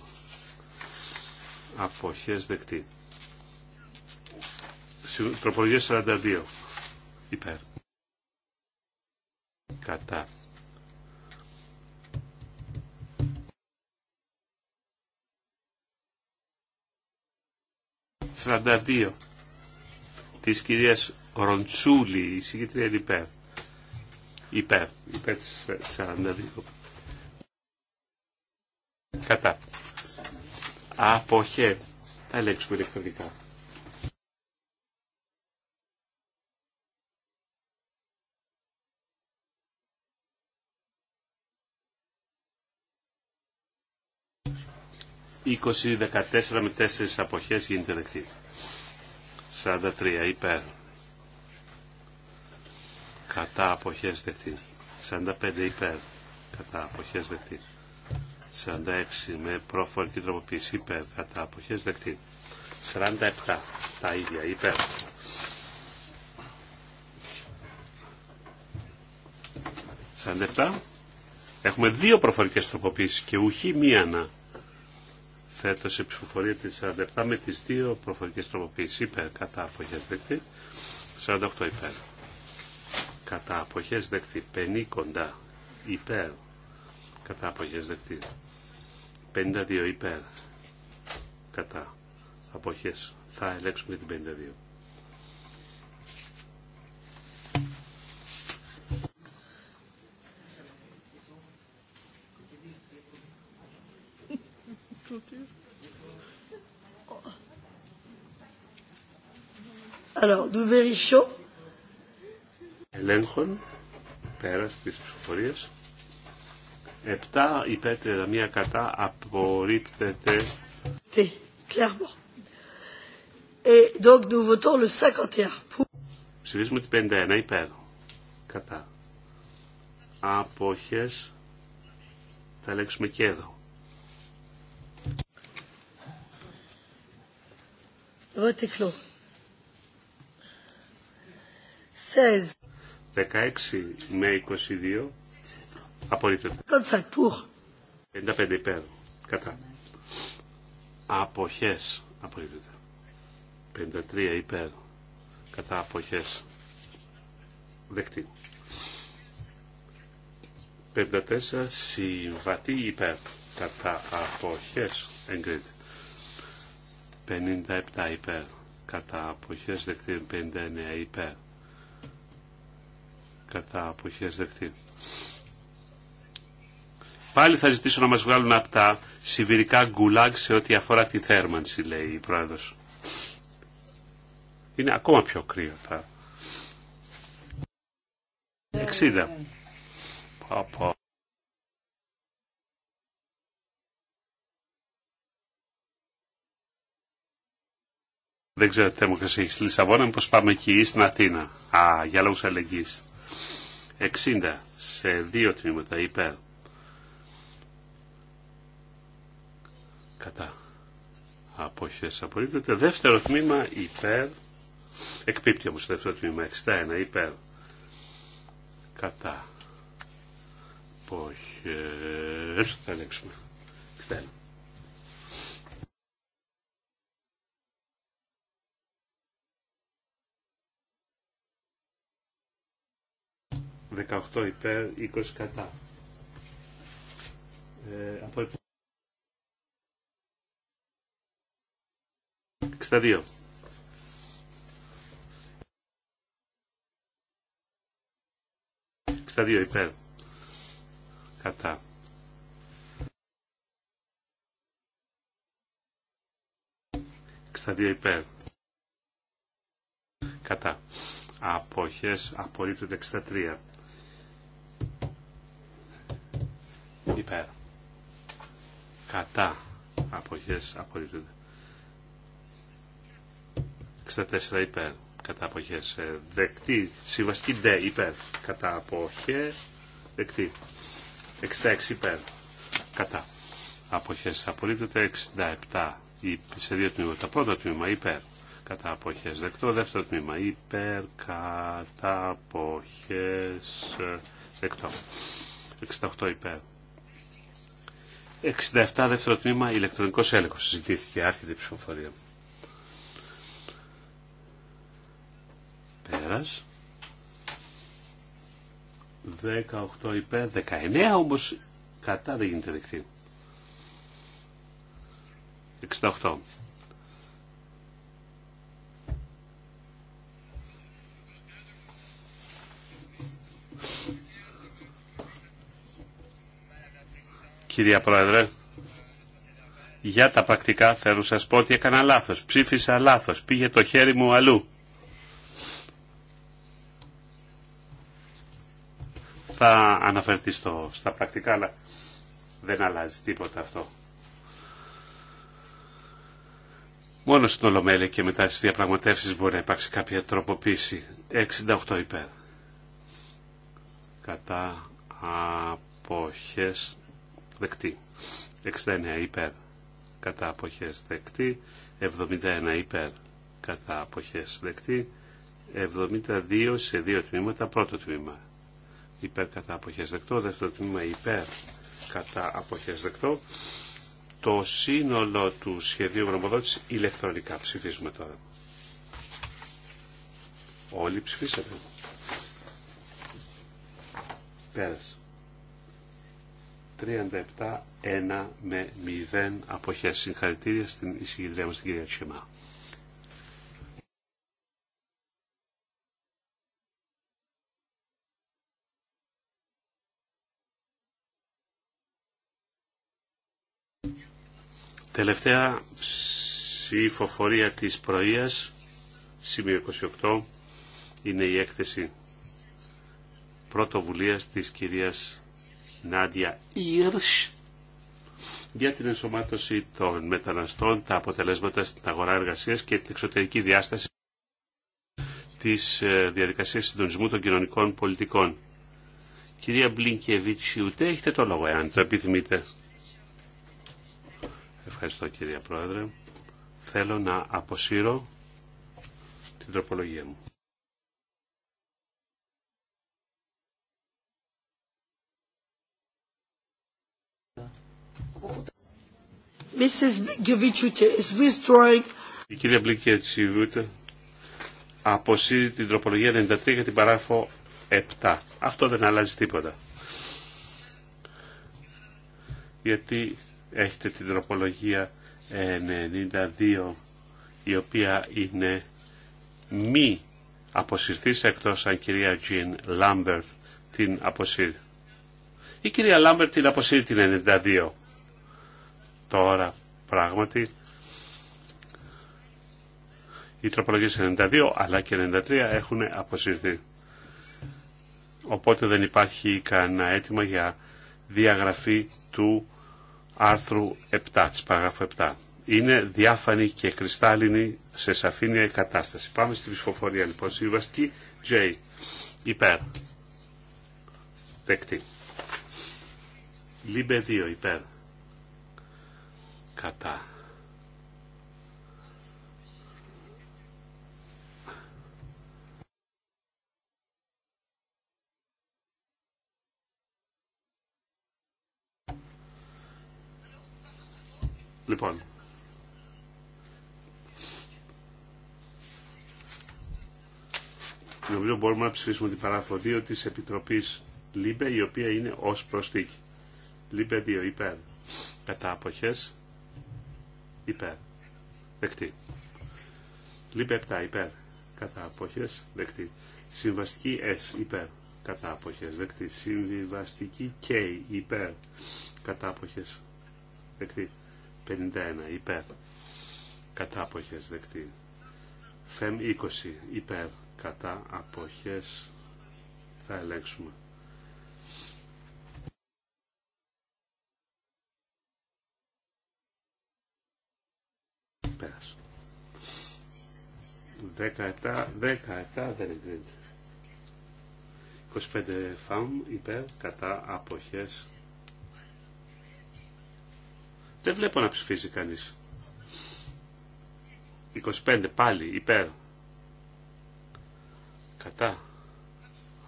αποχές δεκτή. Τροπολογία 42. Υπέρ. Κατά. τη κυρία κυρίας Ροντσούλη, η συγκεκριτή είναι υπέρ. Υπέρ, υπέρ τη 42. Κατά. Αποχέ. Θα ελέγξουμε ηλεκτρονικά. 20, 14 με 4 αποχές γίνεται δεκτή. 43 υπέρ. Κατά αποχές δεκτή. 45 υπέρ. Κατά αποχές δεκτή. 46 με προφορική τροποποίηση υπέρ. Κατά αποχές δεκτή. 47 τα ίδια υπέρ. Σαν Έχουμε δύο προφορικές τροποποίησεις και ουχή μία να θέτω σε ψηφοφορία τη 47 με τι δύο προφορικές τροποποιήσει υπέρ κατά αποχές δεκτή 48 υπέρ κατά αποχέ δεκτή 50 κοντά υπέρ κατά αποχέ δεκτή 52 υπέρ κατά αποχές θα ελέγξουμε την 52 Alors, nous vérifions. Ελέγχον, πέρας της ψηφοφορίας. 7 υπέρ δαμία κατά απορρίπτεται. Τι, κλαίρμα. Et donc nous votons le 51. Pour... Ψηφίσουμε την 51 υπέρ. Κατά. Απόχες. Θα λέξουμε και εδώ. Vote clos. 16. με 22. Απορρίπτεται. 55 υπέρ. Κατά. Αποχέ. Απορρίπτεται. 53 υπέρ. Κατά αποχέ. Δεκτή. 54 συμβατή υπέρ. Κατά αποχέ. Εγκρίνεται. 57 υπέρ. Κατά αποχές δεκτή. 59 υπέρ κατά έχει δεκτή. Πάλι θα ζητήσω να μας βγάλουν από τα σιβηρικά γκουλάγ σε ό,τι αφορά τη θέρμανση, λέει η πρόεδρος. Είναι ακόμα πιο κρύο τα... 60. Δεν ξέρω τι θέμα έχει στη Λισαβόνα, μήπως πάμε εκεί ή στην Αθήνα. Α, για λόγους αλληλεγγύης. 60 σε δύο τμήματα υπέρ. Κατά. απόχειες απορρίπτεται. Δεύτερο τμήμα υπέρ. Εκπίπτει όμως το δεύτερο τμήμα. 61 υπέρ. Κατά. Αποχές. Θα λέξουμε 61. 18 υπέρ, 20 κατά. Ε, από... 62. Στα δύο υπέρ. Κατά. Στα δύο υπέρ. Κατά. Αποχές απορρίπτονται 63. υπέρ κατά αποχές απολύτω. 64 υπέρ κατά αποχές ε, δεκτή συμβαστική ντε υπέρ κατά κατά δεκτή 66 υπέρ κατά αποχές απορρίπτεται 67 σε δύο τμήματα πρώτο τμήμα υπέρ κατά αποχές δεκτό δεύτερο τμήμα υπέρ κατά αποχές ε, δεκτό 68 υπέρ 67 δεύτερο τμήμα ηλεκτρονικός έλεγχος συζητήθηκε άρχεται η ψηφοφορία πέρας 18 υπέρ 19 όμως κατά δεν γίνεται δεκτή 68 Κυρία Πρόεδρε, για τα πρακτικά θέλω σας πω ότι έκανα λάθος, ψήφισα λάθος, πήγε το χέρι μου αλλού. Θα αναφερθεί στο, στα πρακτικά, αλλά δεν αλλάζει τίποτα αυτό. Μόνο στην Ολομέλη και μετά στις διαπραγματεύσεις μπορεί να υπάρξει κάποια τροποποίηση. 68 υπέρ. Κατά αποχές δεκτή. 69 υπέρ κατά αποχές δεκτή. 71 υπέρ κατά αποχές δεκτή. 72 σε δύο τμήματα. Πρώτο τμήμα υπέρ κατά αποχές δεκτό. Δεύτερο τμήμα υπέρ κατά αποχές δεκτό. Το σύνολο του σχεδίου γνωμοδότηση ηλεκτρονικά ψηφίζουμε τώρα. Όλοι ψηφίσατε. Πέρασε. 37 1 με 0 αποχές. Συγχαρητήρια στην εισηγητρία μας την κυρία Τσιμά. Τελευταία ψηφοφορία της πρωίας, σημείο 28, είναι η έκθεση πρωτοβουλίας της κυρίας Νάντια Ήρσ για την ενσωμάτωση των μεταναστών, τα αποτελέσματα στην αγορά εργασίας και την εξωτερική διάσταση της ε, διαδικασίας συντονισμού των κοινωνικών πολιτικών. Κυρία Μπλίνκεβιτσι, ούτε έχετε το λόγο, εάν το επιθυμείτε. Ευχαριστώ κυρία Πρόεδρε. Θέλω να αποσύρω την τροπολογία μου. Η κυρία Μπλικέτσιβούτε αποσύρει την τροπολογία 93 για την παράφο 7. Αυτό δεν αλλάζει τίποτα. Γιατί έχετε την τροπολογία 92 η οποία είναι μη αποσυρθής εκτός αν κυρία Τζιν Λάμπερτ την αποσύρει. Η κυρία Λάμπερτ την αποσύρει την 92. Τώρα πράγματι οι τροπολογίες 92 αλλά και 93 έχουν αποσυρθεί. Οπότε δεν υπάρχει κανένα αίτημα για διαγραφή του άρθρου 7, της παραγράφου 7. Είναι διάφανη και κρυστάλλινη σε σαφήνεια η κατάσταση. Πάμε στη ψηφοφορία λοιπόν. Σύμβαστη, J. Υπέρ. Δεκτή. Λίμπε 2. Υπέρ κατά. Λοιπόν, νομίζω μπορούμε να ψηφίσουμε την παράγραφο 2 της Επιτροπής ΛΥΜΠΕ, η οποία είναι ως προστίκη. ΛΥΜΠΕ 2 υπέρ κατά αποχές υπέρ. Δεκτή. Λίπε 7 υπέρ. Κατά αποχές. Δεκτή. Συμβαστική S υπέρ. Κατά αποχές. Δεκτή. Συμβιβαστική K υπέρ. Κατά αποχές. Δεκτή. 51 υπέρ. Κατά αποχές. Δεκτή. Φεμ 20 υπέρ. Κατά αποχές. Θα ελέγξουμε. πέρασε. 17, δεν εγκρίνεται. 25 φαμ υπέρ κατά αποχές. Δεν βλέπω να ψηφίζει κανείς. 25 πάλι υπέρ κατά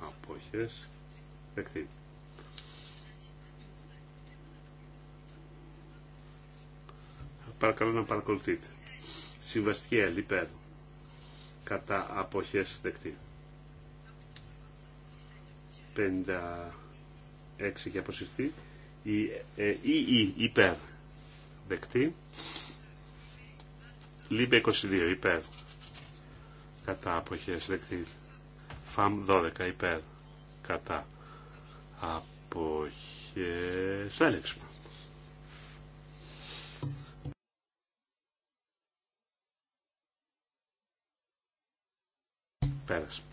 αποχές δεκτή. Παρακαλώ να παρακολουθείτε. Συμβαστική L υπέρ κατά αποχές δεκτή. 56 και αποσυρθεί. Η ε, e, υπέρ δεκτή. Λίμπε 22 υπέρ κατά αποχές δεκτή. ΦΑΜ 12 υπέρ κατά αποχές. Θα έλεξουμε. 14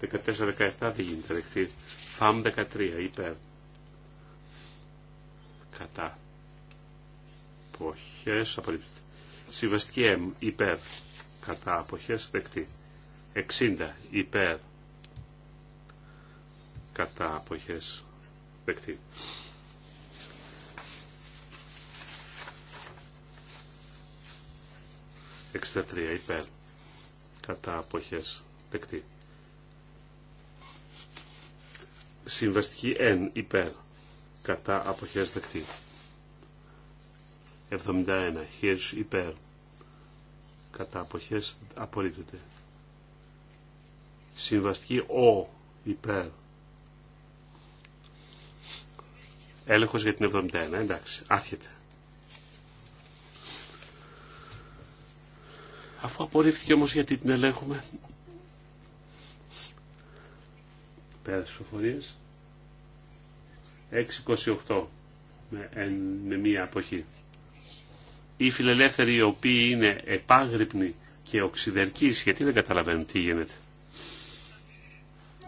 14-17 δεν γίνεται δεκτή. Φαμ 13 υπέρ. Κατά. Αποχές απορρίπτεται. Συμβαστική εμ υπέρ. Κατά. Αποχές δεκτή. 60 υπέρ. Κατά. Αποχές δεκτή. 63 υπέρ κατά αποχές δεκτή. Συμβαστική εν υπέρ κατά αποχές δεκτή. 71 Χίρς υπέρ κατά αποχές απορρίπτεται. Συμβαστική ο υπέρ Έλεγχος για την 71, εντάξει, άρχεται. Αφού απορρίφθηκε όμως γιατί την ελέγχουμε. Πέρασε στις προφορίες. 6.28 με, με μία αποχή. Οι φιλελεύθεροι οι οποίοι είναι επάγρυπνοι και οξυδερκείς γιατί δεν καταλαβαίνουν τι γίνεται.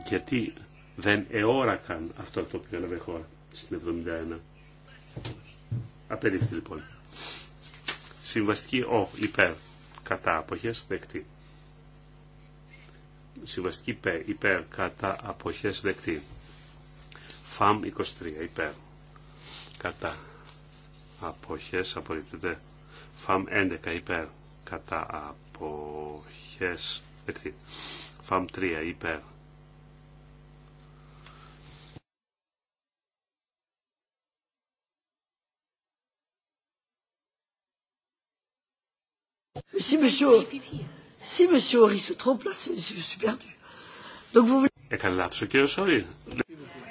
Γιατί δεν εώρακαν αυτό το οποίο έλαβε χώρα στην 71. Απερίφθη λοιπόν. Συμβαστική ο, υπέρ, κατά αποχές δεκτή. Συμβαστική υπέρ, υπέρ κατά αποχές δεκτή. ΦΑΜ 23 υπέρ κατά αποχές απορρίπτεται. ΦΑΜ 11 υπέρ κατά αποχές δεκτή. ΦΑΜ 3 υπέρ Si monsieur, si monsieur Horry se trompe là, je suis perdu. Donc vous voulez... Έκανε λάθος ο κύριος Horry.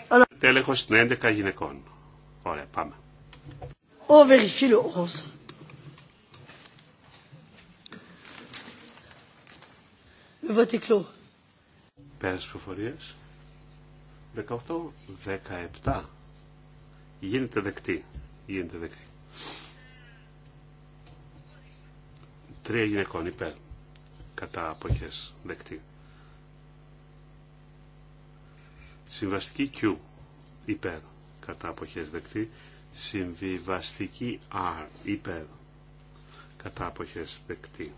Αλλά... Τέλεχος στην 11 γυναικών. Ωραία, πάμε. On vérifie le Le vote est clos. 18, 17. Γίνεται δεκτή. Γίνεται δεκτή. Τρία γυναικών υπέρ κατά αποχές δεκτή. Συμβαστική Q υπέρ κατά αποχές δεκτή. Συμβιβαστική R υπέρ κατά αποχές δεκτή.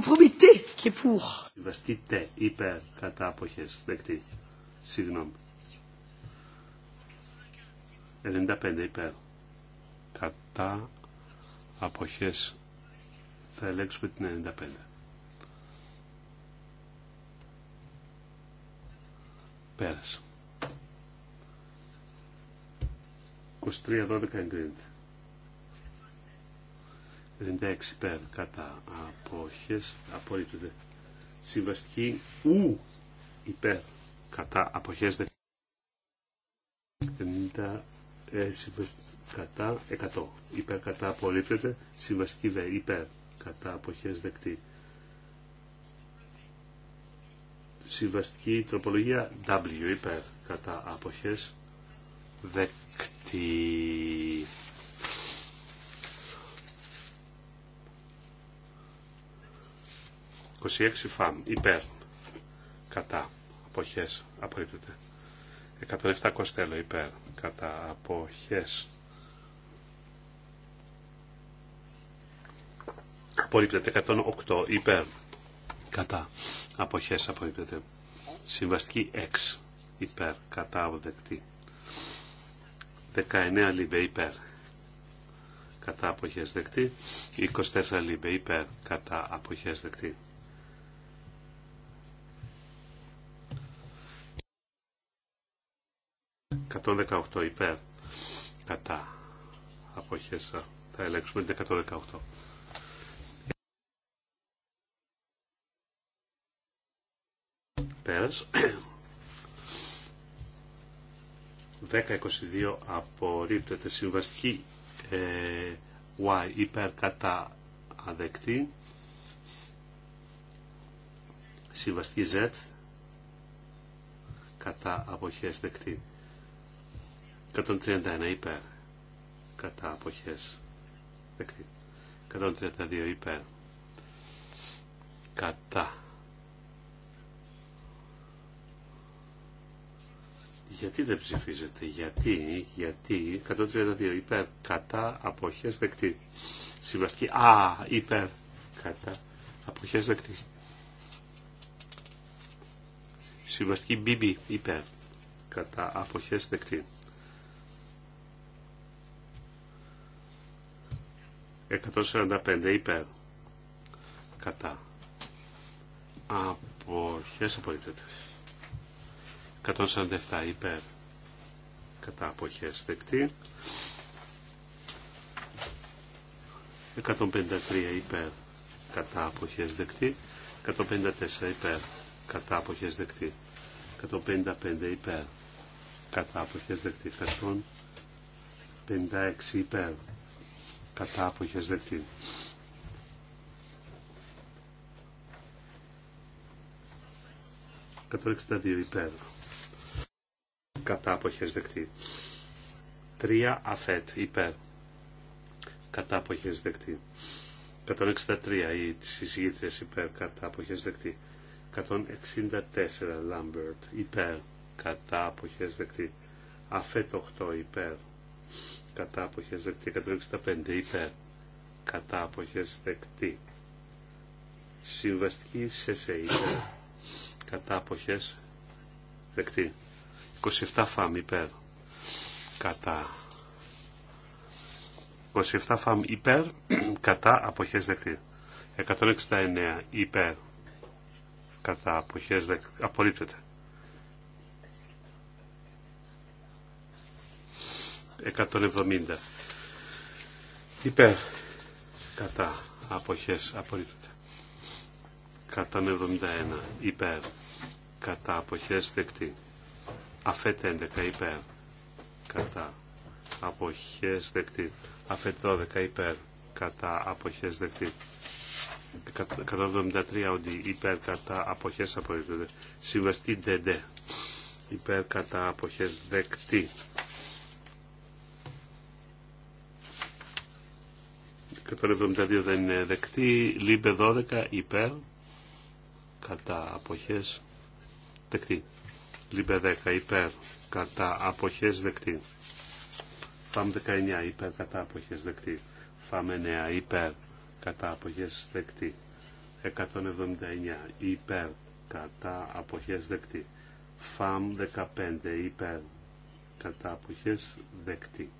Κομπρομητή και πούρ. Βαστείτε, τε, κατά αποχές, δεκτή. Συγγνώμη. 95 υπέρ. Κατά αποχές θα ελέγξουμε την 95. Πέρασε. 23-12 εγκρίνεται. 56 υπέρ κατά αποχές απορρίπτεται. Συμβαστική ου υπέρ κατά αποχές δεκτή. Ε, κατά 100 υπέρ κατά απορρίπτεται. Συμβαστική δε υπέρ κατά αποχές δεκτή. Συμβαστική τροπολογία W υπέρ κατά αποχές δεκτή. 26 φαμ. Υπέρ. Κατά. Αποχές. Απορρίπτεται. 107 κοστέλο. Υπέρ. Κατά. Αποχές. Απορρίπτεται. 108. Υπέρ. Κατά. Αποχές. Απορρίπτεται. Συμβαστική 6. Υπέρ. Κατά. Αποδεκτή. 19 λίμπε. Υπέρ κατά αποχές δεκτή, 24 λίμπε υπέρ κατά αποχές δεκτή. 118 υπέρ κατά χέσα. θα ελέγξουμε την 118 πέρας 10-22 απορρίπτεται συμβαστική ε, Y υπέρ κατά αδεκτή συμβαστική Z κατά αποχές δεκτή 131 υπέρ. Κατά αποχές. Δεκτή. 132 υπέρ. Κατά. Γιατί δεν ψηφίζετε, γιατί, γιατί, 132 υπέρ, κατά, αποχές, δεκτή. Συμβαστική, α, υπέρ, κατά, αποχές, δεκτή. Συμβαστική, μπιμπι, υπέρ, κατά, αποχές, δεκτή. 145 υπέρ κατά αποχές απορρίπτεται 147 υπέρ κατά αποχές δεκτή 153 υπέρ κατά αποχές δεκτή 154 υπέρ κατά αποχές δεκτή 155 υπέρ κατά αποχές δεκτή 156 υπέρ κατά αποχές δεκτή. Κατά υπέρ. Κατά αποχές δεκτή. 3 αφέτ υπέρ. Κατά αποχές δεκτή. 163 ή τι εισηγήτριες υπέρ κατά αποχές δεκτή. 164 Λάμπερτ υπέρ κατά αποχές δεκτή. Αφέτ 8 υπέρ κατά αποχές δεκτή 165 υπέρ κατά αποχές δεκτή συμβαστική σε υπέρ κατά αποχές δεκτή 27 φαμ υπέρ κατά 27 φαμ υπέρ κατά αποχές δεκτή 169 υπέρ κατά αποχές δεκτή απορρίπτεται 170. Υπέρ. Κατά. Αποχές. Απορρίπτεται. 171. Υπέρ. Κατά. Αποχές. Δεκτή. Αφέτ 11. Υπέρ. Κατά. Αποχές. Δεκτή. Αφέτ 12. Υπέρ. Κατά. Αποχές. Δεκτή. 173 ότι υπέρ κατά αποχές απορρίπτεται. Συμβαστή ΔΕΝΤΕ. Υπέρ κατά αποχές δεκτή. 172 δεν είναι δεκτή. Λίμπε 12 υπέρ. Κατά αποχές δεκτή. Λίμπε 10 υπέρ. Κατά αποχές δεκτή. Φαμ 19 υπέρ. Κατά αποχές δεκτή. Φαμ 9 υπέρ. Κατά αποχές δεκτή. 179 υπέρ. Κατά αποχές δεκτή. Φαμ 15 υπέρ. Κατά αποχές δεκτή.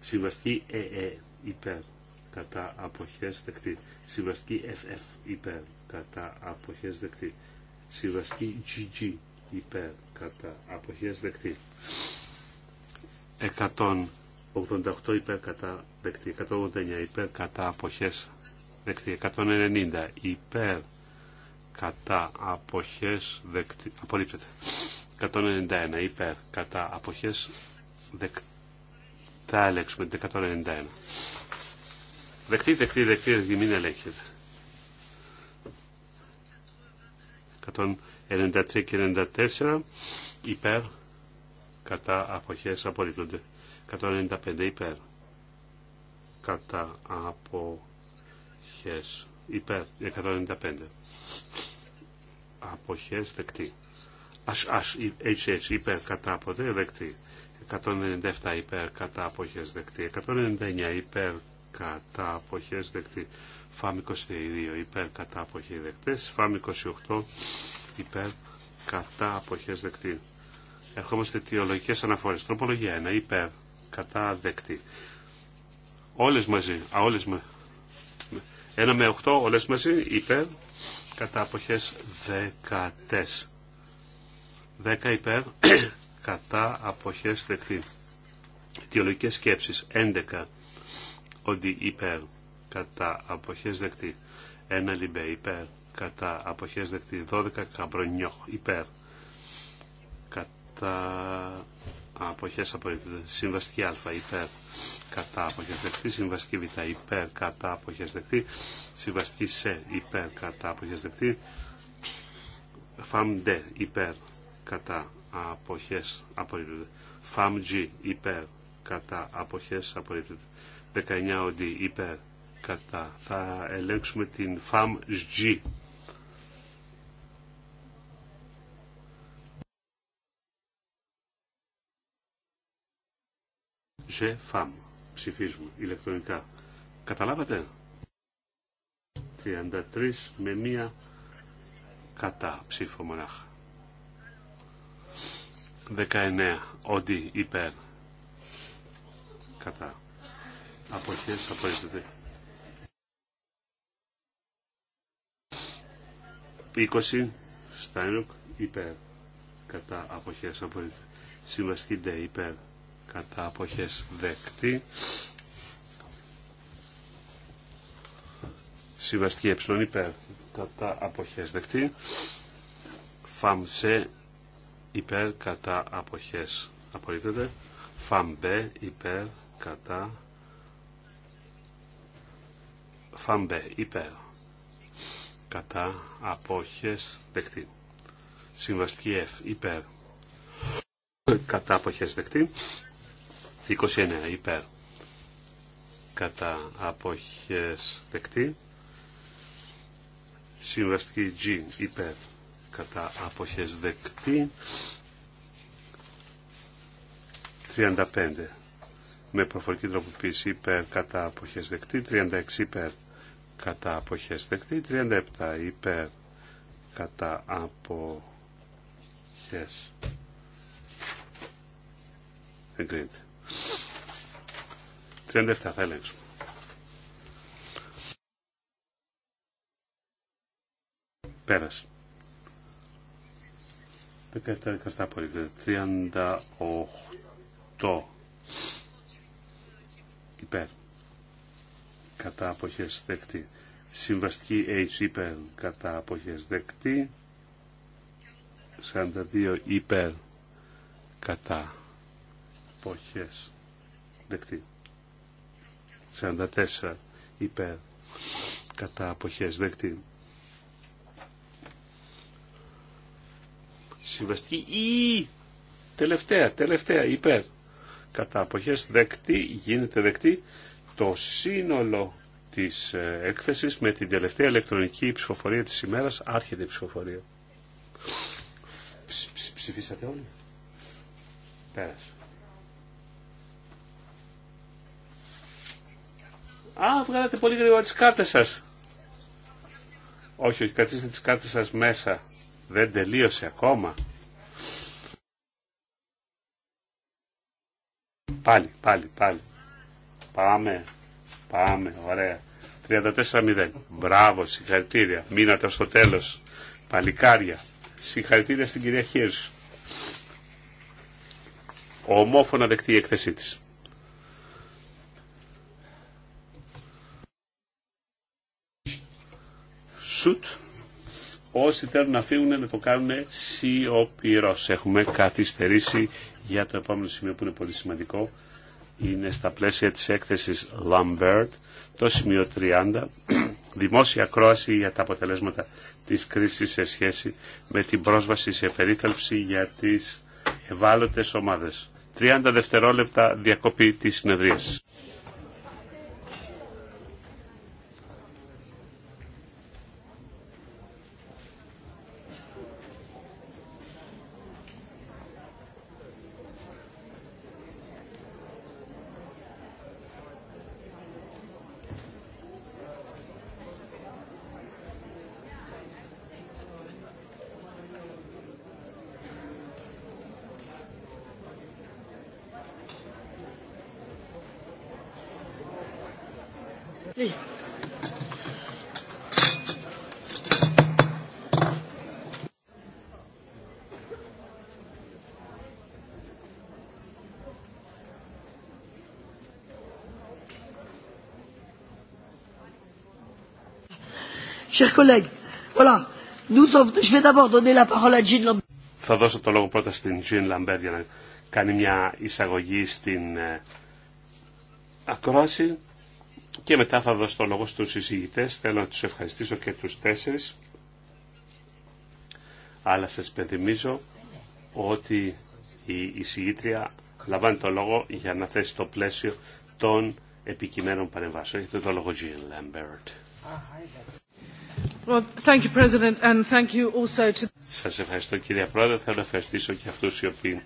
Συμβαστή ΕΕ υπέρ κατά αποχές δεκτή. Συμβαστική FF υπέρ κατά αποχές δεκτή. Συμβαστική GG υπέρ κατά αποχές δεκτή. 188 υπέρ κατά δεκτή. 189 υπέρ κατά αποχές δεκτή. 190 υπέρ κατά αποχές δεκτή. Απολύπτεται. 191 υπέρ κατά αποχές δεκτή. Θα έλεξουμε την 191. Δεκτεί, δεκτεί, δεκτεί, δεκτεί, μην ελέγχεται. 193 και 94 υπέρ, κατά αποχές απορρίπτονται. 195 υπέρ, κατά αποχές υπέρ, 195. Αποχές δεκτή. Ας, ας, έτσι, υπέρ κατά αποχές δεκτή. 197 υπέρ κατά αποχές δεκτή. 199 υπέρ κατά αποχές δεκτή. Φάμ 22 υπέρ κατά αποχή δεκτή. Φάμ 28 υπέρ κατά αποχές δεκτή. Ερχόμαστε αιτιολογικές αναφορές. Τροπολογία 1 υπέρ κατά δεκτή. Όλες μαζί. Α, όλες με. 1 με 8 όλες μαζί υπέρ κατά αποχές δεκατές. 10 υπέρ [clears throat] κατά αποχές δεκτή. Αιτιολογικές σκέψεις. 11 όντι υπέρ κατά αποχές δεκτή. ένα λιμπέ υπέρ κατά αποχές δεκτή. δώδεκα καμπρονιό υπέρ κατά αποχές απορρίπτεται. Συμβαστική α υπέρ κατά αποχές δεκτή. Συμβαστική β υπέρ κατά αποχές δεκτή. Συμβαστική σε υπέρ κατά αποχές δεκτή. Φαμ υπέρ κατά αποχές απορρίπτεται. Φαμ υπέρ κατά αποχές απορρίπτεται. 19 ότι υπέρ κατά. Θα ελέγξουμε την FAM G. G FAM. Ψηφίζουμε ηλεκτρονικά. Καταλάβατε. 33 με μία κατά ψήφο μονάχα. 19 ότι υπέρ κατά αποχές απορρίπτεται. 20 Στάινοκ υπέρ κατά αποχές απορρίπτεται. Συμβαστή Ντε υπέρ κατά αποχές δεκτή. Συμβαστική ε υπέρ κατά αποχές δεκτή. ΣΕ υπέρ κατά αποχές απορρίπτεται. ΜΠΕ υπέρ κατά Φαμπέ υπέρ κατά αποχές δεκτή. Συμβαστική F υπέρ κατά αποχές δεκτή. 29 υπέρ κατά αποχές δεκτή. Συμβαστική G υπέρ κατά αποχές δεκτή. 35 με προφορική τροποποίηση υπέρ κατά αποχές δεκτή, 36 υπέρ κατά αποχές δεκτεί. 37 υπέρ κατά αποχές εγκρίνεται. 37 θα ελέγξουμε. Πέρασε. 17-17 απορρίπτεται. 38 υπέρ κατά αποχές δεκτή. Συμβαστική H υπέρ κατά αποχές δεκτή. 42 υπέρ κατά αποχές δεκτή. 44 υπέρ κατά αποχές δεκτή. Συμβαστική ή e, τελευταία, τελευταία υπέρ κατά αποχές δεκτή, γίνεται δεκτή το σύνολο της ε, έκθεσης με την τελευταία ηλεκτρονική ψηφοφορία της ημέρας άρχεται η ψηφοφορία. Ψηφίσατε όλοι. Πέρασε. Α, βγάλατε πολύ γρήγορα τις κάρτες σας. Όχι, όχι, κρατήστε τις κάρτες σας μέσα. Δεν τελείωσε ακόμα. Πάλι, πάλι, πάλι. Πάμε. Πάμε. Ωραία. 34-0. Μπράβο. Συγχαρητήρια. Μείνατε στο τέλο. Παλικάρια. Συγχαρητήρια στην κυρία Χέρι. Ομόφωνα δεκτή η έκθεσή τη. Σουτ. Όσοι θέλουν να φύγουν να το κάνουν σιωπηρός. Έχουμε καθυστερήσει για το επόμενο σημείο που είναι πολύ σημαντικό είναι στα πλαίσια της έκθεσης Lambert το σημείο 30 δημόσια κρόαση για τα αποτελέσματα της κρίσης σε σχέση με την πρόσβαση σε περίθαλψη για τις ευάλωτες ομάδες. 30 δευτερόλεπτα διακοπή της συνεδρίας. Θα δώσω το λόγο πρώτα στην Jean Lambert για να κάνει μια εισαγωγή στην ε, ακρόαση και μετά θα δώσω το λόγο στους εισηγητές. Θέλω να τους ευχαριστήσω και τους τέσσερις. Αλλά σας πενθυμίζω ότι η εισηγήτρια λαμβάνει το λόγο για να θέσει το πλαίσιο των επικειμένων παρεμβάσεων. Έχετε το λόγο Jean Lambert. Σας ευχαριστώ κύριε Πρόεδρε. Θέλω να ευχαριστήσω και αυτούς οι οποίοι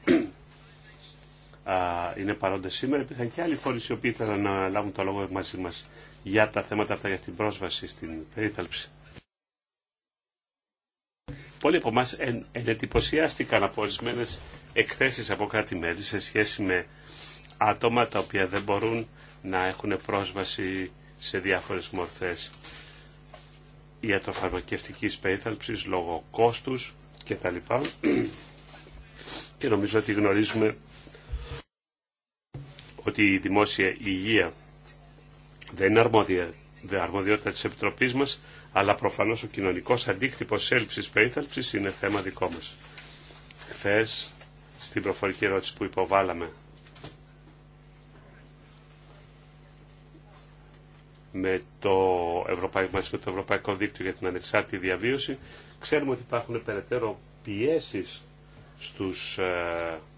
είναι παρόντες σήμερα. Υπήρχαν και άλλοι φορείς οι οποίοι ήθελαν να λάβουν το λόγο μαζί μας για τα θέματα αυτά, για την πρόσβαση στην περίθαλψη. Πολλοί από εμά ενετυπωσιάστηκαν από ορισμένε εκθέσει κάτι κράτη-μέλη σε σχέση με άτομα τα οποία δεν μπορούν να έχουν πρόσβαση σε διάφορες μορφές ιατροφαρμακευτικής περίθαλψης λόγω κόστους κτλ. Και νομίζω ότι γνωρίζουμε ότι η δημόσια υγεία δεν είναι αρμόδια, δεν αρμοδιότητα της Επιτροπής μας, αλλά προφανώς ο κοινωνικός αντίκτυπος έλλειψης περίθαλψης είναι θέμα δικό μας. Χθε στην προφορική ερώτηση που υποβάλαμε με το Ευρωπαϊκό, το Ευρωπαϊκό Δίκτυο για την Ανεξάρτητη Διαβίωση. Ξέρουμε ότι υπάρχουν περαιτέρω πιέσεις στους ε,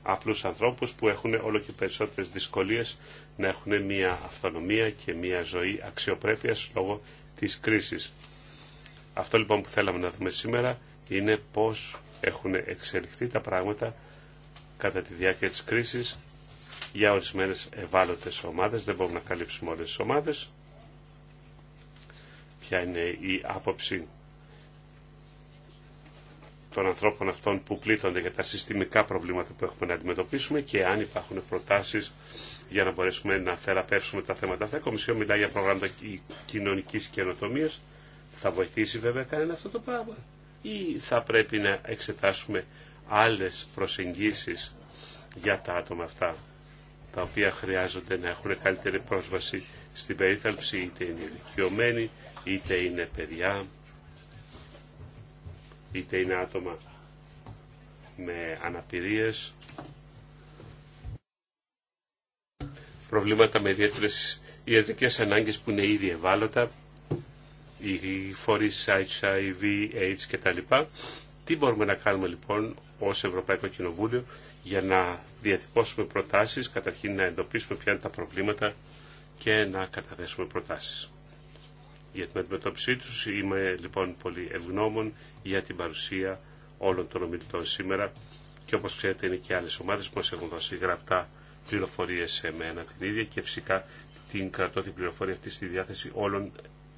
απλούς ανθρώπους που έχουν όλο και περισσότερες δυσκολίες να έχουν μια αυτονομία και μια ζωή αξιοπρέπεια λόγω της κρίσης. Αυτό λοιπόν που θέλαμε να δούμε σήμερα είναι πώς έχουν εξελιχθεί τα πράγματα κατά τη διάρκεια της κρίσης για ορισμένες ευάλωτες ομάδες. Δεν μπορούμε να καλύψουμε όλες τις ομάδες ποια είναι η άποψη των ανθρώπων αυτών που πλήττονται για τα συστημικά προβλήματα που έχουμε να αντιμετωπίσουμε και αν υπάρχουν προτάσεις για να μπορέσουμε να θεραπεύσουμε τα θέματα αυτά. Η Κομισιό μιλάει για προγράμματα κοινωνικής καινοτομία. Θα βοηθήσει βέβαια κανένα αυτό το πράγμα ή θα πρέπει να εξετάσουμε άλλες προσεγγίσεις για τα άτομα αυτά τα οποία χρειάζονται να έχουν καλύτερη πρόσβαση στην περίθαλψη, είτε είναι ηλικιωμένοι, είτε είναι παιδιά, είτε είναι άτομα με αναπηρίες, προβλήματα με ιδιαίτερε ιατρικές ανάγκες που είναι ήδη ευάλωτα, οι φορείς HIV, AIDS κτλ. Τι μπορούμε να κάνουμε λοιπόν ως Ευρωπαϊκό Κοινοβούλιο για να διατυπώσουμε προτάσεις, καταρχήν να εντοπίσουμε ποια είναι τα προβλήματα και να καταθέσουμε προτάσεις για την αντιμετώπιση του. Είμαι λοιπόν πολύ ευγνώμων για την παρουσία όλων των ομιλητών σήμερα και όπως ξέρετε είναι και άλλες ομάδες που μα έχουν δώσει γραπτά πληροφορίες σε μένα την ίδια και φυσικά την κρατώ την πληροφορία αυτή στη διάθεση όλων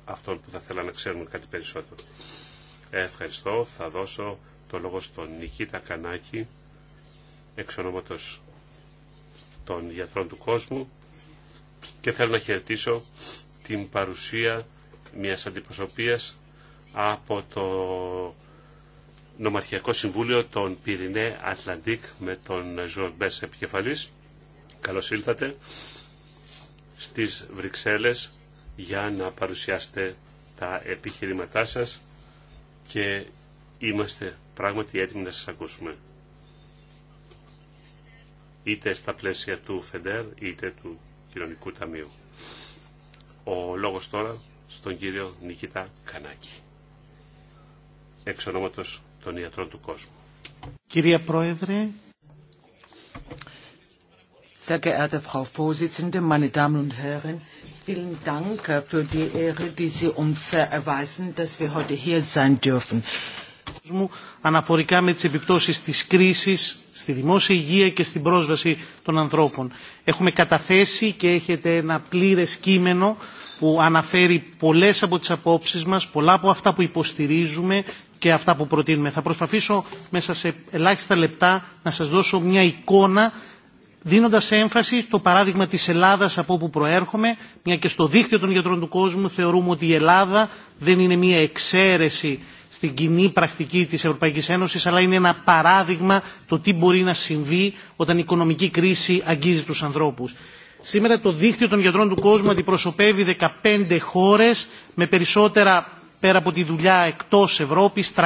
αυτών που θα θέλαν να ξέρουν κάτι περισσότερο. Ε, ευχαριστώ. Θα δώσω το λόγο στον Νικήτα Κανάκη, εξ ονόματος των γιατρών του κόσμου και θέλω να χαιρετήσω την παρουσία μιας αντιπροσωπείας από το Νομαρχιακό Συμβούλιο των Πυρηνέ Ατλαντικ με τον Ζωζ Επικεφαλή. επικεφαλής. Καλώς ήλθατε στις Βρυξέλλες για να παρουσιάσετε τα επιχειρηματά σας και είμαστε πράγματι έτοιμοι να σας ακούσουμε. Είτε στα πλαίσια του ΦΕΝΤΕΡ είτε του Κοινωνικού Ταμείου. Ο λόγος τώρα στον κύριο Νικητά Κανάκη, εξ ονόματος των ιατρών του κόσμου. Κυρία Πρόεδρε, Sehr geehrte Frau Vorsitzende, meine Damen und Herren, vielen Dank für die Ehre, die Sie uns erweisen, dass wir heute hier sein dürfen. Αναφορικά με τις επιπτώσεις της κρίσης στη δημόσια υγεία και στην πρόσβαση των ανθρώπων. Έχουμε καταθέσει και έχετε ένα πλήρες κείμενο που αναφέρει πολλές από τις απόψεις μας, πολλά από αυτά που υποστηρίζουμε και αυτά που προτείνουμε. Θα προσπαθήσω μέσα σε ελάχιστα λεπτά να σας δώσω μια εικόνα δίνοντας έμφαση στο παράδειγμα της Ελλάδας από όπου προέρχομαι, μια και στο δίκτυο των γιατρών του κόσμου θεωρούμε ότι η Ελλάδα δεν είναι μια εξαίρεση στην κοινή πρακτική της Ευρωπαϊκής Ένωσης, αλλά είναι ένα παράδειγμα το τι μπορεί να συμβεί όταν η οικονομική κρίση αγγίζει τους ανθρώπους. Σήμερα το δίκτυο των γιατρών του κόσμου αντιπροσωπεύει 15 χώρες με περισσότερα πέρα από τη δουλειά εκτός Ευρώπης, 324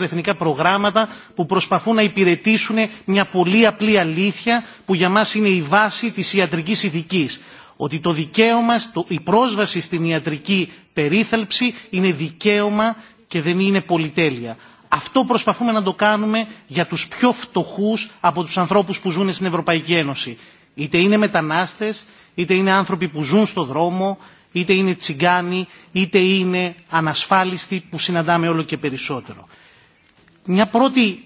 εθνικά προγράμματα που προσπαθούν να υπηρετήσουν μια πολύ απλή αλήθεια που για μας είναι η βάση της ιατρικής ηθικής. Ότι το δικαίωμα, η πρόσβαση στην ιατρική περίθαλψη είναι δικαίωμα και δεν είναι πολυτέλεια. Αυτό προσπαθούμε να το κάνουμε για τους πιο φτωχούς από τους ανθρώπους που ζουν στην Ευρωπαϊκή Ένωση. Είτε είναι μετανάστες, είτε είναι άνθρωποι που ζουν στο δρόμο, είτε είναι τσιγκάνοι, είτε είναι ανασφάλιστοι που συναντάμε όλο και περισσότερο. Μια πρώτη,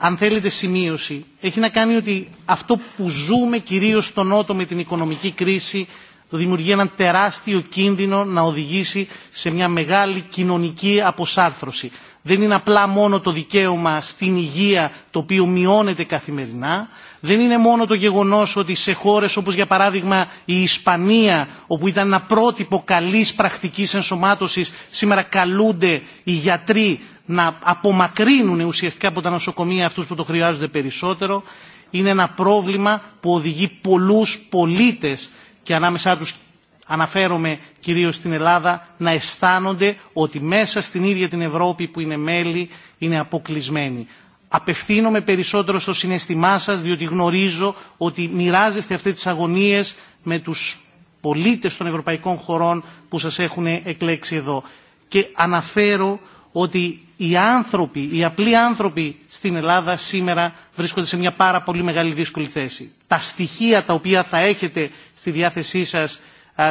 αν θέλετε, σημείωση έχει να κάνει ότι αυτό που ζούμε κυρίως στον Νότο με την οικονομική κρίση δημιουργεί έναν τεράστιο κίνδυνο να οδηγήσει σε μια μεγάλη κοινωνική αποσάρθρωση. Δεν είναι απλά μόνο το δικαίωμα στην υγεία το οποίο μειώνεται καθημερινά, δεν είναι μόνο το γεγονός ότι σε χώρες όπως για παράδειγμα η Ισπανία όπου ήταν ένα πρότυπο καλής πρακτικής ενσωμάτωσης σήμερα καλούνται οι γιατροί να απομακρύνουν ουσιαστικά από τα νοσοκομεία αυτούς που το χρειάζονται περισσότερο είναι ένα πρόβλημα που οδηγεί πολλούς πολίτες και ανάμεσά τους αναφέρομαι κυρίως στην Ελλάδα να αισθάνονται ότι μέσα στην ίδια την Ευρώπη που είναι μέλη είναι αποκλεισμένοι. Απευθύνομαι περισσότερο στο συναισθημά σας, διότι γνωρίζω ότι μοιράζεστε αυτές τις αγωνίες με τους πολίτες των ευρωπαϊκών χωρών που σας έχουν εκλέξει εδώ. Και αναφέρω ότι οι άνθρωποι, οι απλοί άνθρωποι στην Ελλάδα σήμερα βρίσκονται σε μια πάρα πολύ μεγάλη δύσκολη θέση. Τα στοιχεία τα οποία θα έχετε στη διάθεσή σας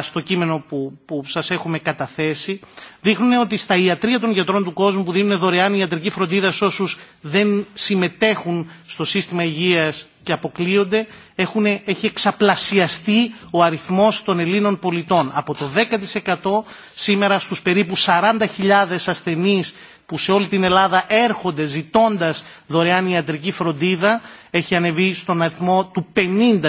στο κείμενο που, που σας έχουμε καταθέσει δείχνουν ότι στα ιατρία των γιατρών του κόσμου που δίνουν δωρεάν ιατρική φροντίδα σε όσους δεν συμμετέχουν στο σύστημα υγείας και αποκλείονται έχουν, έχει εξαπλασιαστεί ο αριθμός των Ελλήνων πολιτών από το 10% σήμερα στους περίπου 40.000 ασθενείς που σε όλη την Ελλάδα έρχονται ζητώντας δωρεάν ιατρική φροντίδα έχει ανεβεί στον αριθμό του 50%.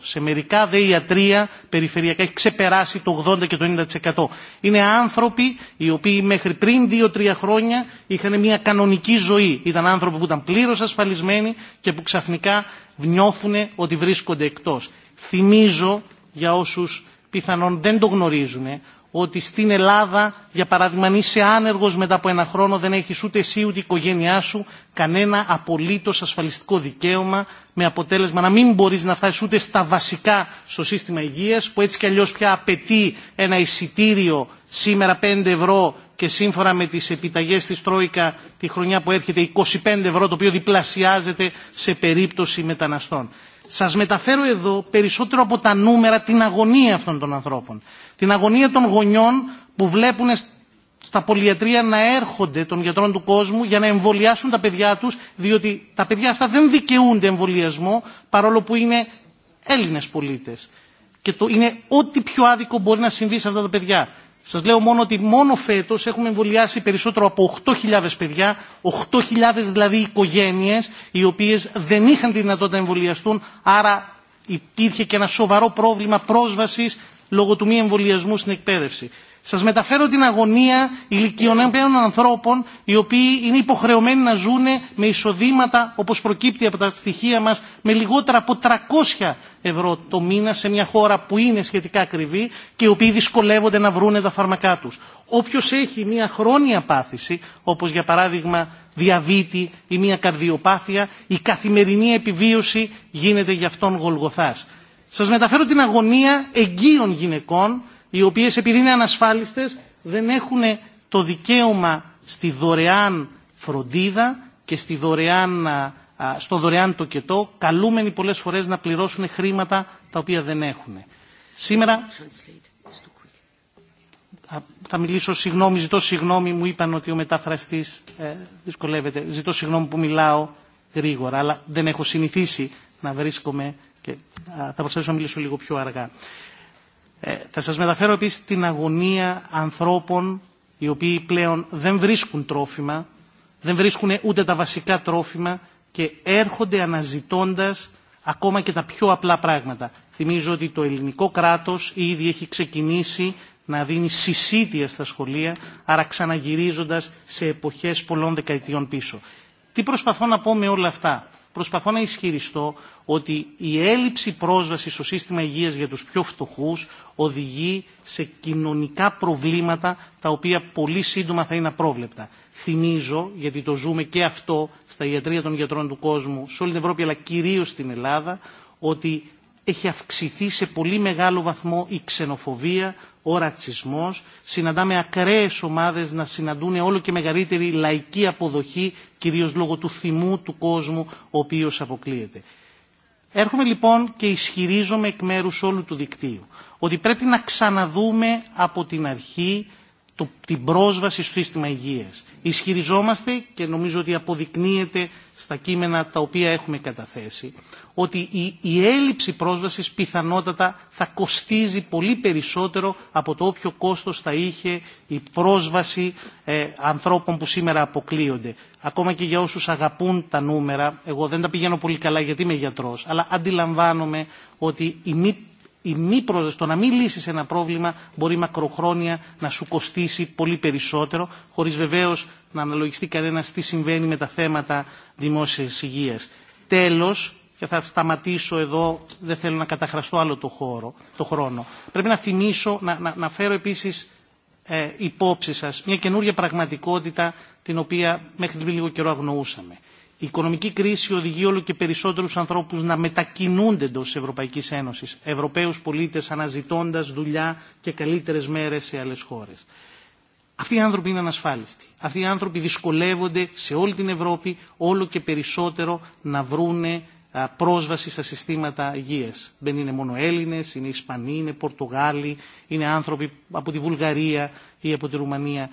Σε μερικά δε ιατρία περιφερειακά έχει ξεπεράσει το 80% και το 90%. Είναι άνθρωποι οι οποίοι μέχρι πριν 2-3 χρόνια είχαν μια κανονική ζωή. Ήταν άνθρωποι που ήταν πλήρως ασφαλισμένοι και που ξαφνικά νιώθουν ότι βρίσκονται εκτός. Θυμίζω για όσους πιθανόν δεν το γνωρίζουν ότι στην Ελλάδα, για παράδειγμα, αν είσαι άνεργος μετά από ένα χρόνο, δεν έχεις ούτε εσύ ούτε η οικογένειά σου κανένα απολύτως ασφαλιστικό δικαίωμα, με αποτέλεσμα να μην μπορείς να φτάσεις ούτε στα βασικά στο σύστημα υγείας, που έτσι κι αλλιώς πια απαιτεί ένα εισιτήριο σήμερα 5 ευρώ και σύμφωνα με τις επιταγές της Τρόικα τη χρονιά που έρχεται 25 ευρώ, το οποίο διπλασιάζεται σε περίπτωση μεταναστών. Σας μεταφέρω εδώ περισσότερο από τα νούμερα την αγωνία αυτών των ανθρώπων. Την αγωνία των γονιών που βλέπουν στα πολυετρία να έρχονται των γιατρών του κόσμου για να εμβολιάσουν τα παιδιά τους, διότι τα παιδιά αυτά δεν δικαιούνται εμβολιασμό, παρόλο που είναι Έλληνες πολίτες. Και το είναι ό,τι πιο άδικο μπορεί να συμβεί σε αυτά τα παιδιά. Σας λέω μόνο ότι μόνο φέτος έχουμε εμβολιάσει περισσότερο από 8.000 παιδιά, 8.000 δηλαδή οικογένειες, οι οποίες δεν είχαν τη δυνατότητα να εμβολιαστούν, άρα υπήρχε και ένα σοβαρό πρόβλημα πρόσβασης λόγω του μη εμβολιασμού στην εκπαίδευση. Σας μεταφέρω την αγωνία ηλικιωμένων ανθρώπων οι οποίοι είναι υποχρεωμένοι να ζουν με εισοδήματα όπως προκύπτει από τα στοιχεία μας με λιγότερα από 300 ευρώ το μήνα σε μια χώρα που είναι σχετικά ακριβή και οι οποίοι δυσκολεύονται να βρούνε τα φαρμακά τους. Όποιος έχει μια χρόνια πάθηση όπως για παράδειγμα διαβήτη ή μια καρδιοπάθεια η καθημερινή επιβίωση γίνεται γι' αυτόν γολγοθάς. Σας μεταφέρω την αγωνία εγγύων γυναικών οι οποίες επειδή είναι ανασφάλιστες δεν έχουν το δικαίωμα στη δωρεάν φροντίδα και στη δωρεάν, στο δωρεάν τοκετό, καλούμενοι πολλές φορές να πληρώσουν χρήματα τα οποία δεν έχουν. Σήμερα... Θα μιλήσω συγγνώμη, ζητώ συγγνώμη, μου είπαν ότι ο μεταφραστής ε, δυσκολεύεται. Ζητώ συγγνώμη που μιλάω γρήγορα, αλλά δεν έχω συνηθίσει να βρίσκομαι και θα προσπαθήσω να μιλήσω λίγο πιο αργά. Ε, θα σας μεταφέρω επίσης την αγωνία ανθρώπων οι οποίοι πλέον δεν βρίσκουν τρόφιμα, δεν βρίσκουν ούτε τα βασικά τρόφιμα και έρχονται αναζητώντας ακόμα και τα πιο απλά πράγματα. Θυμίζω ότι το ελληνικό κράτος ήδη έχει ξεκινήσει να δίνει συσίτια στα σχολεία, άρα ξαναγυρίζοντας σε εποχές πολλών δεκαετιών πίσω. Τι προσπαθώ να πω με όλα αυτά. Προσπαθώ να ισχυριστώ ότι η έλλειψη πρόσβαση στο σύστημα υγείας για τους πιο φτωχούς οδηγεί σε κοινωνικά προβλήματα τα οποία πολύ σύντομα θα είναι απρόβλεπτα. Θυμίζω, γιατί το ζούμε και αυτό στα ιατρία των γιατρών του κόσμου, σε όλη την Ευρώπη αλλά κυρίως στην Ελλάδα, ότι έχει αυξηθεί σε πολύ μεγάλο βαθμό η ξενοφοβία, ο ρατσισμός. Συναντάμε ακραίες ομάδες να συναντούν όλο και μεγαλύτερη λαϊκή αποδοχή, κυρίως λόγω του θυμού του κόσμου ο οποίος αποκλείεται. Έρχομαι λοιπόν και ισχυρίζομαι εκ μέρους όλου του δικτύου ότι πρέπει να ξαναδούμε από την αρχή την πρόσβαση στο σύστημα υγείας. Ισχυριζόμαστε και νομίζω ότι αποδεικνύεται στα κείμενα τα οποία έχουμε καταθέσει ότι η, έλλειψη πρόσβασης πιθανότατα θα κοστίζει πολύ περισσότερο από το όποιο κόστος θα είχε η πρόσβαση ε, ανθρώπων που σήμερα αποκλείονται. Ακόμα και για όσους αγαπούν τα νούμερα, εγώ δεν τα πηγαίνω πολύ καλά γιατί είμαι γιατρός, αλλά αντιλαμβάνομαι ότι η μη η μη πρόσβαση, το να μην λύσει ένα πρόβλημα μπορεί μακροχρόνια να σου κοστίσει πολύ περισσότερο, χωρί βεβαίω να αναλογιστεί κανένα τι συμβαίνει με τα θέματα δημόσια υγεία. Τέλο, και θα σταματήσω εδώ, δεν θέλω να καταχραστώ άλλο το, χώρο, το χρόνο. Πρέπει να θυμίσω, να, να, να φέρω επίσης ε, υπόψη σας μια καινούργια πραγματικότητα την οποία μέχρι πριν λίγο καιρό αγνοούσαμε. Η οικονομική κρίση οδηγεί όλο και περισσότερου ανθρώπου να μετακινούνται εντό τη Ευρωπαϊκή Ένωση, Ευρωπαίου πολίτε αναζητώντα δουλειά και καλύτερε μέρε σε άλλε χώρε. Αυτοί οι άνθρωποι είναι ανασφάλιστοι. Αυτοί οι άνθρωποι δυσκολεύονται σε όλη την Ευρώπη όλο και περισσότερο να βρούνε πρόσβαση στα συστήματα υγείας. Δεν είναι μόνο Έλληνες, είναι Ισπανοί, είναι Πορτογάλοι, είναι άνθρωποι από τη Βουλγαρία ή από τη Ρουμανία.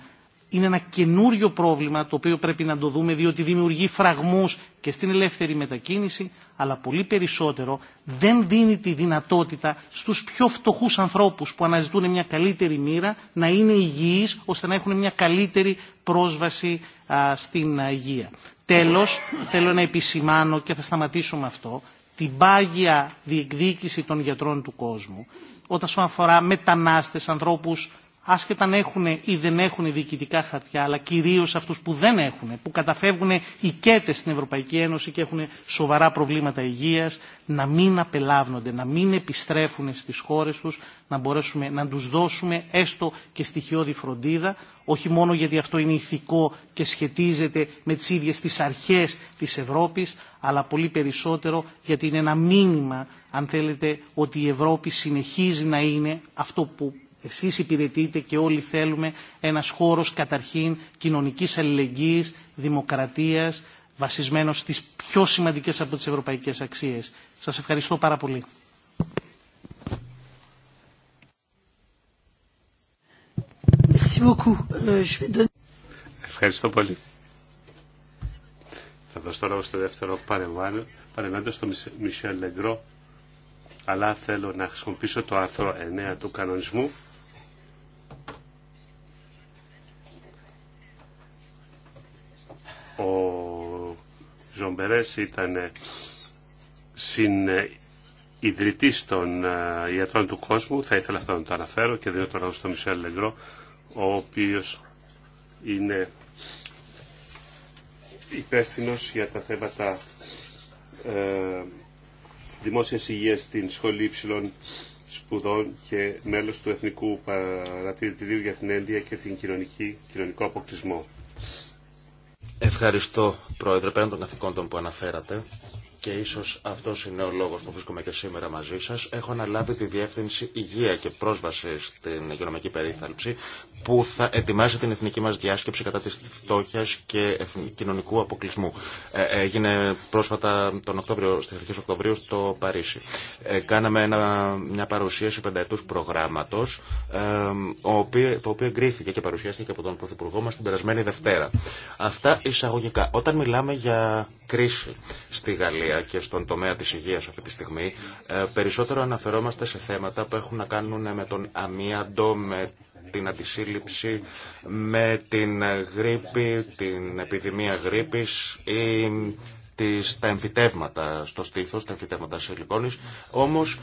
Είναι ένα καινούριο πρόβλημα το οποίο πρέπει να το δούμε διότι δημιουργεί φραγμούς και στην ελεύθερη μετακίνηση αλλά πολύ περισσότερο δεν δίνει τη δυνατότητα στου πιο φτωχού ανθρώπου που αναζητούν μια καλύτερη μοίρα να είναι υγιεί ώστε να έχουν μια καλύτερη πρόσβαση στην υγεία. Τέλος, θέλω να επισημάνω και θα σταματήσω με αυτό, την πάγια διεκδίκηση των γιατρών του κόσμου, όταν αφορά μετανάστες, ανθρώπους άσχετα αν έχουν ή δεν έχουν διοικητικά χαρτιά, αλλά κυρίω αυτού που δεν έχουν, που καταφεύγουν οικέτε στην Ευρωπαϊκή Ένωση και έχουν σοβαρά προβλήματα υγεία, να μην απελάβνονται, να μην επιστρέφουν στι χώρε του, να μπορέσουμε να του δώσουμε έστω και στοιχειώδη φροντίδα, όχι μόνο γιατί αυτό είναι ηθικό και σχετίζεται με τι ίδιε τι αρχέ τη Ευρώπη, αλλά πολύ περισσότερο γιατί είναι ένα μήνυμα, αν θέλετε, ότι η Ευρώπη συνεχίζει να είναι αυτό που εσείς υπηρετείτε και όλοι θέλουμε ένας χώρος καταρχήν κοινωνικής αλληλεγγύης, δημοκρατίας, βασισμένος στις πιο σημαντικές από τις ευρωπαϊκές αξίες. Σας ευχαριστώ πάρα πολύ. Euh, ευχαριστώ πολύ. Θα δώσω τώρα στο δεύτερο παρεμβάνω, παρεμβάνω στον Μισελ Λεγκρό, αλλά θέλω να χρησιμοποιήσω το άρθρο 9 του κανονισμού Ο Ζομπερές ήταν συνειδητής των ε, ιατρών του κόσμου, θα ήθελα αυτό να το αναφέρω και δίνω το λόγο στον Μισελ Λεγκρό, ο οποίος είναι υπεύθυνο για τα θέματα ε, δημόσιας υγείας στην Σχολή Υψηλών Σπουδών και μέλος του Εθνικού Παρατηρητηρίου για την Ένδια και την κοινωνική, κοινωνικό αποκλεισμό. Ευχαριστώ, Πρόεδρε, πέραν των καθηκόντων που αναφέρατε και ίσως αυτός είναι ο λόγος που βρίσκομαι και σήμερα μαζί σας, έχω αναλάβει τη Διεύθυνση Υγεία και Πρόσβαση στην Υγειονομική Περίθαλψη που θα ετοιμάζει την εθνική μας διάσκεψη κατά της φτώχειας και κοινωνικού αποκλεισμού. Ε, έγινε πρόσφατα τον Οκτώβριο, στις αρχές Οκτωβρίου στο Παρίσι. Ε, κάναμε ένα, μια παρουσίαση πενταετούς προγράμματος, ε, το οποίο εγκρίθηκε και παρουσιάστηκε από τον Πρωθυπουργό μας την περασμένη Δευτέρα. Αυτά εισαγωγικά. Όταν μιλάμε για κρίση στη Γαλλία και στον τομέα της υγείας αυτή τη στιγμή, περισσότερο αναφερόμαστε σε θέματα που έχουν να κάνουν με τον αμίαντο, με την αντισύλληψη με την γρήπη, την επιδημία γρήπης ή τις, τα εμφυτεύματα στο στήθος, τα εμφυτεύματα σε λιγόνης. Όμως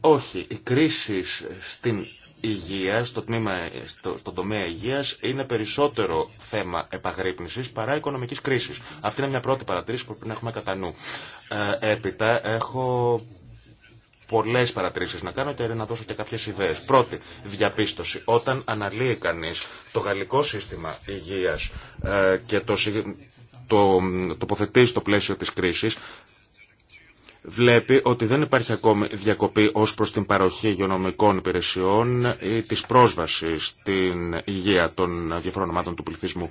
όχι, οι κριση στην υγεία, στο τμήμα, στο, στον τομέα υγείας είναι περισσότερο θέμα επαγρύπνησης παρά οικονομικής κρίσης. Αυτή είναι μια πρώτη παρατήρηση που πρέπει να έχουμε κατά νου. Ε, έπειτα έχω πολλέ παρατηρήσει να κάνω και να δώσω και κάποιε ιδέε. Πρώτη, διαπίστωση. Όταν αναλύει κανεί το γαλλικό σύστημα υγεία ε, και το, το τοποθετεί στο πλαίσιο τη κρίση, βλέπει ότι δεν υπάρχει ακόμη διακοπή ως προς την παροχή υγειονομικών υπηρεσιών ή της πρόσβασης στην υγεία των διαφορών ομάδων του πληθυσμού.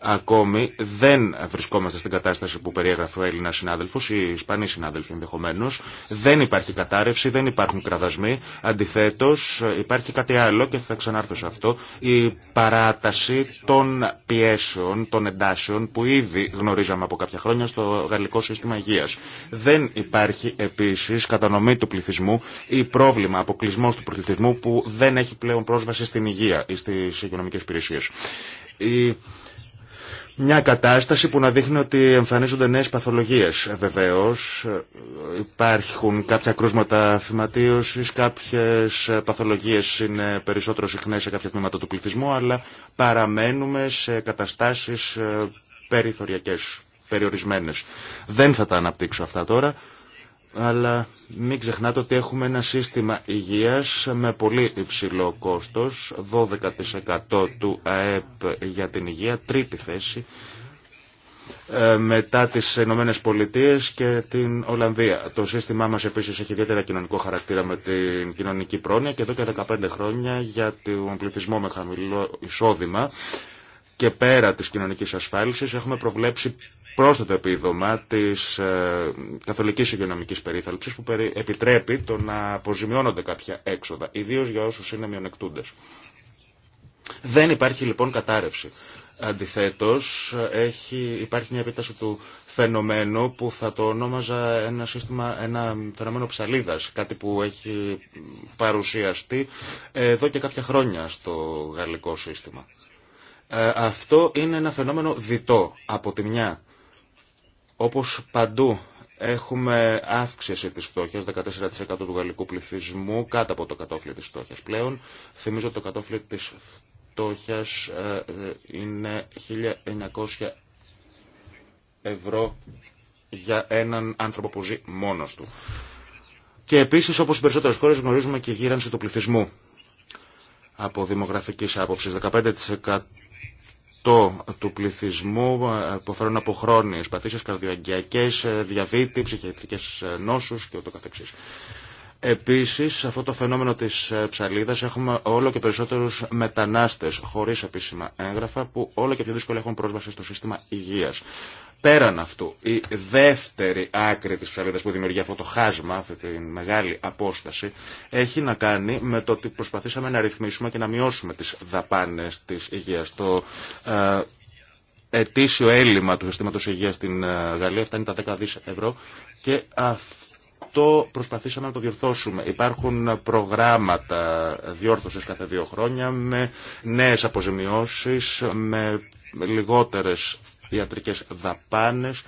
Ακόμη δεν βρισκόμαστε στην κατάσταση που περιέγραφε ο Έλληνα συνάδελφο ή Ισπανοί συνάδελφοι ενδεχομένω. Δεν υπάρχει κατάρρευση, δεν υπάρχουν κραδασμοί. Αντιθέτω, υπάρχει κάτι άλλο και θα ξανάρθω σε αυτό. Η παράταση των πιέσεων, των εντάσεων που ήδη γνωρίζαμε από κάποια χρόνια στο γαλλικό σύστημα υγεία. Δεν υπάρχει επίση κατανομή του πληθυσμού ή πρόβλημα αποκλεισμό του πληθυσμού που δεν έχει πλέον πρόσβαση στην υγεία ή στι οικονομικέ υπηρεσίε. η στι οικονομικε υπηρεσιε μια κατάσταση που να δείχνει ότι εμφανίζονται νέες παθολογίες. Ε, βεβαίως ε, υπάρχουν κάποια κρούσματα θυματίωσης, κάποιες ε, παθολογίες είναι περισσότερο συχνές σε κάποια τμήματα του πληθυσμού, αλλά παραμένουμε σε καταστάσεις περιθωριακές, περιορισμένες. Δεν θα τα αναπτύξω αυτά τώρα αλλά μην ξεχνάτε ότι έχουμε ένα σύστημα υγείας με πολύ υψηλό κόστος, 12% του ΑΕΠ για την υγεία, τρίτη θέση, ε, μετά τις Ηνωμένε Πολιτείε και την Ολλανδία. Το σύστημά μας επίσης έχει ιδιαίτερα κοινωνικό χαρακτήρα με την κοινωνική πρόνοια και εδώ και 15 χρόνια για τον πληθυσμό με χαμηλό εισόδημα και πέρα της κοινωνικής ασφάλισης έχουμε προβλέψει πρόσθετο επίδομα της ε, καθολικής υγειονομικής περίθαλψης που επιτρέπει το να αποζημιώνονται κάποια έξοδα, ιδίως για όσους είναι μειονεκτούντες. Δεν υπάρχει λοιπόν κατάρρευση. Αντιθέτως, υπάρχει μια επίταση του φαινομένου που θα το ονόμαζα ένα, σύστημα, ένα φαινομένο ψαλίδας, κάτι που έχει παρουσιαστεί εδώ και κάποια χρόνια στο γαλλικό σύστημα. Ε, αυτό είναι ένα φαινόμενο διτό. Από τη μια όπως παντού έχουμε αύξηση της φτώχειας, 14% του γαλλικού πληθυσμού κάτω από το κατόφλι της φτώχειας πλέον. Θυμίζω ότι το κατόφλι της φτώχειας ε, ε, είναι 1900 ευρώ για έναν άνθρωπο που ζει μόνος του. Και επίσης, όπως οι περισσότερες χώρες γνωρίζουμε και γύρανση του πληθυσμού. Από δημογραφικής άποψης, 15% του πληθυσμού ε, που φέρουν από χρόνιες παθήσεις καρδιοαγκιακές, ε, διαβήτη, ψυχιατρικές ε, νόσους και ούτω καθεξής. Επίσης, σε αυτό το φαινόμενο της ψαλίδας έχουμε όλο και περισσότερους μετανάστες χωρίς επίσημα έγγραφα που όλο και πιο δύσκολα έχουν πρόσβαση στο σύστημα υγείας. Πέραν αυτού, η δεύτερη άκρη της ψαλίδας που δημιουργεί αυτό το χάσμα, αυτή τη μεγάλη απόσταση, έχει να κάνει με το ότι προσπαθήσαμε να ρυθμίσουμε και να μειώσουμε τις δαπάνες της υγείας. Το ε, ετήσιο έλλειμμα του συστήματος υγείας στην ε, Γαλλία φτάνει τα 10 δις ευρώ και αυτό προσπαθήσαμε να το διορθώσουμε. Υπάρχουν προγράμματα διόρθωσης κάθε δύο χρόνια με νέες αποζημιώσεις, με λιγότερες ιατρικές δαπάνες.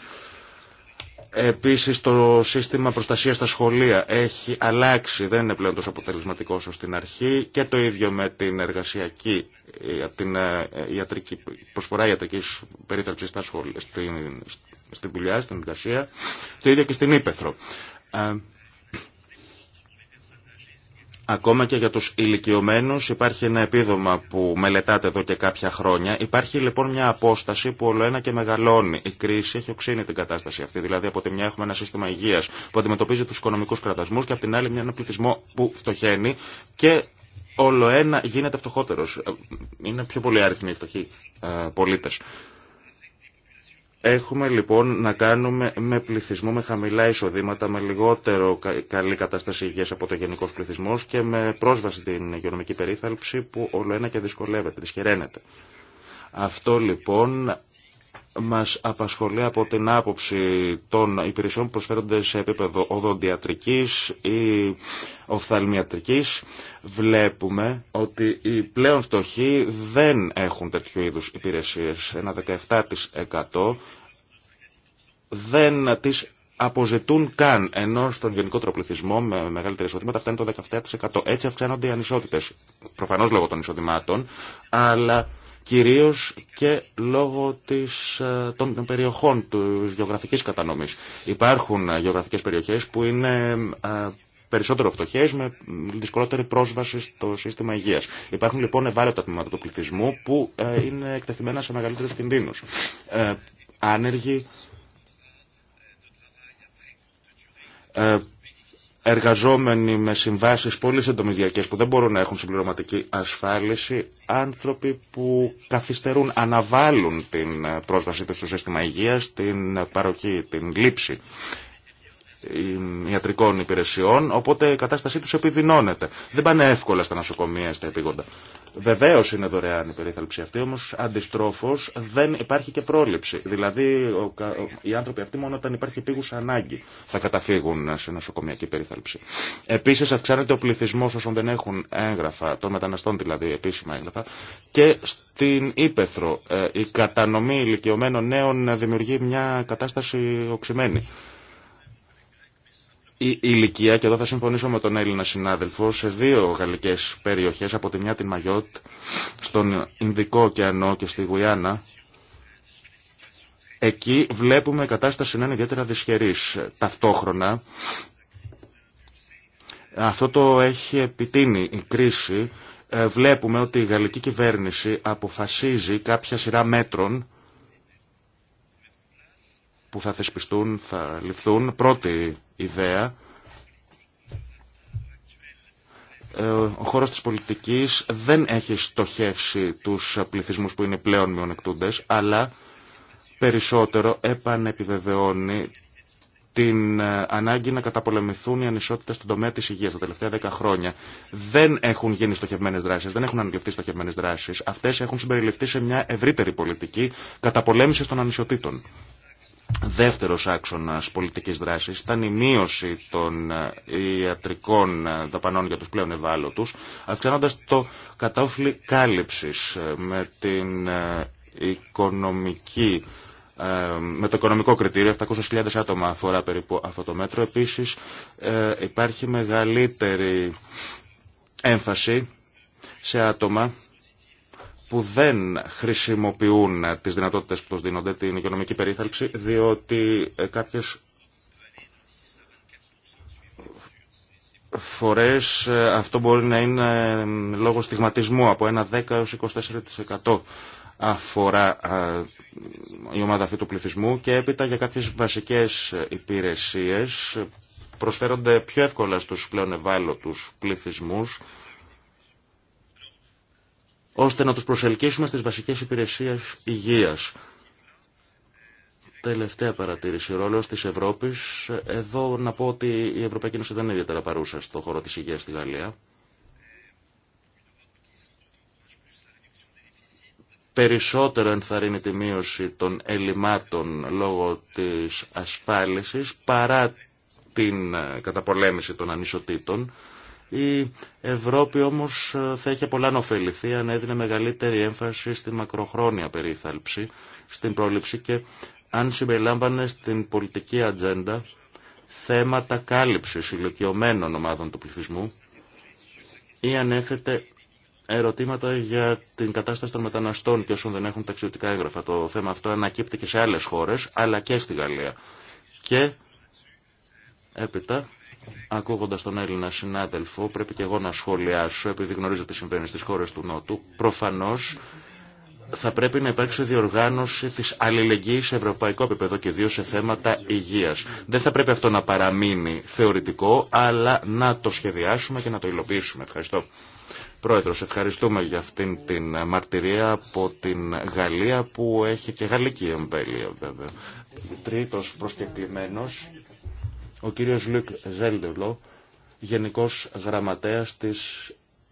Επίσης το σύστημα προστασίας στα σχολεία έχει αλλάξει, δεν είναι πλέον τόσο αποτελεσματικό όσο στην αρχή και το ίδιο με την εργασιακή, ε, την ε, ιατρική, προσφορά ιατρικής περίθαλψης στα σχολεία, στην, στην δουλειά, στην εργασία, το ίδιο και στην Ήπεθρο. Ε, Ακόμα και για τους ηλικιωμένους υπάρχει ένα επίδομα που μελετάτε εδώ και κάποια χρόνια. Υπάρχει λοιπόν μια απόσταση που ολοένα και μεγαλώνει. Η κρίση έχει οξύνει την κατάσταση αυτή. Δηλαδή από τη μια έχουμε ένα σύστημα υγείας που αντιμετωπίζει τους οικονομικούς κρατασμούς και από την άλλη μια ένα πληθυσμό που φτωχαίνει και ολοένα γίνεται φτωχότερος. Ε, είναι πιο πολύ άριθμοι οι φτωχοί ε, πολίτες. Έχουμε λοιπόν να κάνουμε με πληθυσμό με χαμηλά εισοδήματα, με λιγότερο καλή κατάσταση υγεία από το γενικό πληθυσμό και με πρόσβαση στην υγειονομική περίθαλψη που όλο ένα και δυσκολεύεται, δυσχεραίνεται. Αυτό λοιπόν μας απασχολεί από την άποψη των υπηρεσιών που προσφέρονται σε επίπεδο οδοντιατρικής ή οφθαλμιατρικής βλέπουμε ότι οι πλέον φτωχοί δεν έχουν τέτοιου είδους υπηρεσίες. Ένα 17% δεν τις αποζητούν καν, ενώ στον γενικό πληθυσμό με μεγαλύτερα εισοδήματα φτάνει το 17%. Έτσι αυξάνονται οι ανισότητες, προφανώς λόγω των εισοδημάτων, αλλά κυρίως και λόγω της, ε, των περιοχών του γεωγραφικής κατανομής. Υπάρχουν ε, γεωγραφικές περιοχές που είναι ε, περισσότερο φτωχέ με δυσκολότερη πρόσβαση στο σύστημα υγείας. Υπάρχουν λοιπόν ευάλωτα τμήματα του πληθυσμού που είναι εκτεθειμένα σε μεγαλύτερους κινδύνους. άνεργοι, εργαζόμενοι με συμβάσεις πολύ συντομιδιακές που δεν μπορούν να έχουν συμπληρωματική ασφάλιση, άνθρωποι που καθυστερούν, αναβάλουν την ε, πρόσβασή τους στο σύστημα υγείας, την ε, παροχή, την λήψη ιατρικών υπηρεσιών, οπότε η κατάστασή τους επιδεινώνεται. Δεν πάνε εύκολα στα νοσοκομεία, στα επίγοντα. Βεβαίω είναι δωρεάν η περίθαλψη αυτή, όμω αντιστρόφω δεν υπάρχει και πρόληψη. Δηλαδή οι άνθρωποι αυτοί μόνο όταν υπάρχει επίγουσα ανάγκη θα καταφύγουν σε νοσοκομιακή περίθαλψη. Επίση αυξάνεται ο πληθυσμό όσων δεν έχουν έγγραφα, των μεταναστών δηλαδή επίσημα έγγραφα, και στην Ήπεθρο ε, η κατανομή ηλικιωμένων νέων δημιουργεί μια κατάσταση οξυμένη η ηλικία, και εδώ θα συμφωνήσω με τον Έλληνα συνάδελφο, σε δύο γαλλικέ περιοχές, από τη μια την Μαγιότ, στον Ινδικό ωκεανό και στη Γουιάννα, εκεί βλέπουμε η κατάσταση να είναι ιδιαίτερα δυσχερή. Ταυτόχρονα, αυτό το έχει επιτείνει η κρίση, ε, βλέπουμε ότι η γαλλική κυβέρνηση αποφασίζει κάποια σειρά μέτρων που θα θεσπιστούν, θα ληφθούν. Πρώτη ιδέα, ε, ο χώρος της πολιτικής δεν έχει στοχεύσει τους πληθυσμούς που είναι πλέον μειονεκτούντες, αλλά περισσότερο επανεπιβεβαιώνει την ε, ανάγκη να καταπολεμηθούν οι ανισότητες στον τομέα της υγείας τα τελευταία δέκα χρόνια. Δεν έχουν γίνει στοχευμένες δράσεις, δεν έχουν αναλυφθεί στοχευμένες δράσεις. Αυτές έχουν συμπεριληφθεί σε μια ευρύτερη πολιτική καταπολέμησης των ανισοτήτων δεύτερος άξονας πολιτικής δράσης ήταν η μείωση των ε, ιατρικών ε, δαπανών για τους πλέον ευάλωτους, αυξάνοντας το κατόφλι κάλυψης ε, με, την οικονομική, με το οικονομικό κριτήριο, 700.000 άτομα αφορά περίπου αυτό το μέτρο. Επίσης υπάρχει μεγαλύτερη έμφαση σε άτομα που δεν χρησιμοποιούν τις δυνατότητες που τους δίνονται, την οικονομική περίθαλψη, διότι ε, κάποιες φορές ε, αυτό μπορεί να είναι λόγω στιγματισμού από ένα 10 έως 24% αφορά η ομάδα αυτή του πληθυσμού και έπειτα για κάποιες βασικές υπηρεσίες προσφέρονται πιο εύκολα στους πλέον ευάλωτους πληθυσμούς ώστε να τους προσελκύσουμε στις βασικές υπηρεσίες υγείας. Τελευταία παρατήρηση. Ρόλο τη Ευρώπης. Εδώ να πω ότι η Ευρωπαϊκή Ένωση δεν είναι ιδιαίτερα παρούσα στον χώρο της υγείας στη Γαλλία. Περισσότερο ενθαρρύνει τη μείωση των ελλημάτων λόγω της ασφάλισης παρά την καταπολέμηση των ανισοτήτων. Η Ευρώπη όμως ε, θα είχε πολλά να ωφεληθεί αν έδινε μεγαλύτερη έμφαση στη μακροχρόνια περίθαλψη, στην πρόληψη και αν συμπεριλάμβανε στην πολιτική ατζέντα θέματα κάλυψης ηλικιωμένων ομάδων του πληθυσμού ή αν έθετε ερωτήματα για την κατάσταση των μεταναστών και όσων δεν έχουν ταξιδιωτικά έγγραφα. Το θέμα αυτό ανακύπτει και σε άλλες χώρες, αλλά και στη Γαλλία. Και έπειτα Ακούγοντα τον Έλληνα συνάδελφο, πρέπει και εγώ να σχολιάσω, επειδή γνωρίζω τι συμβαίνει στι χώρε του Νότου. Προφανώ θα πρέπει να υπάρξει διοργάνωση τη αλληλεγγύη σε ευρωπαϊκό επίπεδο και ιδίω σε θέματα υγεία. Δεν θα πρέπει αυτό να παραμείνει θεωρητικό, αλλά να το σχεδιάσουμε και να το υλοποιήσουμε. Ευχαριστώ. Πρόεδρος, ευχαριστούμε για αυτήν την μαρτυρία από την Γαλλία που έχει και γαλλική εμβέλεια βέβαια. τρίτο προσκεκλημένος ο κύριος Λουκ Ζέλντελο, Γενικός Γραμματέας της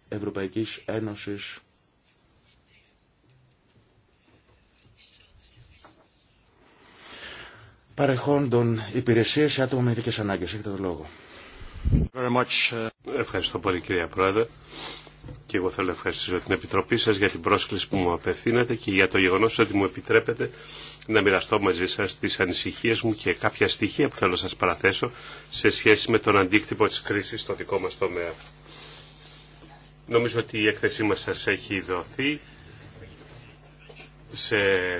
Ευρωπαϊκής Ένωσης παρεχόντων υπηρεσίες σε άτομα με ειδικές ανάγκες. Έχετε το λόγο. Uh, Ευχαριστώ πολύ κυρία Πρόεδρε και εγώ θέλω να ευχαριστήσω την Επιτροπή σας για την πρόσκληση που μου απευθύνατε και για το γεγονός ότι μου επιτρέπετε να μοιραστώ μαζί σα τι ανησυχίε μου και κάποια στοιχεία που θέλω να σα παραθέσω σε σχέση με τον αντίκτυπο τη κρίση στο δικό μα τομέα. Νομίζω ότι η έκθεσή μα σα έχει δοθεί σε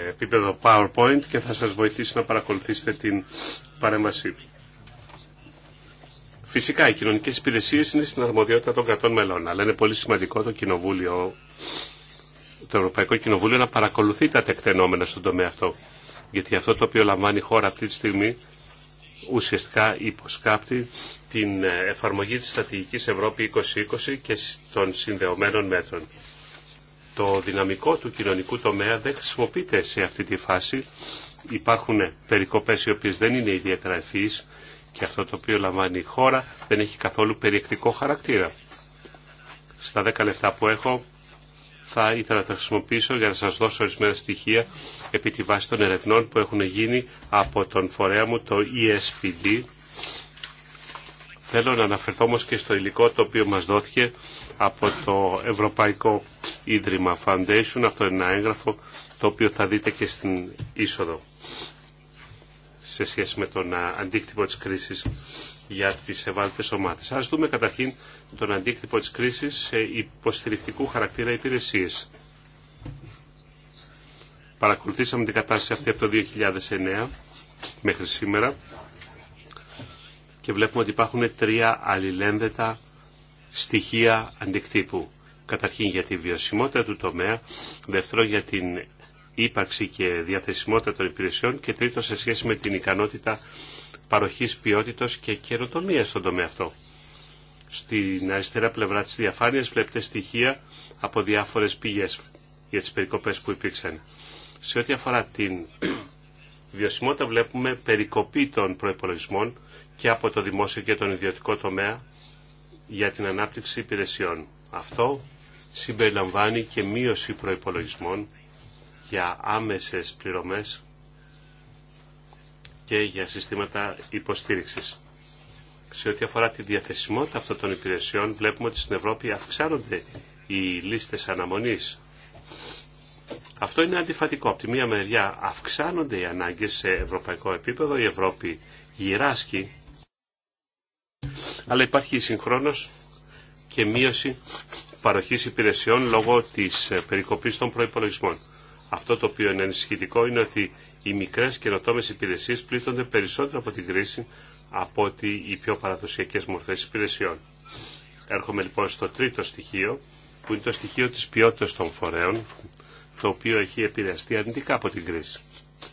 επίπεδο PowerPoint και θα σας βοηθήσει να παρακολουθήσετε την παρέμβασή Φυσικά, οι κοινωνικέ υπηρεσίε είναι στην αρμοδιότητα των κρατών μελών, αλλά είναι πολύ σημαντικό το Κοινοβούλιο, το Ευρωπαϊκό Κοινοβούλιο να παρακολουθεί τα τεκτενόμενα στον τομέα αυτό γιατί αυτό το οποίο λαμβάνει η χώρα αυτή τη στιγμή ουσιαστικά υποσκάπτει την ε, εφαρμογή της στρατηγικής Ευρώπη 2020 και των συνδεωμένων μέτρων. Το δυναμικό του κοινωνικού τομέα δεν χρησιμοποιείται σε αυτή τη φάση. Υπάρχουν περικοπές οι οποίες δεν είναι ιδιαίτερα ευθύς και αυτό το οποίο λαμβάνει η χώρα δεν έχει καθόλου περιεκτικό χαρακτήρα. Στα 10 λεπτά που έχω θα ήθελα να τα χρησιμοποιήσω για να σας δώσω ορισμένα στοιχεία επί τη βάση των ερευνών που έχουν γίνει από τον φορέα μου, το ESPD. Θέλω να αναφερθώ όμως και στο υλικό το οποίο μας δόθηκε από το Ευρωπαϊκό Ίδρυμα Foundation. Αυτό είναι ένα έγγραφο το οποίο θα δείτε και στην είσοδο σε σχέση με τον αντίκτυπο της κρίσης για τις ευάλωτες ομάδες. Ας δούμε καταρχήν τον αντίκτυπο της κρίσης σε υποστηρικτικού χαρακτήρα υπηρεσίες. Παρακολουθήσαμε την κατάσταση αυτή από το 2009 μέχρι σήμερα και βλέπουμε ότι υπάρχουν τρία αλληλένδετα στοιχεία αντικτύπου. Καταρχήν για τη βιωσιμότητα του τομέα, δεύτερον για την ύπαρξη και διαθεσιμότητα των υπηρεσιών και τρίτον σε σχέση με την ικανότητα παροχής ποιότητος και καινοτομία στον τομέα αυτό. Στην αριστερά πλευρά της διαφάνειας βλέπετε στοιχεία από διάφορες πηγές για τις περικοπές που υπήρξαν. Σε ό,τι αφορά την βιωσιμότητα βλέπουμε περικοπή των προϋπολογισμών και από το δημόσιο και τον ιδιωτικό τομέα για την ανάπτυξη υπηρεσιών. Αυτό συμπεριλαμβάνει και μείωση προϋπολογισμών για άμεσες πληρωμές και για συστήματα υποστήριξης. Σε ό,τι αφορά τη διαθεσιμότητα αυτών των υπηρεσιών, βλέπουμε ότι στην Ευρώπη αυξάνονται οι λίστες αναμονής. Αυτό είναι αντιφατικό. Από τη μία μεριά αυξάνονται οι ανάγκες σε ευρωπαϊκό επίπεδο, η Ευρώπη γυράσκει, αλλά υπάρχει συγχρόνως και μείωση παροχής υπηρεσιών λόγω της περικοπής των προϋπολογισμών. Αυτό το οποίο είναι ενισχυτικό είναι ότι οι μικρές καινοτόμες υπηρεσίες πλήττονται περισσότερο από την κρίση από ότι οι πιο παραδοσιακές μορφές υπηρεσιών. Έρχομαι λοιπόν στο τρίτο στοιχείο, που είναι το στοιχείο της ποιότητας των φορέων, το οποίο έχει επηρεαστεί αρνητικά από την κρίση.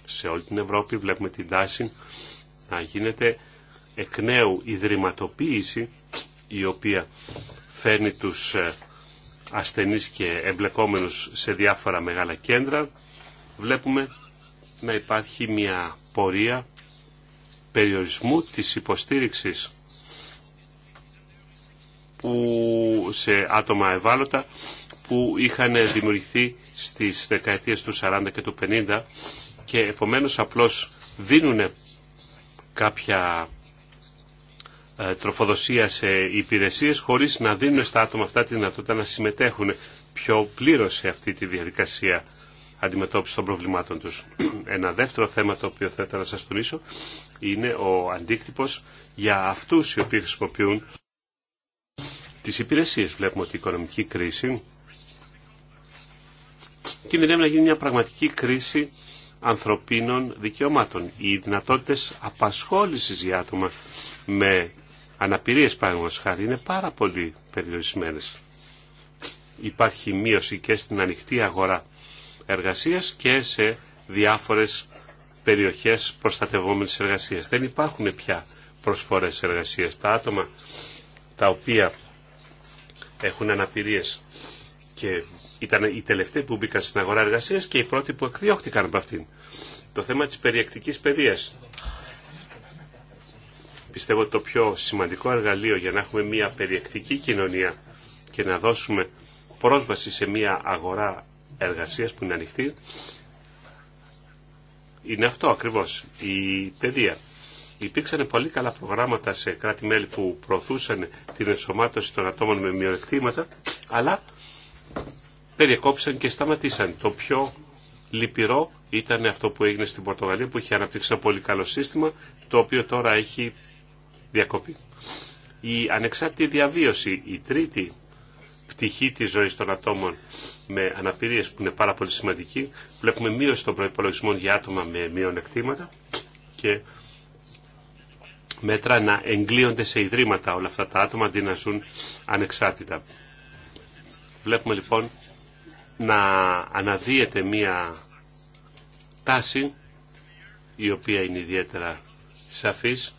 Σε όλη την Ευρώπη βλέπουμε την τάση να γίνεται εκ νέου ιδρυματοποίηση, η οποία φέρνει τους ε, ασθενείς και εμπλεκόμενους σε διάφορα μεγάλα κέντρα. Βλέπουμε να υπάρχει μια πορεία περιορισμού της υποστήριξης που σε άτομα ευάλωτα που είχαν δημιουργηθεί στις δεκαετίες του 40 και του 50 και επομένως απλώς δίνουν κάποια ε, τροφοδοσία σε υπηρεσίες χωρίς να δίνουν στα άτομα αυτά τη δυνατότητα να συμμετέχουν πιο πλήρως σε αυτή τη διαδικασία αντιμετώπιση των προβλημάτων τους. [clears throat] Ένα δεύτερο θέμα το οποίο θα ήθελα να σας τονίσω είναι ο αντίκτυπος για αυτούς οι οποίοι χρησιμοποιούν τις υπηρεσίες. Βλέπουμε ότι η οικονομική κρίση κινδυνεύει να γίνει μια πραγματική κρίση ανθρωπίνων δικαιωμάτων. Οι δυνατότητες απασχόλησης για άτομα με αναπηρίες παραγωγός χάρη είναι πάρα πολύ περιορισμένες. Υπάρχει μείωση και στην ανοιχτή αγορά εργασίας και σε διάφορες περιοχές προστατευόμενης εργασίας. Δεν υπάρχουν πια προσφορές εργασίας. Τα άτομα τα οποία έχουν αναπηρίες και ήταν οι τελευταίοι που μπήκαν στην αγορά εργασίας και οι πρώτοι που εκδιώχτηκαν από αυτήν. Το θέμα της περιεκτικής παιδείας. Πιστεύω ότι το πιο σημαντικό εργαλείο για να έχουμε μια περιεκτική κοινωνία και να δώσουμε πρόσβαση σε μια αγορά εργασίας που είναι ανοιχτή είναι αυτό ακριβώς, η παιδεία. Υπήρξαν πολύ καλά προγράμματα σε κράτη-μέλη που προωθούσαν την ενσωμάτωση των ατόμων με μειονεκτήματα, αλλά περιεκόψαν και σταματήσαν. Το πιο λυπηρό ήταν αυτό που έγινε στην Πορτογαλία που είχε αναπτύξει ένα πολύ καλό σύστημα, το οποίο τώρα έχει διακοπεί. Η ανεξάρτητη διαβίωση, η τρίτη πτυχή της ζωής των ατόμων με αναπηρίες που είναι πάρα πολύ σημαντική. Βλέπουμε μείωση των προϋπολογισμών για άτομα με μειονεκτήματα και μέτρα να εγκλείονται σε ιδρύματα όλα αυτά τα άτομα αντί να ζουν ανεξάρτητα. Βλέπουμε λοιπόν να αναδύεται μία τάση η οποία είναι ιδιαίτερα σαφής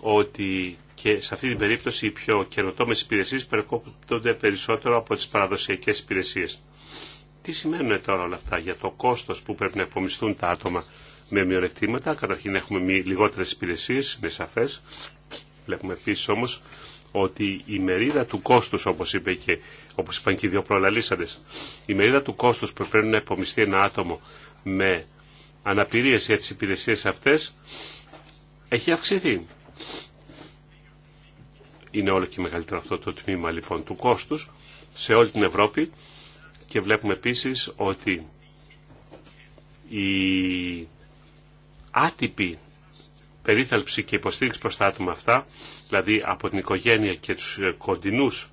ότι και σε αυτή την περίπτωση οι πιο καινοτόμε υπηρεσίε περικόπτονται περισσότερο από τις παραδοσιακές υπηρεσίε τι σημαίνουν τώρα όλα αυτά για το κόστος που πρέπει να υπομισθούν τα άτομα με μειονεκτήματα. Καταρχήν έχουμε μη λιγότερες υπηρεσίες, είναι σαφές. Βλέπουμε επίσης όμως ότι η μερίδα του κόστους, όπως, είπε και, όπως είπαν και οι δύο προλαλήσαντες, η μερίδα του κόστους που πρέπει να επομιστεί ένα άτομο με αναπηρίες για τις υπηρεσίες αυτές έχει αυξηθεί. Είναι όλο και μεγαλύτερο αυτό το τμήμα λοιπόν του κόστους σε όλη την Ευρώπη και βλέπουμε επίσης ότι η άτυπη περίθαλψη και υποστήριξη προς τα άτομα αυτά, δηλαδή από την οικογένεια και τους κοντινούς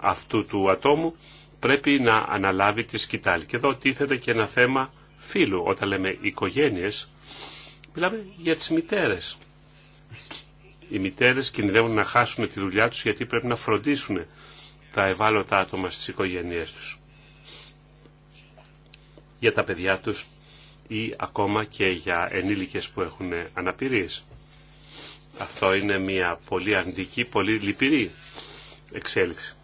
αυτού του ατόμου, πρέπει να αναλάβει τη σκητάλη. Και εδώ τίθεται και ένα θέμα φίλου. Όταν λέμε οικογένειες, μιλάμε για τις μητέρες. Οι μητέρες κινδυνεύουν να χάσουν τη δουλειά τους γιατί πρέπει να φροντίσουν τα ευάλωτα άτομα στις οικογένειές τους για τα παιδιά τους ή ακόμα και για ενήλικες που έχουν αναπηρίες. Αυτό είναι μια πολύ αρνητική, πολύ λυπηρή εξέλιξη.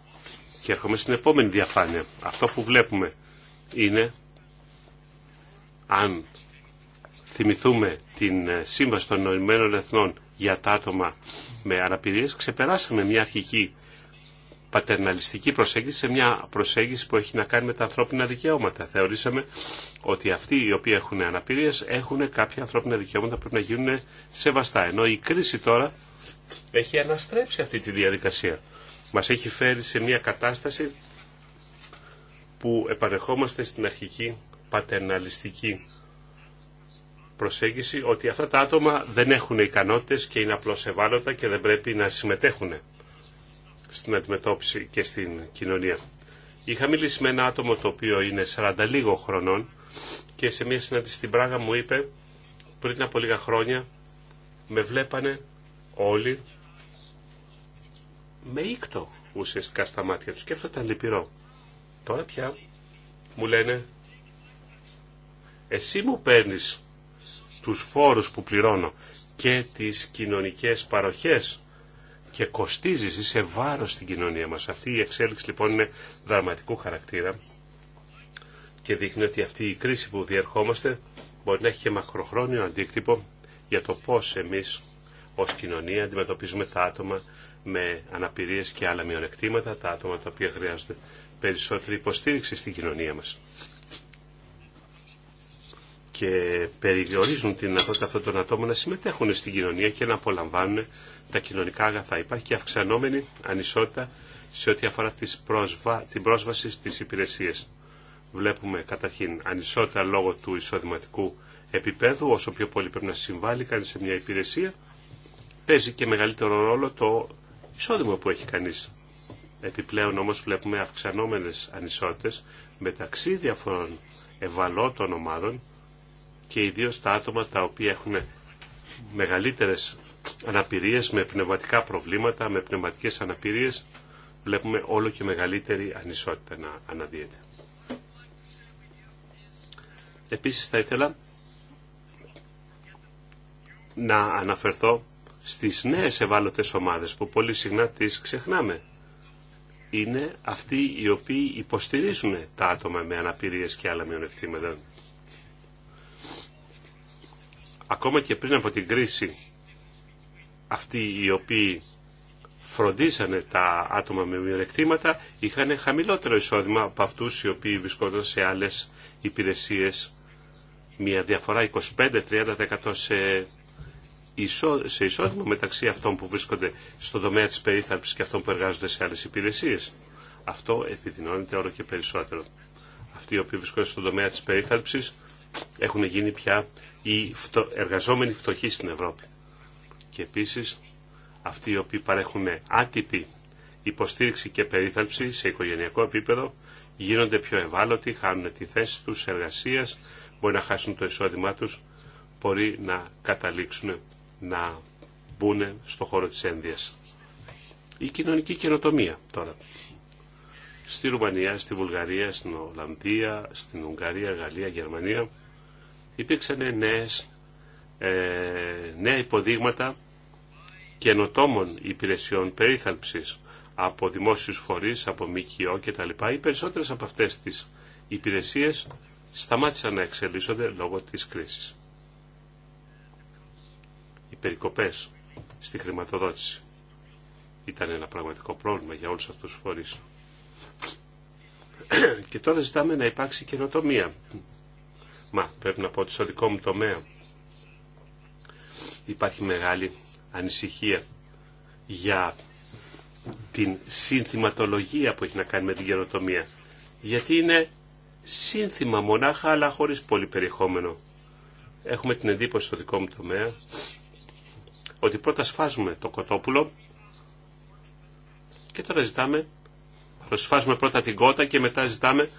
Και έρχομαι στην επόμενη διαφάνεια. Αυτό που βλέπουμε είναι αν θυμηθούμε την ε, Σύμβαση των Ηνωμένων Εθνών για τα άτομα με αναπηρίες, ξεπεράσαμε μια αρχική πατερναλιστική προσέγγιση σε μια προσέγγιση που έχει να κάνει με τα ανθρώπινα δικαιώματα. Θεωρήσαμε ότι αυτοί οι οποίοι έχουν αναπηρίες έχουν κάποια ανθρώπινα δικαιώματα που πρέπει να γίνουν σεβαστά. Ενώ η κρίση τώρα έχει αναστρέψει αυτή τη διαδικασία. Μας έχει φέρει σε μια κατάσταση που επανεχόμαστε στην αρχική πατερναλιστική προσέγγιση ότι αυτά τα άτομα δεν έχουν ικανότητες και είναι απλώς ευάλωτα και δεν πρέπει να συμμετέχουν στην αντιμετώπιση και στην κοινωνία. Είχα μιλήσει με ένα άτομο το οποίο είναι 40 λίγο χρονών και σε μια συνάντηση στην Πράγα μου είπε πριν από λίγα χρόνια με βλέπανε όλοι με ήκτο ουσιαστικά στα μάτια τους και αυτό ήταν λυπηρό. Τώρα πια μου λένε εσύ μου παίρνεις τους φόρους που πληρώνω και τις κοινωνικές παροχές και κοστίζει σε βάρος στην κοινωνία μας. Αυτή η εξέλιξη λοιπόν είναι δραματικού χαρακτήρα και δείχνει ότι αυτή η κρίση που διερχόμαστε μπορεί να έχει και μακροχρόνιο αντίκτυπο για το πώς εμείς ως κοινωνία αντιμετωπίζουμε τα άτομα με αναπηρίες και άλλα μειονεκτήματα, τα άτομα τα οποία χρειάζονται περισσότερη υποστήριξη στην κοινωνία μας και περιορίζουν την δυνατότητα αυτών των ατόμων να συμμετέχουν στην κοινωνία και να απολαμβάνουν τα κοινωνικά αγαθά. Υπάρχει και αυξανόμενη ανισότητα σε ό,τι αφορά τις πρόσβα, την πρόσβαση στις υπηρεσίες. Βλέπουμε καταρχήν ανισότητα λόγω του εισοδηματικού επίπεδου, όσο πιο πολύ πρέπει να συμβάλλει κανείς σε μια υπηρεσία, παίζει και μεγαλύτερο ρόλο το εισόδημα που έχει κανείς. Επιπλέον όμως βλέπουμε αυξανόμενες ανισότητες μεταξύ διαφορών ευαλώτων ομάδων και ιδίως τα άτομα τα οποία έχουν μεγαλύτερες αναπηρίες, με πνευματικά προβλήματα, με πνευματικές αναπηρίες, βλέπουμε όλο και μεγαλύτερη ανισότητα να αναδύεται. Επίσης θα ήθελα να αναφερθώ στις νέες ευάλωτες ομάδες που πολύ συχνά τις ξεχνάμε. Είναι αυτοί οι οποίοι υποστηρίζουν τα άτομα με αναπηρίες και άλλα μειονεκτήματα ακόμα και πριν από την κρίση αυτοί οι οποίοι φροντίσανε τα άτομα με μειονεκτήματα είχαν χαμηλότερο εισόδημα από αυτούς οι οποίοι βρισκόταν σε άλλες υπηρεσίες μια διαφορά 25-30% σε, σε εισόδημα μεταξύ αυτών που βρίσκονται στον τομέα της περίθαλψης και αυτών που εργάζονται σε άλλες υπηρεσίες. Αυτό επιδεινώνεται όλο και περισσότερο. Αυτοί οι οποίοι βρίσκονται στον τομέα της περίθαλψης έχουν γίνει πια οι φτω... εργαζόμενοι φτωχοί στην Ευρώπη. Και επίσης αυτοί οι οποίοι παρέχουν άτυπη υποστήριξη και περίθαλψη σε οικογενειακό επίπεδο γίνονται πιο ευάλωτοι, χάνουν τη θέση τους εργασίας, μπορεί να χάσουν το εισόδημά τους, μπορεί να καταλήξουν να μπουν στο χώρο της ένδυας. Η κοινωνική καινοτομία τώρα. Στη Ρουμανία, στη Βουλγαρία, στην Ολλανδία, στην Ουγγαρία, Γαλλία, Γερμανία υπήρξαν νέες, ε, νέα υποδείγματα καινοτόμων υπηρεσιών περίθαλψης από δημόσιους φορείς, από ΜΚΟ κτλ. Οι περισσότερες από αυτές τις υπηρεσίες σταμάτησαν να εξελίσσονται λόγω της κρίσης. Οι περικοπές στη χρηματοδότηση ήταν ένα πραγματικό πρόβλημα για όλους αυτούς τους φορείς. [clears throat] Και τώρα ζητάμε να υπάρξει καινοτομία Μα πρέπει να πω ότι στο δικό μου τομέα υπάρχει μεγάλη ανησυχία για την συνθηματολογία που έχει να κάνει με την καινοτομία. Γιατί είναι σύνθημα μονάχα αλλά χωρίς πολύ περιεχόμενο. Έχουμε την εντύπωση στο δικό μου τομέα ότι πρώτα σφάζουμε το κοτόπουλο και τώρα ζητάμε Προσφάσουμε πρώτα την κότα και μετά ζητάμε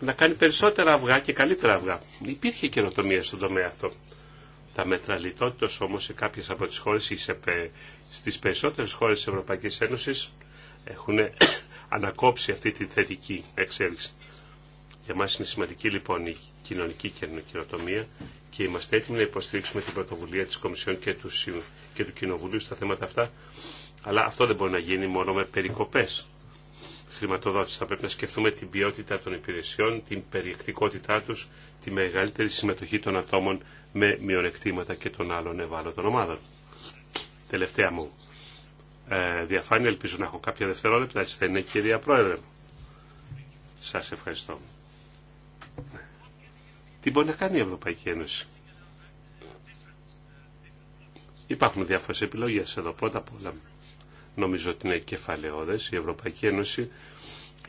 να κάνει περισσότερα αυγά και καλύτερα αυγά. Υπήρχε καινοτομία στον τομέα αυτό. Τα μέτρα λιτότητα όμως σε κάποιε από τι χώρε ή στι στις περισσότερες τη Ευρωπαϊκή Ευρωπαϊκής έχουν [coughs] ανακόψει αυτή τη θετική εξέλιξη. Για μας είναι σημαντική λοιπόν η κοινωνική καινοτομία και είμαστε έτοιμοι να υποστηρίξουμε την πρωτοβουλία τη Κομισιόν και του, και του Κοινοβουλίου στα θέματα αυτά. Αλλά αυτό δεν μπορεί να γίνει μόνο με περικοπές χρηματοδότηση. Θα πρέπει να σκεφτούμε την ποιότητα των υπηρεσιών, την περιεκτικότητά τους, τη μεγαλύτερη συμμετοχή των ατόμων με μειονεκτήματα και των άλλων ευάλωτων ομάδων. Τελευταία μου ε, διαφάνεια, ελπίζω να έχω κάποια δευτερόλεπτα, έτσι θα είναι κυρία Πρόεδρε. Σας ευχαριστώ. Τι μπορεί να κάνει η Ευρωπαϊκή Ένωση. Υπάρχουν διάφορες επιλογές εδώ. Πρώτα απ' όλα νομίζω ότι είναι κεφαλαιόδες η Ευρωπαϊκή Ένωση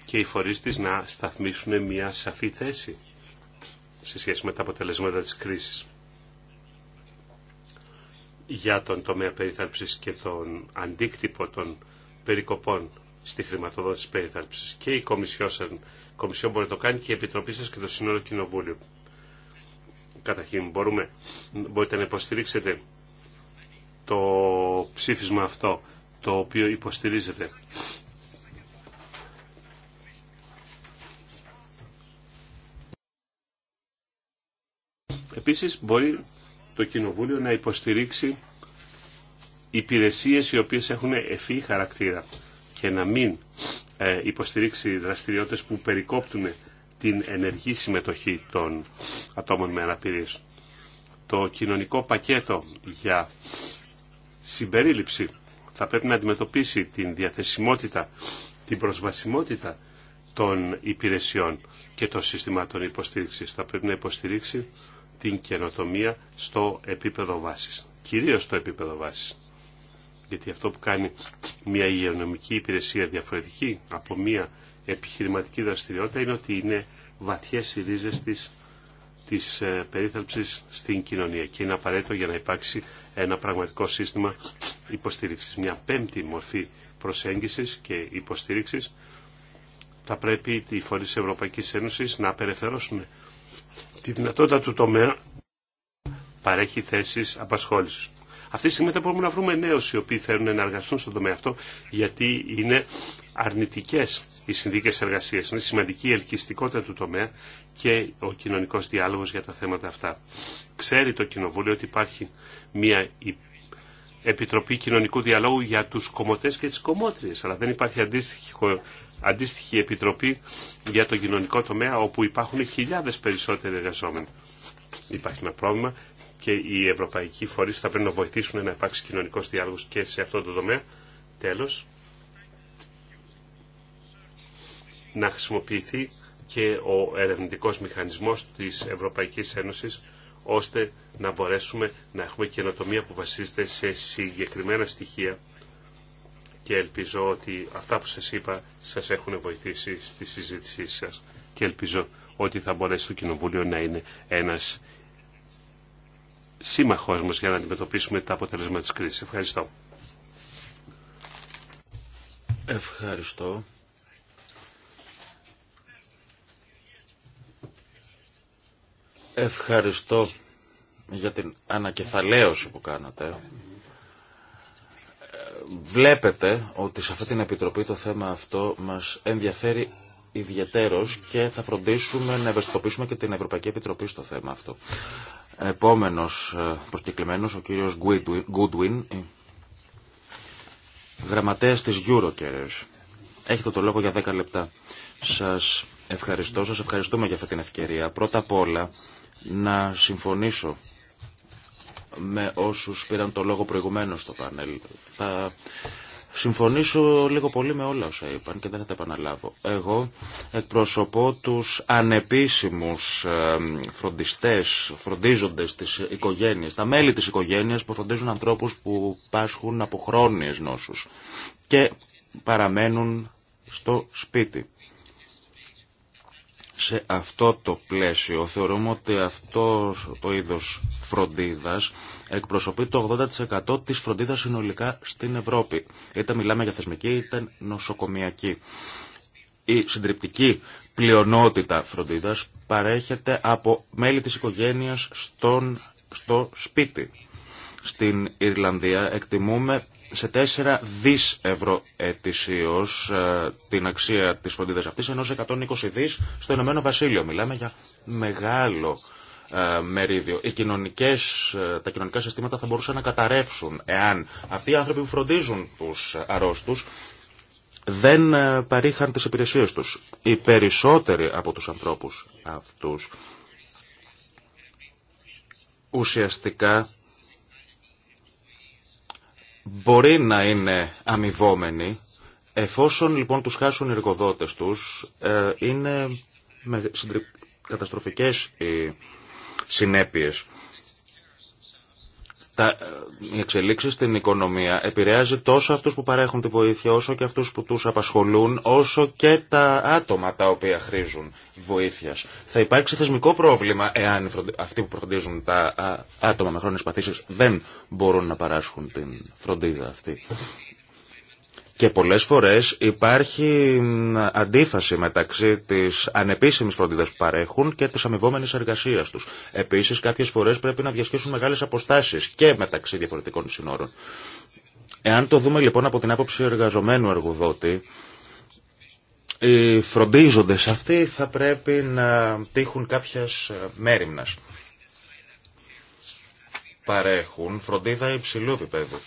και οι φορείς της να σταθμίσουν μια σαφή θέση σε σχέση με τα αποτελέσματα της κρίσης για τον τομέα περιθάλψης και τον αντίκτυπο των περικοπών στη χρηματοδότηση περιθάλψης. Και η Κομισιόν, μπορεί να το κάνει και η Επιτροπή σας και το Σύνολο Κοινοβούλιο. Καταρχήν μπορούμε, μπορείτε να υποστηρίξετε το ψήφισμα αυτό το οποίο υποστηρίζεται. Επίσης μπορεί το Κοινοβούλιο να υποστηρίξει υπηρεσίες οι οποίες έχουν ευφύ χαρακτήρα και να μην ε, υποστηρίξει δραστηριότητες που περικόπτουν την ενεργή συμμετοχή των ατόμων με αναπηρία. Το κοινωνικό πακέτο για συμπερίληψη θα πρέπει να αντιμετωπίσει την διαθεσιμότητα, την προσβασιμότητα των υπηρεσιών και των συστημάτων υποστήριξης. Θα πρέπει να υποστηρίξει την καινοτομία στο επίπεδο βάσης, κυρίως στο επίπεδο βάσης. Γιατί αυτό που κάνει μια υγειονομική υπηρεσία διαφορετική από μια επιχειρηματική δραστηριότητα είναι ότι είναι βαθιές οι ρίζες της της ε, περίθαλψης στην κοινωνία και είναι απαραίτητο για να υπάρξει ένα πραγματικό σύστημα υποστήριξης. Μια πέμπτη μορφή προσέγγισης και υποστήριξης θα πρέπει οι φορείς της Ευρωπαϊκής Ένωσης να απελευθερώσουν τη δυνατότητα του τομέα παρέχει θέσεις απασχόλησης. Αυτή τη στιγμή θα μπορούμε να βρούμε νέους οι οποίοι θέλουν να εργαστούν στον τομέα αυτό γιατί είναι αρνητικές οι συνδίκε εργασία Είναι σημαντική η ελκυστικότητα του τομέα και ο κοινωνικό διάλογο για τα θέματα αυτά. Ξέρει το Κοινοβούλιο ότι υπάρχει μια Επιτροπή Κοινωνικού Διαλόγου για του κομμωτέ και τι κομμότριε, αλλά δεν υπάρχει αντίστοιχο αντίστοιχη επιτροπή για το κοινωνικό τομέα όπου υπάρχουν χιλιάδες περισσότεροι εργαζόμενοι. Υπάρχει ένα πρόβλημα και οι ευρωπαϊκοί φορείς θα πρέπει να βοηθήσουν να υπάρξει κοινωνικός διάλογο και σε αυτό το τομέα. Τέλος, να χρησιμοποιηθεί και ο ερευνητικός μηχανισμός της Ευρωπαϊκής Ένωσης ώστε να μπορέσουμε να έχουμε καινοτομία που βασίζεται σε συγκεκριμένα στοιχεία και ελπίζω ότι αυτά που σας είπα σας έχουν βοηθήσει στη συζήτησή σας και ελπίζω ότι θα μπορέσει το Κοινοβούλιο να είναι ένας σύμμαχός μας για να αντιμετωπίσουμε τα αποτελέσματα της κρίσης. Ευχαριστώ. Ευχαριστώ. Ευχαριστώ για την ανακεφαλαίωση που κάνατε. Βλέπετε ότι σε αυτή την Επιτροπή το θέμα αυτό μας ενδιαφέρει ιδιαιτέρως και θα φροντίσουμε να ευαισθητοποιήσουμε και την Ευρωπαϊκή Επιτροπή στο θέμα αυτό. Επόμενος ε, προσκεκλημένος, ο κύριος Goodwin, ε, γραμματέας της Eurocares. Έχετε το λόγο για 10 λεπτά. Σας ευχαριστώ, σας ευχαριστούμε για αυτή την ευκαιρία. Πρώτα απ' όλα, να συμφωνήσω με όσους πήραν το λόγο προηγουμένως στο πάνελ. Θα συμφωνήσω λίγο πολύ με όλα όσα είπαν και δεν θα τα επαναλάβω. Εγώ εκπροσωπώ τους ανεπίσημους ε, φροντιστές, φροντίζοντες της οικογένειας, τα μέλη της οικογένειας που φροντίζουν ανθρώπους που πάσχουν από χρόνιες νόσους και παραμένουν στο σπίτι σε αυτό το πλαίσιο θεωρούμε ότι αυτό το είδος φροντίδας εκπροσωπεί το 80% της φροντίδας συνολικά στην Ευρώπη. Είτε μιλάμε για θεσμική είτε νοσοκομιακή. Η συντριπτική πλειονότητα φροντίδας παρέχεται από μέλη της οικογένειας στον, στο σπίτι. Στην Ιρλανδία εκτιμούμε σε 4 δις ευρώ ετησίως ε, την αξία της φροντίδας αυτής, ενώ σε 120 δις στο Ηνωμένο Βασίλειο. Μιλάμε για μεγάλο ε, μερίδιο. Οι κοινωνικές, ε, τα κοινωνικά συστήματα θα μπορούσαν να καταρρεύσουν εάν αυτοί οι άνθρωποι που φροντίζουν τους αρρώστους δεν παρήχαν τις υπηρεσίες τους. Οι περισσότεροι από τους ανθρώπους αυτούς ουσιαστικά μπορεί να είναι αμοιβόμενοι. Εφόσον λοιπόν τους χάσουν οι εργοδότες τους, ε, είναι με καταστροφικές οι συνέπειες τα, οι εξελίξει στην οικονομία επηρεάζει τόσο αυτού που παρέχουν τη βοήθεια, όσο και αυτού που του απασχολούν, όσο και τα άτομα τα οποία χρήζουν βοήθεια. Θα υπάρξει θεσμικό πρόβλημα εάν αυτοί που φροντίζουν τα άτομα με χρόνιε παθήσει δεν μπορούν να παράσχουν την φροντίδα αυτή. Και πολλές φορές υπάρχει αντίφαση μεταξύ της ανεπίσημης φροντίδας που παρέχουν και της αμοιβόμενης εργασίας τους. Επίσης κάποιες φορές πρέπει να διασχίσουν μεγάλες αποστάσεις και μεταξύ διαφορετικών συνόρων. Εάν το δούμε λοιπόν από την άποψη εργαζομένου εργοδότη, οι φροντίζοντες αυτοί θα πρέπει να τύχουν κάποιας ε, μέρημνας. Παρέχουν φροντίδα υψηλού επίπεδου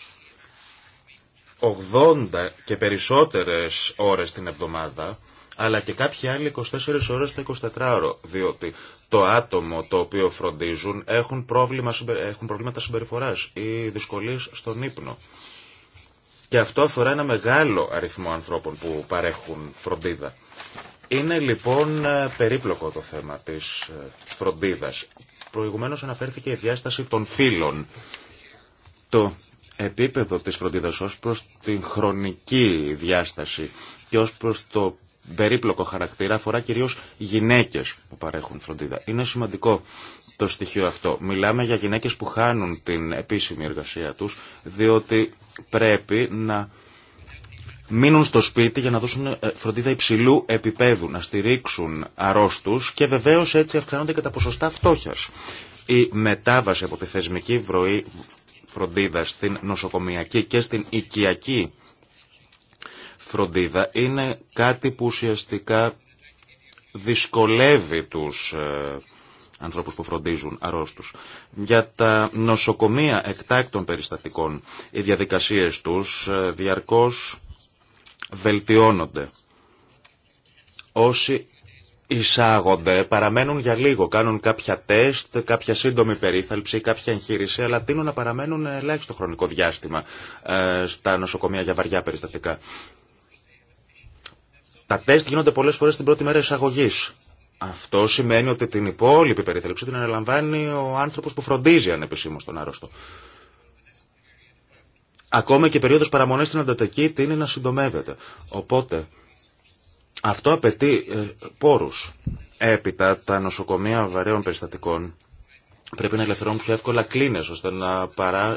80 και περισσότερες ώρες την εβδομάδα, αλλά και κάποιοι άλλοι 24 ώρες το 24ωρο, διότι το άτομο το οποίο φροντίζουν έχουν, πρόβλημα, έχουν προβλήματα συμπεριφοράς ή δυσκολίες στον ύπνο. Και αυτό αφορά ένα μεγάλο αριθμό ανθρώπων που παρέχουν φροντίδα. Είναι λοιπόν ε, περίπλοκο το θέμα της ε, φροντίδας. Προηγουμένως αναφέρθηκε η διάσταση των φύλων. Το επίπεδο της φροντίδας ως προς την χρονική διάσταση και ως προς το περίπλοκο χαρακτήρα αφορά κυρίως γυναίκες που παρέχουν φροντίδα. Είναι σημαντικό το στοιχείο αυτό. Μιλάμε για γυναίκες που χάνουν την επίσημη εργασία τους διότι πρέπει να μείνουν στο σπίτι για να δώσουν ε, φροντίδα υψηλού επίπεδου, να στηρίξουν αρρώστους και βεβαίως έτσι αυξάνονται και τα ποσοστά φτώχειας. Η μετάβαση από τη θεσμική φροντίδα στην νοσοκομιακή και στην οικιακή φροντίδα είναι κάτι που ουσιαστικά δυσκολεύει τους ε, ανθρώπους που φροντίζουν αρρώστους. Για τα νοσοκομεία εκτάκτων περιστατικών, οι διαδικασίες τους ε, διαρκώς βελτιώνονται. Όσοι εισάγονται, παραμένουν για λίγο, κάνουν κάποια τεστ, κάποια σύντομη περίθαλψη, κάποια εγχείρηση, αλλά τείνουν να παραμένουν ελάχιστο χρονικό διάστημα ε, στα νοσοκομεία για βαριά περιστατικά. Τα τεστ γίνονται πολλές φορές την πρώτη μέρα εισαγωγής. Αυτό σημαίνει ότι την υπόλοιπη περίθαλψη την αναλαμβάνει ο άνθρωπος που φροντίζει ανεπισήμως τον άρρωστο. Ακόμα και η περίοδος παραμονής στην αντατική να συντομεύεται. Οπότε, αυτό απαιτεί ε, πόρους. Έπειτα τα νοσοκομεία βαρέων περιστατικών πρέπει να ελευθερώνουν πιο εύκολα κλίνε ώστε να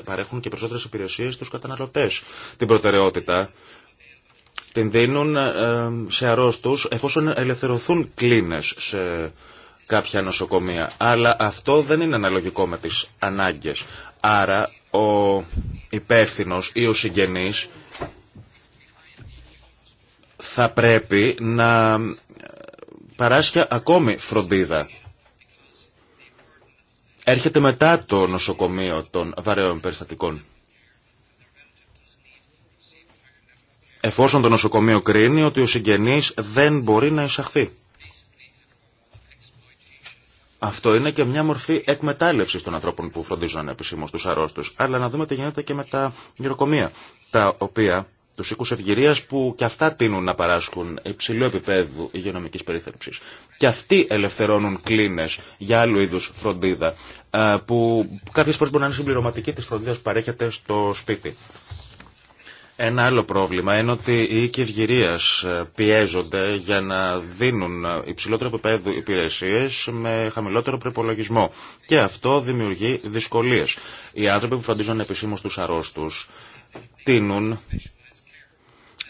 παρέχουν και περισσότερες υπηρεσίε στους καταναλωτές. Την προτεραιότητα την δίνουν ε, σε αρρώστους εφόσον ελευθερωθούν κλίνε σε κάποια νοσοκομεία. Αλλά αυτό δεν είναι αναλογικό με τις ανάγκες. Άρα ο υπεύθυνο ή ο συγγενής θα πρέπει να παράσχει ακόμη φροντίδα. Έρχεται μετά το νοσοκομείο των βαρέων περιστατικών. Εφόσον το νοσοκομείο κρίνει ότι ο συγγενής δεν μπορεί να εισαχθεί. Αυτό είναι και μια μορφή εκμετάλλευση των ανθρώπων που φροντίζουν ανεπισήμω του αρρώστου. Αλλά να δούμε τι γίνεται και με τα γυροκομεία, τα οποία του οίκου ευγυρία που και αυτά τείνουν να παράσχουν υψηλού επίπεδου υγειονομική περίθαλψη. Και αυτοί ελευθερώνουν κλίνε για άλλου είδου φροντίδα ε, που κάποιε φορέ μπορεί να είναι συμπληρωματική τη φροντίδα που παρέχεται στο σπίτι. Ένα άλλο πρόβλημα είναι ότι οι οίκοι ευγυρία ε, πιέζονται για να δίνουν υψηλότερο επίπεδο υπηρεσίε με χαμηλότερο προπολογισμό. Και αυτό δημιουργεί δυσκολίε. Οι άνθρωποι που φροντίζουν επισήμω του αρρώστου τείνουν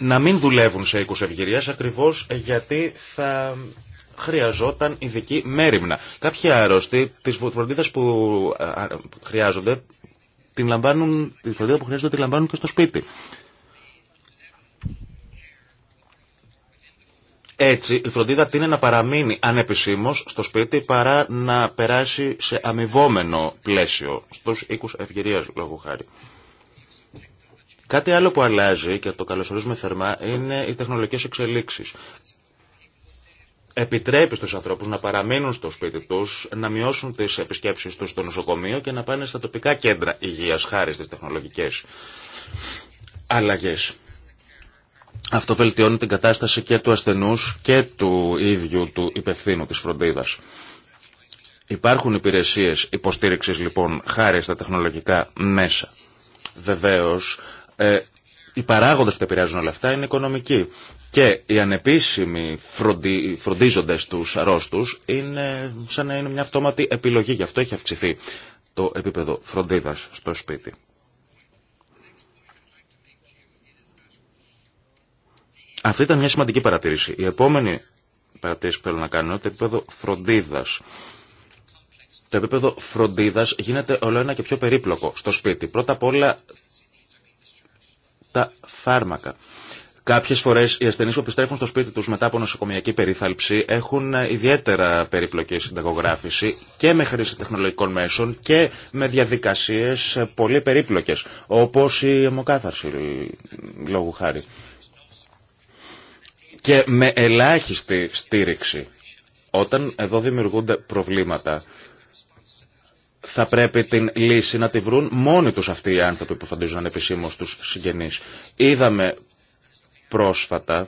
να μην δουλεύουν σε οίκους ευγυρία ακριβώς γιατί θα χρειαζόταν ειδική μέρημνα. Κάποιοι άρρωστοι τις φροντίδα που χρειάζονται την λαμβάνουν, τη φροντίδα που χρειάζονται τη λαμβάνουν και στο σπίτι. Έτσι, η φροντίδα τίνει να παραμείνει ανεπισήμως στο σπίτι παρά να περάσει σε αμοιβόμενο πλαίσιο, στους οίκους ευγυρίας, λόγω χάρη. Κάτι άλλο που αλλάζει και το καλωσορίζουμε θερμά είναι οι τεχνολογικές εξελίξεις. Επιτρέπει στους ανθρώπους να παραμείνουν στο σπίτι τους, να μειώσουν τις επισκέψεις τους στο νοσοκομείο και να πάνε στα τοπικά κέντρα υγείας χάρη στις τεχνολογικές αλλαγές. Αυτό βελτιώνει την κατάσταση και του ασθενούς και του ίδιου του υπευθύνου της φροντίδας. Υπάρχουν υπηρεσίες υποστήριξης λοιπόν χάρη στα τεχνολογικά μέσα. Βεβαίως ε, οι παράγοντες που τα επηρεάζουν όλα αυτά είναι οικονομικοί. Και οι ανεπίσημοι φροντι... φροντίζοντες τους αρρώστους είναι σαν να είναι μια αυτόματη επιλογή. Γι' αυτό έχει αυξηθεί το επίπεδο φροντίδας στο σπίτι. Αυτή ήταν μια σημαντική παρατήρηση. Η επόμενη παρατήρηση που θέλω να κάνω είναι το επίπεδο φροντίδας. Το επίπεδο φροντίδας γίνεται όλο ένα και πιο περίπλοκο στο σπίτι. Πρώτα απ' όλα τα φάρμακα. Κάποιε φορέ οι ασθενεί που επιστρέφουν στο σπίτι του μετά από νοσοκομιακή περίθαλψη έχουν ιδιαίτερα περιπλοκή συνταγογράφηση και με χρήση τεχνολογικών μέσων και με διαδικασίε πολύ περίπλοκε, όπω η αιμοκάθαρση λόγου χάρη. Και με ελάχιστη στήριξη. Όταν εδώ δημιουργούνται προβλήματα, θα πρέπει την λύση να τη βρουν μόνοι τους αυτοί οι άνθρωποι που φαντίζουν επισήμως τους συγγενείς. Είδαμε πρόσφατα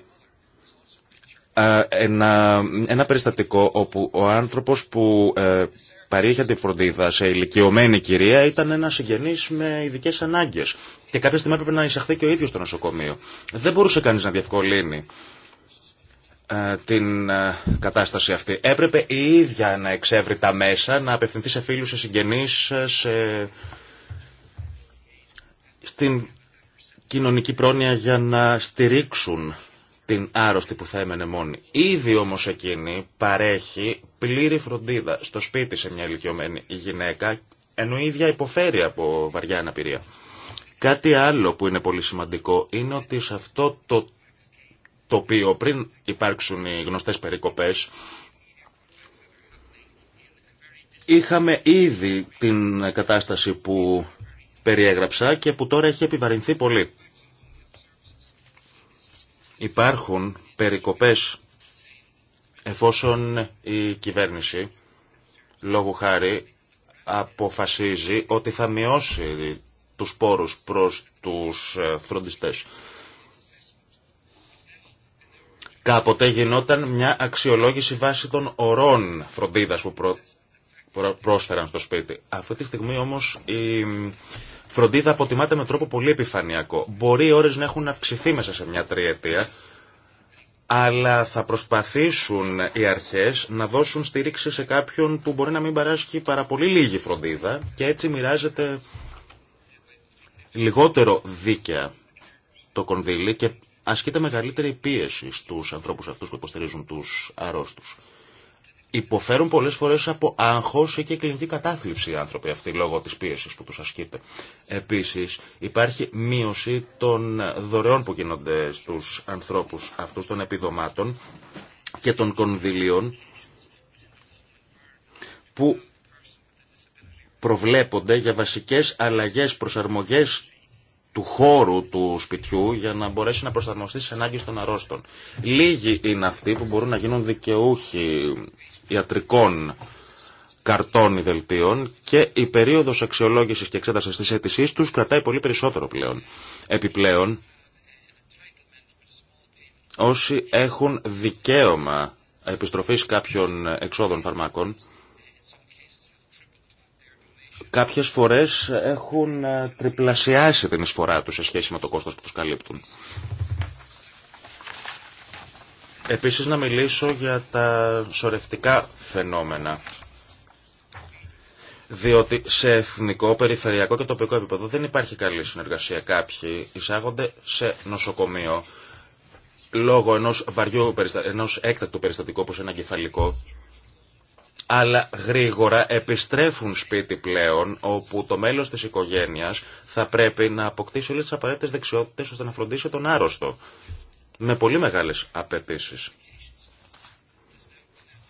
ένα, ένα περιστατικό όπου ο άνθρωπος που ε, παρήχε τη φροντίδα σε ηλικιωμένη κυρία ήταν ένα συγγενής με ειδικέ ανάγκες και κάποια στιγμή έπρεπε να εισαχθεί και ο ίδιος στο νοσοκομείο. Δεν μπορούσε κανείς να διευκολύνει ε, την ε, κατάσταση αυτή. Έπρεπε η ίδια να εξεύρει τα μέσα, να απευθυνθεί σε φίλους, σε συγγενείς, ε, στην κοινωνική πρόνοια για να στηρίξουν την άρρωστη που θα έμενε μόνη. Ήδη όμως εκείνη παρέχει πλήρη φροντίδα στο σπίτι σε μια ηλικιωμένη γυναίκα, ενώ η ίδια υποφέρει από βαριά αναπηρία. Κάτι άλλο που είναι πολύ σημαντικό είναι ότι σε αυτό το το οποίο πριν υπάρξουν οι γνωστές περικοπές είχαμε ήδη την κατάσταση που περιέγραψα και που τώρα έχει επιβαρυνθεί πολύ. Υπάρχουν περικοπές εφόσον η κυβέρνηση λόγου χάρη αποφασίζει ότι θα μειώσει τους πόρους προς τους ε, φροντιστές. Κάποτε γινόταν μια αξιολόγηση βάσει των ωρών φροντίδας που πρόσφεραν στο σπίτι. Αυτή τη στιγμή όμως η φροντίδα αποτιμάται με τρόπο πολύ επιφανειακό. Μπορεί οι ώρες να έχουν αυξηθεί μέσα σε μια τριετία, αλλά θα προσπαθήσουν οι αρχές να δώσουν στήριξη σε κάποιον που μπορεί να μην παράσχει πάρα πολύ λίγη φροντίδα και έτσι μοιράζεται λιγότερο δίκαια το κονδύλι και ασκείται μεγαλύτερη πίεση στου ανθρώπους αυτούς που υποστηρίζουν τους αρρώστου. Υποφέρουν πολλές φορές από άγχο ή και κλινική κατάθλιψη οι άνθρωποι αυτοί λόγω της πίεσης που τους ασκείται. Επίσης υπάρχει μείωση των δωρεών που γίνονται στου ανθρώπους αυτούς των επιδομάτων και των κονδυλίων που προβλέπονται για βασικές αλλαγές, προσαρμογές του χώρου του σπιτιού για να μπορέσει να προσαρμοστεί στι ανάγκε των αρρώστων. Λίγοι είναι αυτοί που μπορούν να γίνουν δικαιούχοι ιατρικών καρτών δελτίων και η περίοδος αξιολόγησης και εξέτασης της αίτησής τους κρατάει πολύ περισσότερο πλέον. Επιπλέον, όσοι έχουν δικαίωμα επιστροφής κάποιων εξόδων φαρμάκων, Κάποιες φορές έχουν ε, τριπλασιάσει την εισφορά τους σε σχέση με το κόστος που τους καλύπτουν. Επίσης να μιλήσω για τα σωρευτικά φαινόμενα. Διότι σε εθνικό, περιφερειακό και τοπικό επίπεδο δεν υπάρχει καλή συνεργασία. Κάποιοι εισάγονται σε νοσοκομείο λόγω ενός, βαριού, ενός έκτακτου περιστατικού όπως ένα κεφαλικό αλλά γρήγορα επιστρέφουν σπίτι πλέον, όπου το μέλος της οικογένειας θα πρέπει να αποκτήσει όλες τις απαραίτητες δεξιότητες ώστε να φροντίσει τον άρρωστο, με πολύ μεγάλες απαιτήσει.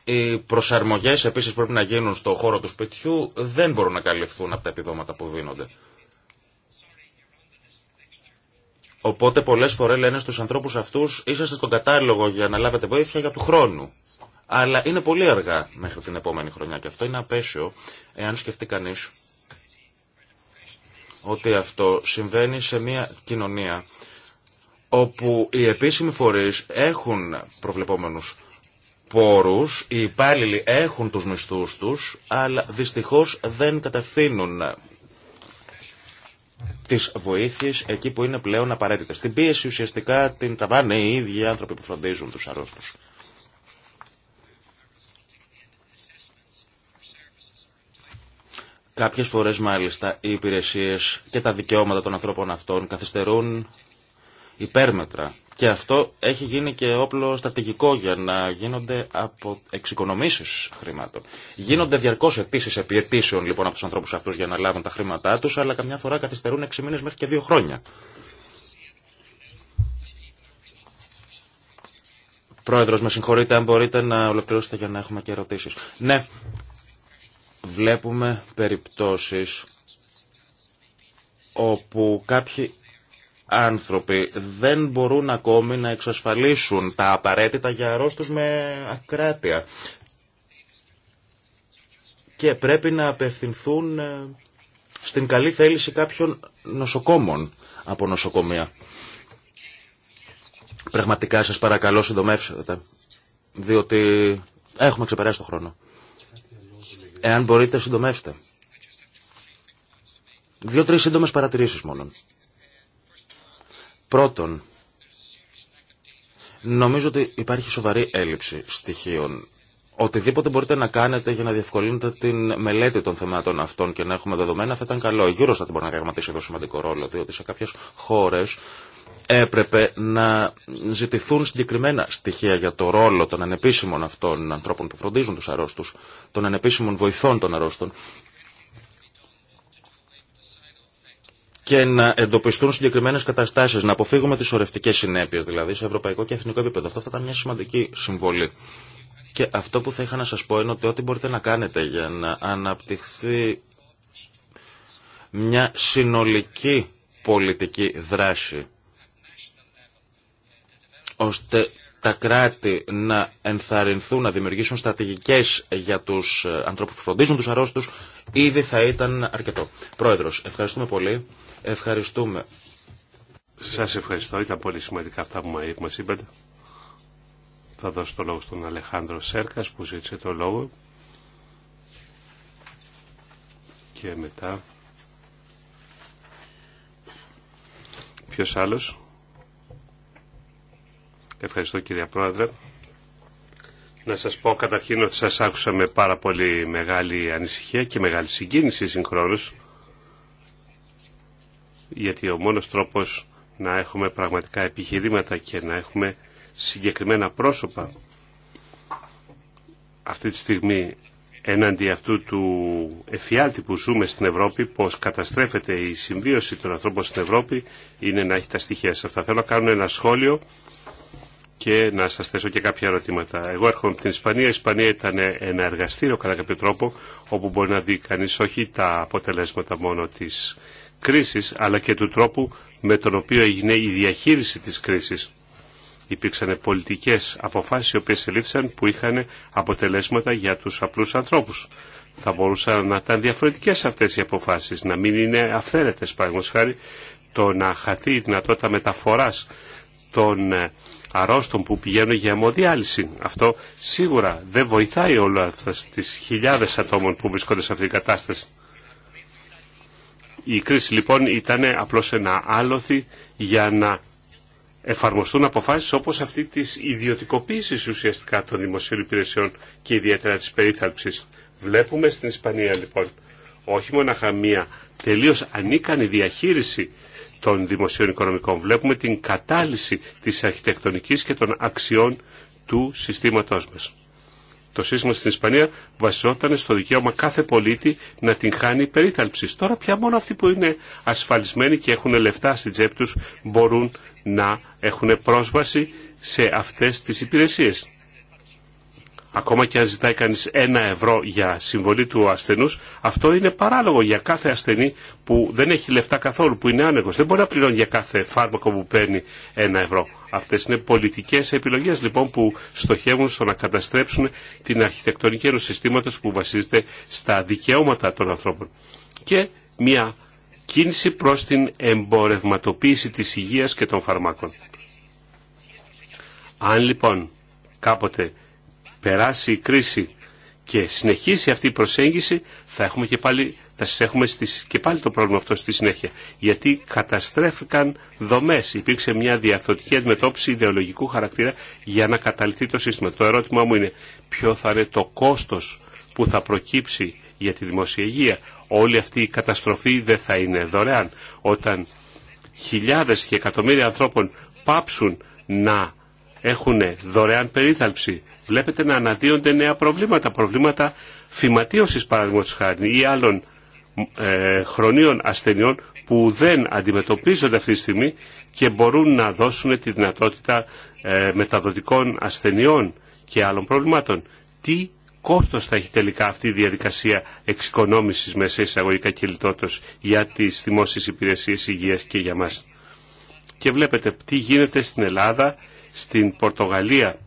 Οι προσαρμογές επίσης πρέπει να γίνουν στο χώρο του σπιτιού, δεν μπορούν να καλυφθούν από τα επιδόματα που δίνονται. Οπότε πολλές φορές λένε στους ανθρώπους αυτούς είσαστε στον κατάλογο για να λάβετε βοήθεια για του χρόνου. Αλλά είναι πολύ αργά μέχρι την επόμενη χρονιά και αυτό είναι απέσιο εάν σκεφτεί κανείς ότι αυτό συμβαίνει σε μια κοινωνία όπου οι επίσημοι φορείς έχουν προβλεπόμενους πόρους, οι υπάλληλοι έχουν τους μισθούς τους, αλλά δυστυχώς δεν κατευθύνουν τις βοήθειες εκεί που είναι πλέον απαραίτητες. Την πίεση ουσιαστικά την ταβάνε οι ίδιοι άνθρωποι που φροντίζουν τους αρρώστους. Κάποιες φορές μάλιστα οι υπηρεσίες και τα δικαιώματα των ανθρώπων αυτών καθυστερούν υπέρμετρα. Και αυτό έχει γίνει και όπλο στρατηγικό για να γίνονται από εξοικονομήσεις χρημάτων. Γίνονται διαρκώς αιτήσει επί αιτήσεων λοιπόν από τους ανθρώπους αυτούς για να λάβουν τα χρήματά τους, αλλά καμιά φορά καθυστερούν 6 μήνες μέχρι και 2 χρόνια. Πρόεδρος, με συγχωρείτε αν μπορείτε να ολοκληρώσετε για να έχουμε και ερωτήσεις. Ναι, βλέπουμε περιπτώσεις όπου κάποιοι άνθρωποι δεν μπορούν ακόμη να εξασφαλίσουν τα απαραίτητα για αρρώστους με ακράτεια και πρέπει να απευθυνθούν ε, στην καλή θέληση κάποιων νοσοκόμων από νοσοκομεία. Πραγματικά σας παρακαλώ συντομεύσετε, διότι έχουμε ξεπεράσει το χρόνο. Εάν μπορείτε, συντομεύστε. Δύο-τρεις σύντομες παρατηρήσεις μόνο. Πρώτον, νομίζω ότι υπάρχει σοβαρή έλλειψη στοιχείων. Οτιδήποτε μπορείτε να κάνετε για να διευκολύνετε την μελέτη των θεμάτων αυτών και να έχουμε δεδομένα θα ήταν καλό. Η Eurostat μπορεί να διαγραμματίσει εδώ σημαντικό ρόλο, διότι σε κάποιες χώρες έπρεπε να ζητηθούν συγκεκριμένα στοιχεία για το ρόλο των ανεπίσημων αυτών ανθρώπων που φροντίζουν τους αρρώστους, των ανεπίσημων βοηθών των αρρώστων και να εντοπιστούν συγκεκριμένε καταστάσει, να αποφύγουμε τι ορευτικέ συνέπειε δηλαδή σε ευρωπαϊκό και εθνικό επίπεδο. Αυτό θα ήταν μια σημαντική συμβολή. Και αυτό που θα είχα να σα πω είναι ότι ό,τι μπορείτε να κάνετε για να αναπτυχθεί μια συνολική πολιτική δράση ώστε τα κράτη να ενθαρρυνθούν να δημιουργήσουν στρατηγικές για τους ε, ανθρώπου που φροντίζουν τους αρρώστους ήδη θα ήταν αρκετό. Πρόεδρος, ευχαριστούμε πολύ. Ευχαριστούμε. Σας ευχαριστώ. Ήταν πολύ σημαντικά αυτά που μας είπατε. Θα δώσω το λόγο στον Αλεχάνδρο Σέρκας που ζήτησε το λόγο. Και μετά... ποιο άλλο, Ευχαριστώ κύριε Πρόεδρε. Να σας πω καταρχήν ότι σας άκουσα με πάρα πολύ μεγάλη ανησυχία και μεγάλη συγκίνηση συγχρόνως γιατί ο μόνος τρόπος να έχουμε πραγματικά επιχειρήματα και να έχουμε συγκεκριμένα πρόσωπα αυτή τη στιγμή έναντι αυτού του εφιάλτη που ζούμε στην Ευρώπη, πως καταστρέφεται η συμβίωση των ανθρώπων στην Ευρώπη, είναι να έχει τα στοιχεία σε αυτά. Θέλω να κάνω ένα σχόλιο και να σας θέσω και κάποια ερωτήματα. Εγώ έρχομαι από την Ισπανία. Η Ισπανία ήταν ένα εργαστήριο κατά κάποιο τρόπο όπου μπορεί να δει κανείς όχι τα αποτελέσματα μόνο της κρίσης αλλά και του τρόπου με τον οποίο έγινε η διαχείριση της κρίσης. Υπήρξαν πολιτικές αποφάσεις οι οποίες ελήφθησαν που είχαν αποτελέσματα για τους απλούς ανθρώπους. Θα μπορούσαν να ήταν διαφορετικές αυτές οι αποφάσεις, να μην είναι αυθαίρετες παραγωγός χάρη, το να χαθεί η δυνατότητα μεταφοράς των ε, αρρώστων που πηγαίνουν για αιμοδιάλυση. Αυτό σίγουρα δεν βοηθάει όλα αυτά τις χιλιάδες ατόμων που βρισκόνται σε αυτήν την κατάσταση. Η κρίση λοιπόν ήταν απλώς ένα άλοθη για να εφαρμοστούν αποφάσεις όπως αυτή της ιδιωτικοποίηση ουσιαστικά των δημοσίων υπηρεσιών και ιδιαίτερα της περίθαλψης. Βλέπουμε στην Ισπανία λοιπόν όχι μόνο μία τελείως ανίκανη διαχείριση των δημοσίων οικονομικών. Βλέπουμε την κατάλυση της αρχιτεκτονικής και των αξιών του συστήματός μας. Το σύστημα στην Ισπανία βασιζόταν στο δικαίωμα κάθε πολίτη να την χάνει περίθαλψη. Τώρα πια μόνο αυτοί που είναι ασφαλισμένοι και έχουν λεφτά στην τσέπη τους μπορούν να έχουν πρόσβαση σε αυτές τις υπηρεσίες ακόμα και αν ζητάει κανείς ένα ευρώ για συμβολή του ασθενού, αυτό είναι παράλογο για κάθε ασθενή που δεν έχει λεφτά καθόλου, που είναι άνεργο. Δεν μπορεί να πληρώνει για κάθε φάρμακο που παίρνει ένα ευρώ. Αυτές είναι πολιτικές επιλογέ λοιπόν που στοχεύουν στο να καταστρέψουν την αρχιτεκτονική ενό συστήματο που βασίζεται στα δικαιώματα των ανθρώπων. Και μια κίνηση προς την εμπορευματοποίηση της υγείας και των φαρμάκων. Αν λοιπόν κάποτε περάσει η κρίση και συνεχίσει αυτή η προσέγγιση, θα έχουμε και πάλι, θα έχουμε στις, και πάλι το πρόβλημα αυτό στη συνέχεια. Γιατί καταστρέφηκαν δομέ. Υπήρξε μια διαρθρωτική αντιμετώπιση ιδεολογικού χαρακτήρα για να καταληθεί το σύστημα. Το ερώτημά μου είναι ποιο θα είναι το κόστος που θα προκύψει για τη δημόσια υγεία. Όλη αυτή η καταστροφή δεν θα είναι δωρεάν. Όταν χιλιάδες και εκατομμύρια ανθρώπων πάψουν να έχουν δωρεάν περίθαλψη. Βλέπετε να αναδύονται νέα προβλήματα, προβλήματα φυματίωσης παραδείγματο χάρη ή άλλων ε, χρονίων ασθενειών που δεν αντιμετωπίζονται αυτή τη στιγμή και μπορούν να δώσουν τη δυνατότητα ε, μεταδοτικών ασθενειών και άλλων προβλημάτων. Τι κόστος θα έχει τελικά αυτή η διαδικασία εξοικονόμησης μέσα εισαγωγικά και για τις δημόσιε υπηρεσίες υγείας και για μας. Και βλέπετε τι γίνεται στην Ελλάδα στην Πορτογαλία,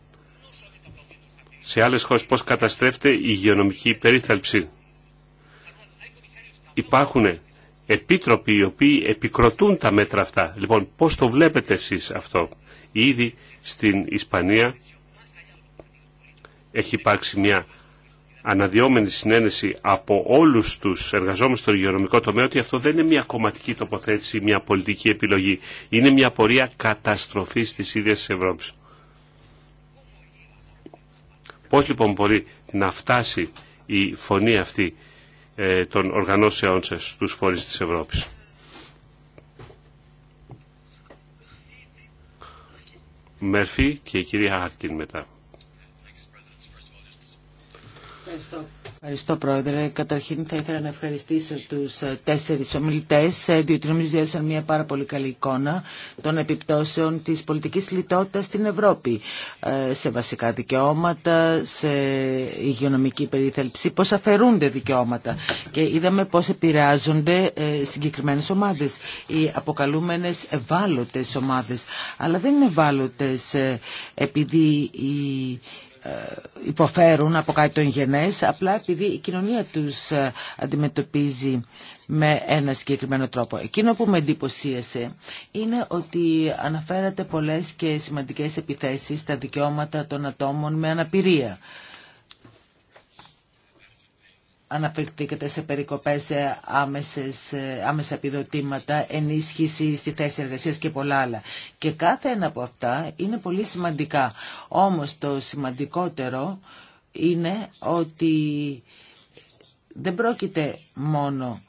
σε άλλες χώρες πώς καταστρέφεται η υγειονομική περίθαλψη. Υπάρχουν επίτροποι οι οποίοι επικροτούν τα μέτρα αυτά. Λοιπόν, πώς το βλέπετε εσείς αυτό. Ήδη στην Ισπανία έχει υπάρξει μια αναδυόμενη συνένεση από όλου του εργαζόμενου στο υγειονομικό τομέα ότι αυτό δεν είναι μια κομματική τοποθέτηση, μια πολιτική επιλογή. Είναι μια πορεία καταστροφή τη ίδια τη Ευρώπη. Πώ λοιπόν μπορεί να φτάσει η φωνή αυτή ε, των οργανώσεών σα στου φορεί τη Ευρώπη. Μέρφυ και η κυρία Άρκιν μετά. Ευχαριστώ. Πρόεδρε. Καταρχήν θα ήθελα να ευχαριστήσω τους ε, τέσσερις ομιλητές, ε, διότι νομίζω διέδωσαν μια πάρα πολύ καλή εικόνα των επιπτώσεων της πολιτικής λιτότητας στην Ευρώπη, ε, σε βασικά δικαιώματα, σε υγειονομική περίθαλψη, πώς αφαιρούνται δικαιώματα. Και είδαμε πώς επηρεάζονται συγκεκριμένες ομάδες, οι αποκαλούμενες ευάλωτες ομάδες. Αλλά δεν είναι ευάλωτες επειδή οι ε, υποφέρουν από κάτι των γενές, απλά επειδή η κοινωνία τους ε, αντιμετωπίζει με ένα συγκεκριμένο τρόπο. Εκείνο που με εντυπωσίασε είναι ότι αναφέρατε πολλές και σημαντικές επιθέσεις στα δικαιώματα των ατόμων με αναπηρία αναφερθήκατε σε περικοπές, σε άμεσες, άμεσα επιδοτήματα, ενίσχυση στη θέση εργασίας και πολλά άλλα. Και κάθε ένα από αυτά είναι πολύ σημαντικά. Όμως το σημαντικότερο είναι ότι δεν πρόκειται μόνο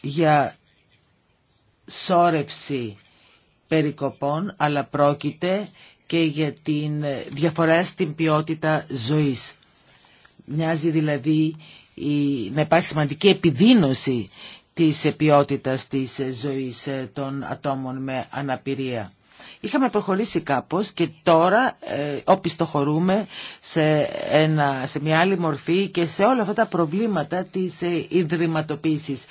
για σόρευση περικοπών, αλλά πρόκειται και για την διαφορά στην ποιότητα ζωής μοιάζει δηλαδή να υπάρχει σημαντική επιδείνωση της ποιότητας της ζωής ε, των ατόμων με αναπηρία. Είχαμε προχωρήσει κάπως και τώρα ε, οπισθοχωρούμε σε, ένα, σε μια άλλη μορφή και σε όλα αυτά τα προβλήματα της ε, ιδρυματοποίησης.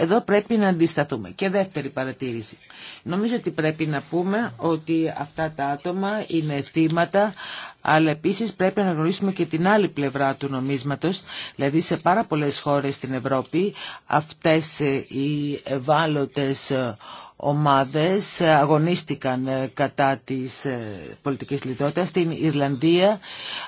Εδώ πρέπει να αντισταθούμε. Και δεύτερη παρατήρηση. Νομίζω ότι πρέπει να πούμε ότι αυτά τα άτομα είναι θύματα αλλά επίσης πρέπει να γνωρίσουμε και την άλλη πλευρά του νομίσματος, δηλαδή σε πάρα πολλές χώρες στην Ευρώπη αυτές ε, οι ευάλωτες ε, ομάδες αγωνίστηκαν ε, κατά της ε, πολιτικής λιτότητας στην Ιρλανδία.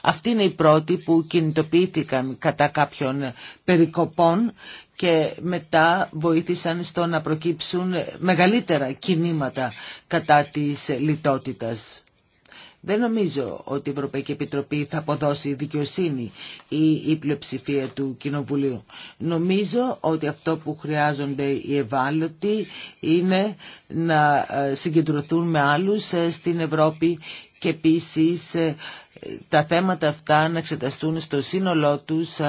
Αυτή είναι η πρώτη που κινητοποιήθηκαν κατά κάποιων ε, περικοπών και μετά βοήθησαν στο να προκύψουν μεγαλύτερα κινήματα κατά της λιτότητας. Δεν νομίζω ότι η Ευρωπαϊκή Επιτροπή θα αποδώσει δικαιοσύνη ή η πλειοψηφία του Κοινοβουλίου. Νομίζω ότι αυτό που χρειάζονται οι ευάλωτοι είναι να ε, συγκεντρωθούν με άλλους ε, στην Ευρώπη και επίσης ε, τα θέματα αυτά να εξεταστούν στο σύνολό τους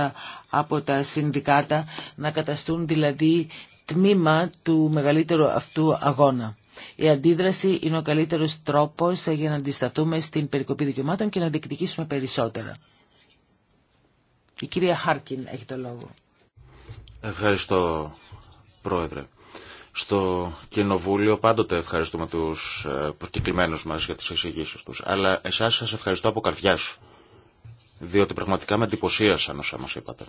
από τα συνδικάτα, να καταστούν δηλαδή τμήμα του μεγαλύτερου αυτού αγώνα. Η αντίδραση είναι ο καλύτερος τρόπος για να αντισταθούμε στην περικοπή δικαιωμάτων και να διεκδικήσουμε περισσότερα. Η κυρία Χάρκιν έχει το λόγο. Ευχαριστώ, Πρόεδρε. Στο Κοινοβούλιο πάντοτε ευχαριστούμε τους ε, προκεκλημένους μας για τις εισηγήσεις τους. Αλλά εσάς σας ευχαριστώ από καρδιάς, διότι πραγματικά με εντυπωσίασαν όσα μας είπατε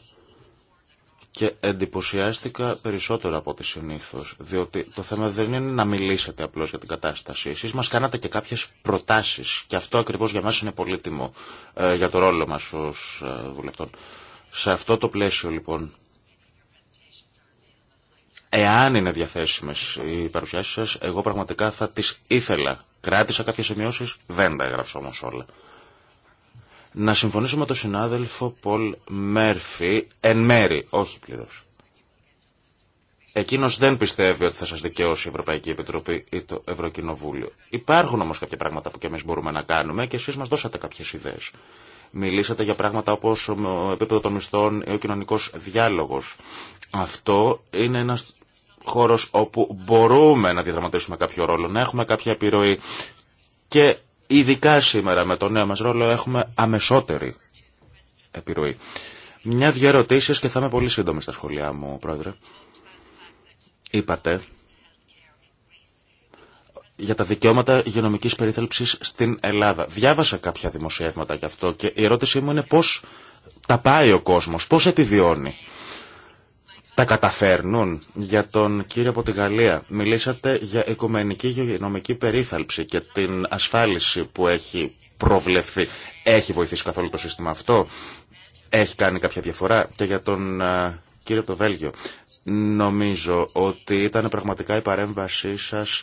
και εντυπωσιάστηκα περισσότερο από ό,τι συνήθω. Διότι το θέμα δεν είναι να μιλήσετε απλώ για την κατάσταση. Εσεί μα κάνατε και κάποιε προτάσει. Και αυτό ακριβώ για μα είναι πολύτιμο ε, για το ρόλο μα ω ε, βουλευτών. Σε αυτό το πλαίσιο λοιπόν. Εάν είναι διαθέσιμε οι παρουσιάσει σα, εγώ πραγματικά θα τις ήθελα. Κράτησα κάποιε σημειώσει, δεν τα έγραψα όμω όλα να συμφωνήσω με τον συνάδελφο Πολ Μέρφυ εν μέρη, όχι πλήρως. Εκείνος δεν πιστεύει ότι θα σας δικαιώσει η Ευρωπαϊκή Επιτροπή ή το Ευρωκοινοβούλιο. Υπάρχουν όμως κάποια πράγματα που κι εμείς μπορούμε να κάνουμε και εσείς μας δώσατε κάποιες ιδέες. Μιλήσατε για πράγματα όπως ο επίπεδο των μισθών ή ο κοινωνικός διάλογος. Αυτό είναι ένας χώρος όπου μπορούμε να διαδραματίσουμε κάποιο ρόλο, να έχουμε κάποια επιρροή και Ειδικά σήμερα με το νέο μας ρόλο έχουμε αμεσότερη επιρροή. Μια δυο ερωτήσει και θα είμαι πολύ σύντομη στα σχόλιά μου, Πρόεδρε. Είπατε για τα δικαιώματα υγειονομικής περίθαλψης στην Ελλάδα. Διάβασα κάποια δημοσιεύματα γι' αυτό και η ερώτησή μου είναι πώς τα πάει ο κόσμος, πώς επιβιώνει τα καταφέρνουν. Για τον κύριο από τη Γαλλία, μιλήσατε για οικουμενική γεωνομική περίθαλψη και την ασφάλιση που έχει προβλεφθεί. Έχει βοηθήσει καθόλου το σύστημα αυτό, έχει κάνει κάποια διαφορά. Και για τον κύριο από το Βέλγιο, νομίζω ότι ήταν πραγματικά η παρέμβασή σας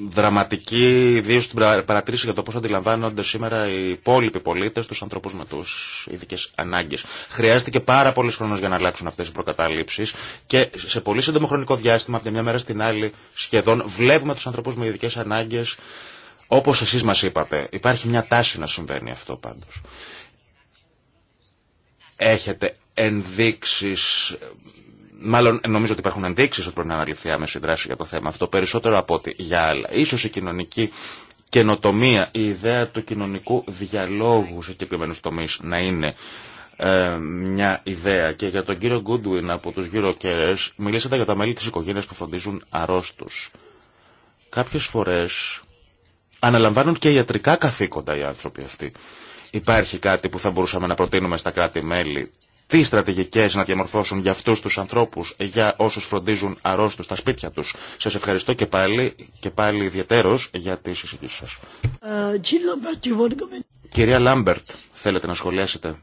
δραματική, ιδίω στην παρατήρηση για το πώ αντιλαμβάνονται σήμερα οι υπόλοιποι πολίτε, του ανθρώπου με του ειδικέ ανάγκε. Χρειάστηκε πάρα πολλή χρόνο για να αλλάξουν αυτέ οι προκατάληψει και σε πολύ σύντομο χρονικό διάστημα, από τη μια μέρα στην άλλη, σχεδόν βλέπουμε του ανθρώπου με ειδικέ ανάγκε. Όπω εσεί μα είπατε, υπάρχει μια τάση να συμβαίνει αυτό πάντω. Έχετε ενδείξει. Μάλλον νομίζω ότι υπάρχουν ενδείξει ότι πρέπει να αναλυθεί άμεση δράση για το θέμα αυτό, περισσότερο από ότι για άλλα. Ίσως η κοινωνική καινοτομία, η ιδέα του κοινωνικού διαλόγου σε συγκεκριμένου τομεί να είναι ε, μια ιδέα. Και για τον κύριο Γκούντουιν από του γύρω κέρες, μιλήσατε για τα μέλη τη οικογένεια που φροντίζουν αρρώστου. Κάποιε φορέ αναλαμβάνουν και ιατρικά καθήκοντα οι άνθρωποι αυτοί. Υπάρχει κάτι που θα μπορούσαμε να προτείνουμε στα κράτη-μέλη τι στρατηγικές να διαμορφώσουν για αυτούς τους ανθρώπους, για όσους φροντίζουν αρρώστους στα σπίτια τους. Σας ευχαριστώ και πάλι, και πάλι ιδιαίτερος για τις συζητήσει σας. Ε, Κυρία Λάμπερτ, θέλετε να σχολιάσετε.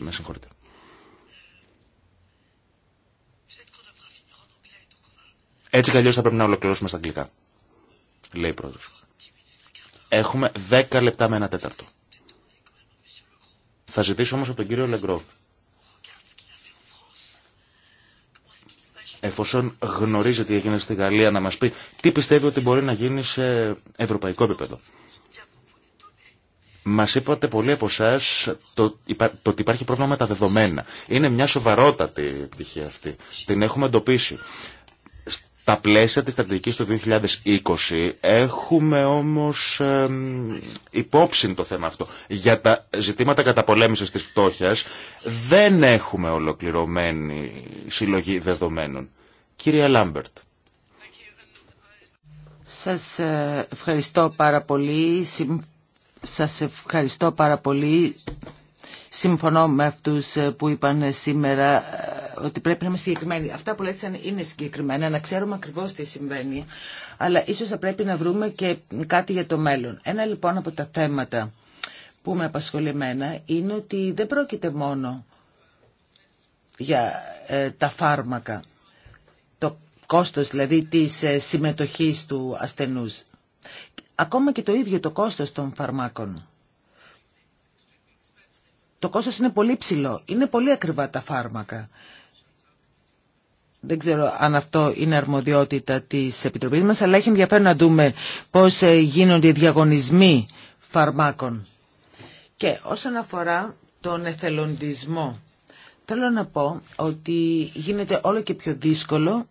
Με συγχωρείτε. Έτσι κι θα πρέπει να ολοκληρώσουμε στα αγγλικά. Λέει η πρόεδρος. Έχουμε 10 λεπτά με ένα τέταρτο. Θα ζητήσω όμως από τον κύριο Λεγκρό εφόσον γνωρίζει τι έγινε στη Γαλλία, να μας πει τι πιστεύει ότι μπορεί να γίνει σε ευρωπαϊκό επίπεδο. Μα είπατε πολλοί από εσά το, το ότι υπάρχει πρόβλημα με τα δεδομένα. Είναι μια σοβαρότατη πτυχή αυτή. Την έχουμε εντοπίσει. Στα πλαίσια της στρατηγικής του 2020 έχουμε όμως υπόψη το θέμα αυτό. Για τα ζητήματα καταπολέμησης της φτώχειας δεν έχουμε ολοκληρωμένη συλλογή δεδομένων. Κύριε Λάμπερτ. Σας ε, ευχαριστώ πάρα πολύ. Σας ευχαριστώ πάρα πολύ. Συμφωνώ με αυτούς ε, που είπαν σήμερα ότι πρέπει να είμαστε συγκεκριμένοι. Αυτά που λέτε είναι συγκεκριμένα, να ξέρουμε ακριβώς τι συμβαίνει, αλλά ίσως θα πρέπει να βρούμε και κάτι για το μέλλον. Ένα λοιπόν από τα θέματα που με απασχολημένα είναι ότι δεν πρόκειται μόνο για ε, τα φάρμακα, το κόστος δηλαδή της ε, του ασθενούς. Ακόμα και το ίδιο το κόστος των φαρμάκων. Το κόστος είναι πολύ ψηλό. Είναι πολύ ακριβά τα φάρμακα δεν ξέρω αν αυτό είναι αρμοδιότητα της Επιτροπής μας, αλλά έχει ενδιαφέρον να δούμε πώς ε, γίνονται οι διαγωνισμοί φαρμάκων. Και όσον αφορά τον εθελοντισμό, θέλω να πω ότι γίνεται όλο και πιο δύσκολο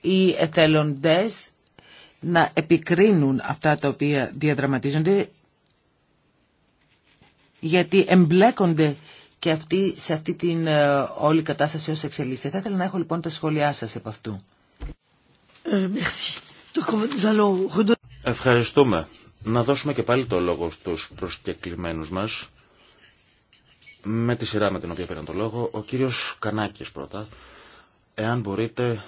οι εθελοντές να επικρίνουν αυτά τα οποία διαδραματίζονται γιατί εμπλέκονται και αυτή, σε αυτή την ε, όλη κατάσταση όσο εξελίσσεται. Θα ήθελα να έχω λοιπόν τα σχόλιά σας επ' αυτού. Ε, Ευχαριστούμε. Να δώσουμε και πάλι το λόγο στους προσκεκλημένους μας. Με τη σειρά με την οποία πήραν το λόγο, ο κύριος Κανάκης πρώτα. Εάν μπορείτε,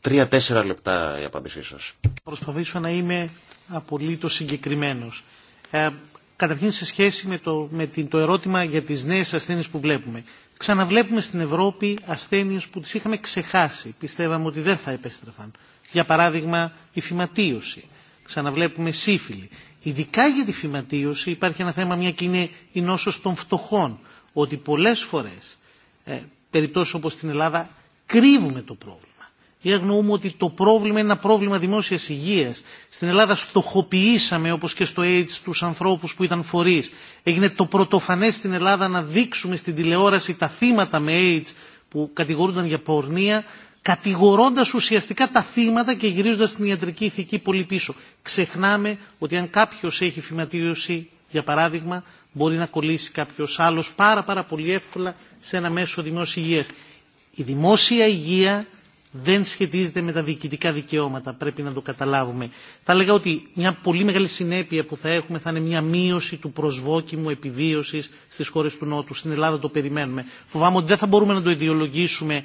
τρία-τέσσερα λεπτά η απάντησή σας. Προσπαθήσω να είμαι απολύτως συγκεκριμένος. Ε, καταρχήν σε σχέση με το, με την, το ερώτημα για τις νέες ασθένειες που βλέπουμε. Ξαναβλέπουμε στην Ευρώπη ασθένειες που τις είχαμε ξεχάσει. Πιστεύαμε ότι δεν θα επέστρεφαν. Για παράδειγμα, η φυματίωση. Ξαναβλέπουμε σύφυλλη. Ειδικά για τη φυματίωση υπάρχει ένα θέμα, μια και είναι η νόσος των φτωχών. Ότι πολλές φορές, ε, περιπτώσεις όπως στην Ελλάδα, κρύβουμε το πρόβλημα ή αγνοούμε ότι το πρόβλημα είναι ένα πρόβλημα δημόσια υγεία. Στην Ελλάδα στοχοποιήσαμε όπω και στο AIDS του ανθρώπου που ήταν φορεί. Έγινε το πρωτοφανέ στην Ελλάδα να δείξουμε στην τηλεόραση τα θύματα με AIDS που κατηγορούνταν για πορνεία κατηγορώντα ουσιαστικά τα θύματα και γυρίζοντα την ιατρική ηθική πολύ πίσω. Ξεχνάμε ότι αν κάποιο έχει φυματίωση, για παράδειγμα, μπορεί να κολλήσει κάποιο άλλο πάρα πάρα πολύ εύκολα σε ένα μέσο δημόσια υγεία. Η δημόσια υγεία δεν σχετίζεται με τα διοικητικά δικαιώματα. Πρέπει να το καταλάβουμε. Θα έλεγα ότι μια πολύ μεγάλη συνέπεια που θα έχουμε θα είναι μια μείωση του προσβόκιμου επιβίωση στι χώρε του Νότου. Στην Ελλάδα το περιμένουμε. Φοβάμαι ότι δεν θα μπορούμε να το ιδεολογήσουμε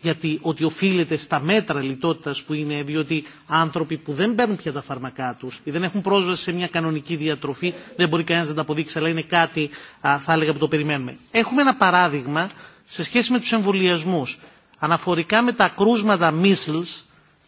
γιατί ότι οφείλεται στα μέτρα λιτότητα που είναι, διότι άνθρωποι που δεν παίρνουν πια τα φάρμακά του ή δεν έχουν πρόσβαση σε μια κανονική διατροφή, δεν μπορεί κανένα να τα αποδείξει, αλλά είναι κάτι, θα έλεγα, που το περιμένουμε. Έχουμε ένα παράδειγμα σε σχέση με του εμβολιασμού αναφορικά με τα κρούσματα μίσλ,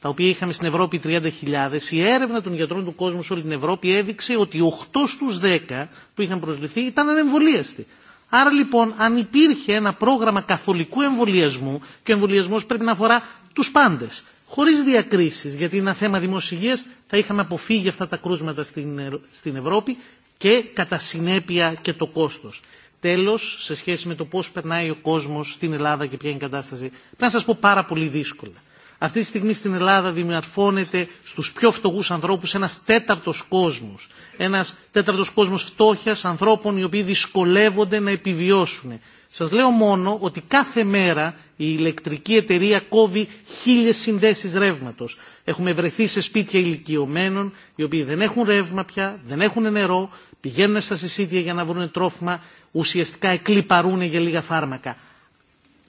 τα οποία είχαμε στην Ευρώπη 30.000, η έρευνα των γιατρών του κόσμου σε όλη την Ευρώπη έδειξε ότι 8 στους 10 που είχαν προσληφθεί ήταν ανεμβολίαστοι. Άρα λοιπόν αν υπήρχε ένα πρόγραμμα καθολικού εμβολιασμού και ο εμβολιασμός πρέπει να αφορά τους πάντες, χωρίς διακρίσεις, γιατί είναι ένα θέμα υγείας θα είχαμε αποφύγει αυτά τα κρούσματα ε, στην Ευρώπη και κατά συνέπεια και το κόστος τέλος σε σχέση με το πώς περνάει ο κόσμος στην Ελλάδα και ποια είναι η κατάσταση. Πρέπει να σας πω πάρα πολύ δύσκολα. Αυτή τη στιγμή στην Ελλάδα δημιουργώνεται στους πιο φτωχούς ανθρώπους ένας τέταρτος κόσμος. Ένας τέταρτος κόσμος φτώχειας ανθρώπων οι οποίοι δυσκολεύονται να επιβιώσουν. Σας λέω μόνο ότι κάθε μέρα η ηλεκτρική εταιρεία κόβει χίλιες συνδέσεις ρεύματος. Έχουμε βρεθεί σε σπίτια ηλικιωμένων οι οποίοι δεν έχουν ρεύμα πια, δεν έχουν νερό, πηγαίνουν στα συσίδια για να βρουν τρόφιμα, ουσιαστικά εκλυπαρούν για λίγα φάρμακα.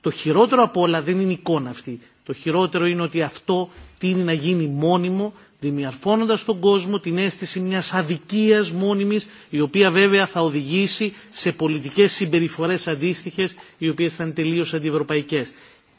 Το χειρότερο από όλα δεν είναι η εικόνα αυτή. Το χειρότερο είναι ότι αυτό τίνει να γίνει μόνιμο, δημιουργώντα τον κόσμο την αίσθηση μια αδικία μόνιμη, η οποία βέβαια θα οδηγήσει σε πολιτικέ συμπεριφορέ αντίστοιχε, οι οποίε θα είναι τελείω αντιευρωπαϊκέ.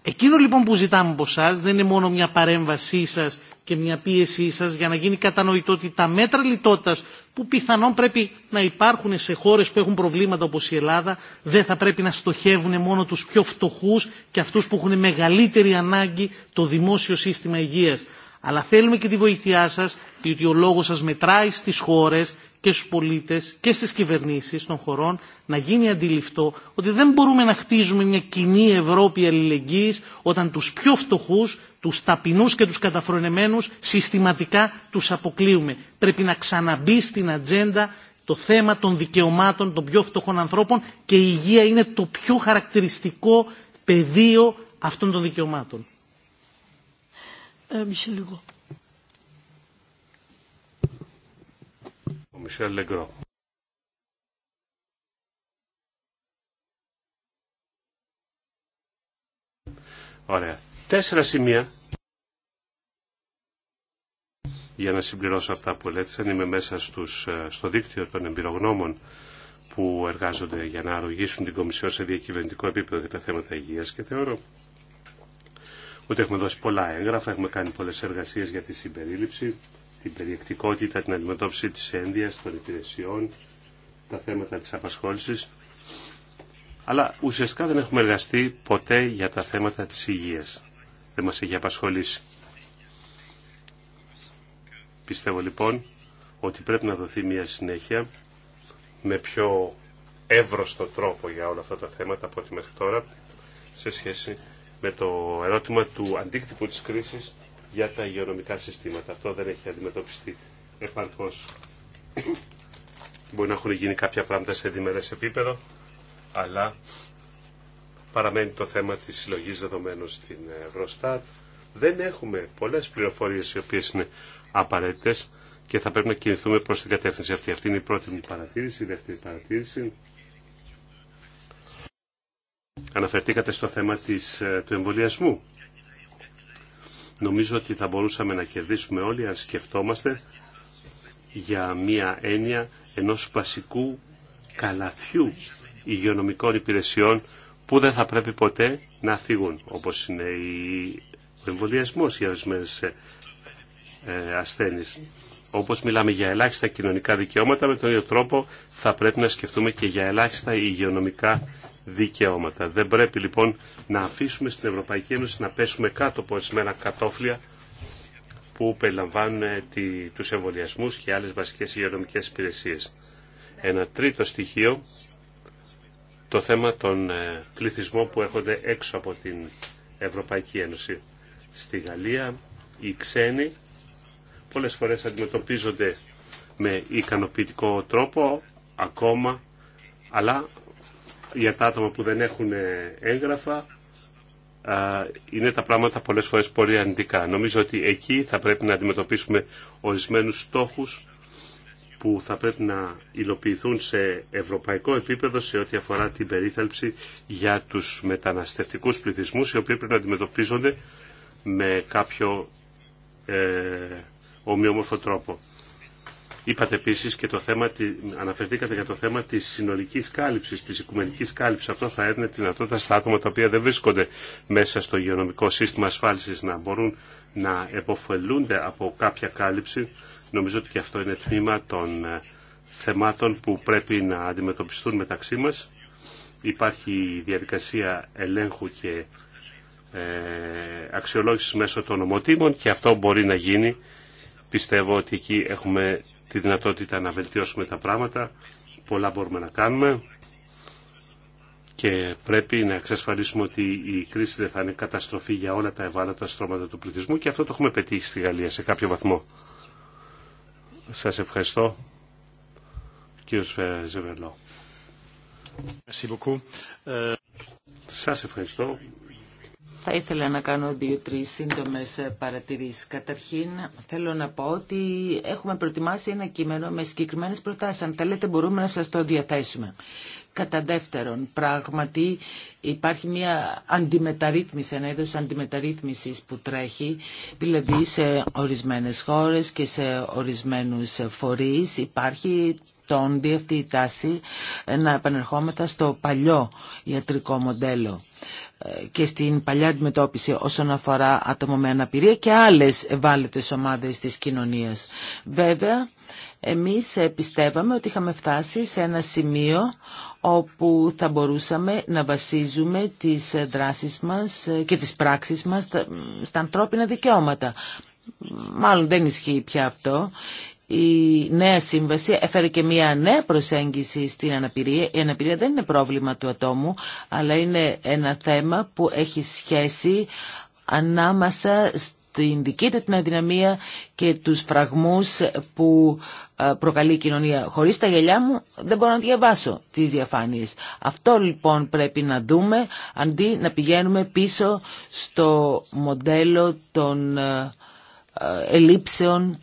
Εκείνο λοιπόν που ζητάμε από εσά δεν είναι μόνο μια παρέμβασή σα και μια πίεσή σα για να γίνει κατανοητό ότι τα μέτρα λιτότητα που πιθανόν πρέπει να υπάρχουν σε χώρε που έχουν προβλήματα όπω η Ελλάδα δεν θα πρέπει να στοχεύουν μόνο του πιο φτωχού και αυτού που έχουν μεγαλύτερη ανάγκη το δημόσιο σύστημα υγεία. Αλλά θέλουμε και τη βοήθειά σας, διότι ο λόγος σας μετράει στις χώρες και στους πολίτες και στις κυβερνήσεις των χωρών να γίνει αντιληφτό ότι δεν μπορούμε να χτίζουμε μια κοινή Ευρώπη αλληλεγγύης όταν τους πιο φτωχούς, τους ταπεινούς και τους καταφρονεμένους συστηματικά τους αποκλείουμε. Πρέπει να ξαναμπεί στην ατζέντα το θέμα των δικαιωμάτων των πιο φτωχών ανθρώπων και η υγεία είναι το πιο χαρακτηριστικό πεδίο αυτών των δικαιωμάτων. Ε, Ωραία. Τέσσερα σημεία για να συμπληρώσω αυτά που ελέγχθησαν. Είμαι μέσα στους, ε, στο δίκτυο των εμπειρογνώμων που εργάζονται για να αρρωγήσουν την Κομισιό σε διακυβερνητικό επίπεδο για τα θέματα υγείας και θεωρώ ότι έχουμε δώσει πολλά έγγραφα, έχουμε κάνει πολλές εργασίες για τη συμπερίληψη, την περιεκτικότητα, την αντιμετώπιση της ένδειας, των υπηρεσιών, τα θέματα της απασχόλησης. Αλλά ουσιαστικά δεν έχουμε εργαστεί ποτέ για τα θέματα της υγείας. Δεν μας έχει απασχολήσει. Πιστεύω λοιπόν ότι πρέπει να δοθεί μια συνέχεια με πιο εύρωστο τρόπο για όλα αυτά τα θέματα από ό,τι μέχρι τώρα σε σχέση με το ερώτημα του αντίκτυπου της κρίσης για τα υγειονομικά συστήματα. Αυτό δεν έχει αντιμετωπιστεί επαρκώς. Μπορεί να έχουν γίνει κάποια πράγματα σε διμερές επίπεδο, αλλά παραμένει το θέμα της συλλογής δεδομένων στην Ευρωστάτ. Δεν έχουμε πολλές πληροφορίες οι οποίες είναι απαραίτητες και θα πρέπει να κινηθούμε προς την κατεύθυνση αυτή. Αυτή είναι η πρώτη μου παρατήρηση, η δεύτερη παρατήρηση. Αναφερθήκατε στο θέμα της, ε, του εμβολιασμού. Νομίζω ότι θα μπορούσαμε να κερδίσουμε όλοι αν σκεφτόμαστε για μία έννοια ενός βασικού καλαθιού υγειονομικών υπηρεσιών που δεν θα πρέπει ποτέ να φύγουν, όπως είναι ο εμβολιασμό για ορισμένε ε, ασθένειε. Όπως μιλάμε για ελάχιστα κοινωνικά δικαιώματα, με τον ίδιο τρόπο θα πρέπει να σκεφτούμε και για ελάχιστα υγειονομικά δικαιώματα. Δεν πρέπει λοιπόν να αφήσουμε στην Ευρωπαϊκή Ένωση να πέσουμε κάτω από ορισμένα κατόφλια που περιλαμβάνουν ε, τη, τους εμβολιασμούς και άλλες βασικές υγειονομικές υπηρεσίες. Ένα τρίτο στοιχείο, το θέμα των ε, πληθυσμών που έχονται έξω από την Ευρωπαϊκή Ένωση. Στη Γαλλία οι ξένοι πολλές φορές αντιμετωπίζονται με ικανοποιητικό τρόπο ακόμα, αλλά για τα άτομα που δεν έχουν ε, έγγραφα είναι τα πράγματα πολλές φορές πολύ αντικά. Νομίζω ότι εκεί θα πρέπει να αντιμετωπίσουμε ορισμένους στόχους που θα πρέπει να υλοποιηθούν σε ευρωπαϊκό επίπεδο σε ό,τι αφορά την περίθαλψη για τους μεταναστευτικούς πληθυσμούς οι οποίοι πρέπει να αντιμετωπίζονται με κάποιο ε, ομοιόμορφο τρόπο. Είπατε επίση και το θέμα, αναφερθήκατε για το θέμα τη συνολική κάλυψη, τη οικουμενική κάλυψη. Αυτό θα έδινε τη δυνατότητα στα άτομα τα οποία δεν βρίσκονται μέσα στο υγειονομικό σύστημα ασφάλιση να μπορούν να επωφελούνται από κάποια κάλυψη. Νομίζω ότι και αυτό είναι τμήμα των ε, θεμάτων που πρέπει να αντιμετωπιστούν μεταξύ μα. Υπάρχει διαδικασία ελέγχου και ε, αξιολόγηση μέσω των ομοτήμων και αυτό μπορεί να γίνει πιστεύω ότι εκεί έχουμε τη δυνατότητα να βελτιώσουμε τα πράγματα. Πολλά μπορούμε να κάνουμε και πρέπει να εξασφαλίσουμε ότι η κρίση δεν θα είναι καταστροφή για όλα τα ευάλωτα στρώματα του πληθυσμού και αυτό το έχουμε πετύχει στη Γαλλία σε κάποιο βαθμό. Σας ευχαριστώ. Κύριος ε, Ζεβελό. Ε, Σας ευχαριστώ. Θα ήθελα να κάνω δύο-τρεις σύντομες παρατηρήσεις. Καταρχήν, θέλω να πω ότι έχουμε προετοιμάσει ένα κείμενο με συγκεκριμένες προτάσεις. Αν τα λέτε μπορούμε να σας το διαθέσουμε. Κατά δεύτερον, πράγματι υπάρχει μια αντιμεταρρύθμιση, ένα είδος αντιμεταρρύθμισης που τρέχει, δηλαδή σε ορισμένες χώρες και σε ορισμένους φορείς υπάρχει τόντι αυτή η τάση ε, να επανερχόμεθα στο παλιό ιατρικό μοντέλο ε, και στην παλιά αντιμετώπιση όσον αφορά άτομα με αναπηρία και άλλες ευάλωτες ομάδες της κοινωνίας. Βέβαια, εμείς ε, πιστεύαμε ότι είχαμε φτάσει σε ένα σημείο όπου θα μπορούσαμε να βασίζουμε τις ε, δράσεις μας ε, και τις πράξεις μας στα ανθρώπινα δικαιώματα. Μάλλον δεν ισχύει πια αυτό. Η νέα σύμβαση έφερε και μια νέα προσέγγιση στην αναπηρία. Η αναπηρία δεν είναι πρόβλημα του ατόμου, αλλά είναι ένα θέμα που έχει σχέση ανάμεσα την δική του την αδυναμία και τους φραγμούς που ε, προκαλεί η κοινωνία. Χωρίς τα γελιά μου δεν μπορώ να διαβάσω τις διαφάνειες. Αυτό λοιπόν πρέπει να δούμε αντί να πηγαίνουμε πίσω στο μοντέλο των ε, ε, ελλείψεων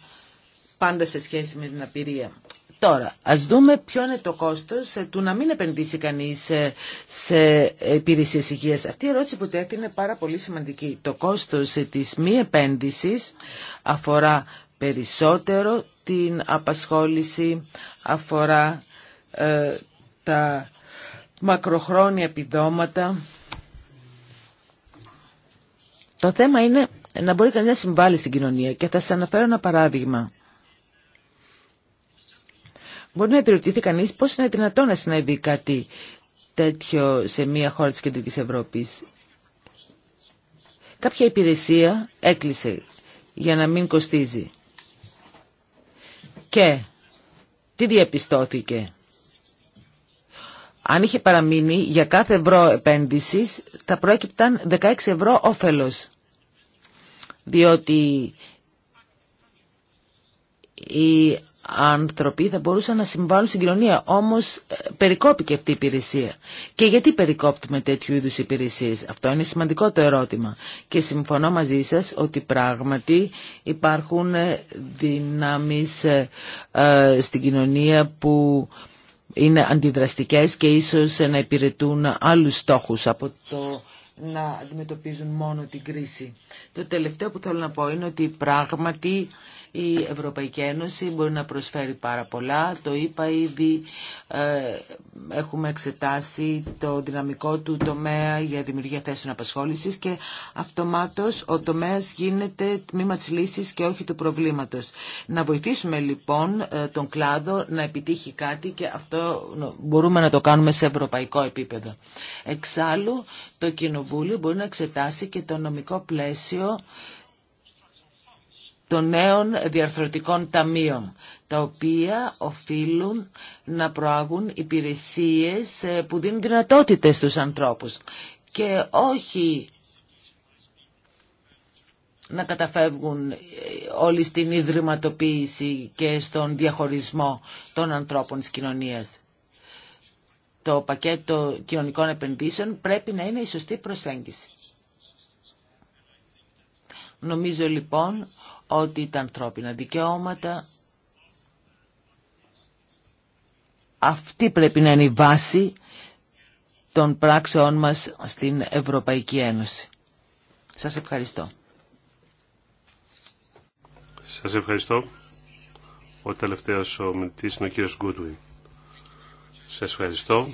πάντα σε σχέση με την απειρία. Τώρα, ας δούμε ποιο είναι το κόστος ε, του να μην επενδύσει κανείς σε, σε υπηρεσίες υγείας. Αυτή η ερώτηση που τέτοια είναι πάρα πολύ σημαντική. Το κόστος ε, της μη επένδυσης αφορά περισσότερο την απασχόληση, αφορά ε, τα μακροχρόνια επιδόματα. Το θέμα είναι να μπορεί κανείς να συμβάλλει στην κοινωνία και θα σας αναφέρω ένα παράδειγμα. Μπορεί να ερωτηθεί κανείς πώς είναι δυνατόν να συνέβη κάτι τέτοιο σε μια χώρα της Κεντρικής Ευρώπης. Κάποια υπηρεσία έκλεισε για να μην κοστίζει. Και τι διαπιστώθηκε. Αν είχε παραμείνει για κάθε ευρώ επένδυσης θα προέκυπταν 16 ευρώ όφελος. Διότι η άνθρωποι θα μπορούσαν να συμβάλλουν στην κοινωνία. Όμως ε, περικόπηκε αυτή η υπηρεσία. Και γιατί περικόπτουμε τέτοιου είδου υπηρεσίε. Αυτό είναι σημαντικό το ερώτημα. Και συμφωνώ μαζί σα ότι πράγματι υπάρχουν ε, δυνάμεις ε, στην κοινωνία που είναι αντιδραστικές και ίσως να υπηρετούν άλλους στόχους από το να αντιμετωπίζουν μόνο την κρίση. Το τελευταίο που θέλω να πω είναι ότι πράγματι η Ευρωπαϊκή Ένωση μπορεί να προσφέρει πάρα πολλά. Το είπα ήδη, ε, έχουμε εξετάσει το δυναμικό του τομέα για δημιουργία θέσεων απασχόλησης και αυτομάτως ο τομέας γίνεται τμήμα της λύσης και όχι του προβλήματος. Να βοηθήσουμε λοιπόν ε, τον κλάδο να επιτύχει κάτι και αυτό μπορούμε να το κάνουμε σε ευρωπαϊκό επίπεδο. Εξάλλου, το Κοινοβούλιο μπορεί να εξετάσει και το νομικό πλαίσιο των νέων διαρθρωτικών ταμείων, τα οποία οφείλουν να προάγουν υπηρεσίες ε, που δίνουν δυνατότητες στους ανθρώπους και όχι να καταφεύγουν ε, όλοι στην ιδρυματοποίηση και στον διαχωρισμό των ανθρώπων της κοινωνίας. Το πακέτο κοινωνικών επενδύσεων πρέπει να είναι η σωστή προσέγγιση. Νομίζω λοιπόν ότι τα ανθρώπινα δικαιώματα αυτή πρέπει να είναι η βάση των πράξεών μας στην Ευρωπαϊκή Ένωση. Σας ευχαριστώ. Σας ευχαριστώ. Ο τελευταίος ομιλητής είναι ο κύριος Γκούτουιν. Σας ευχαριστώ.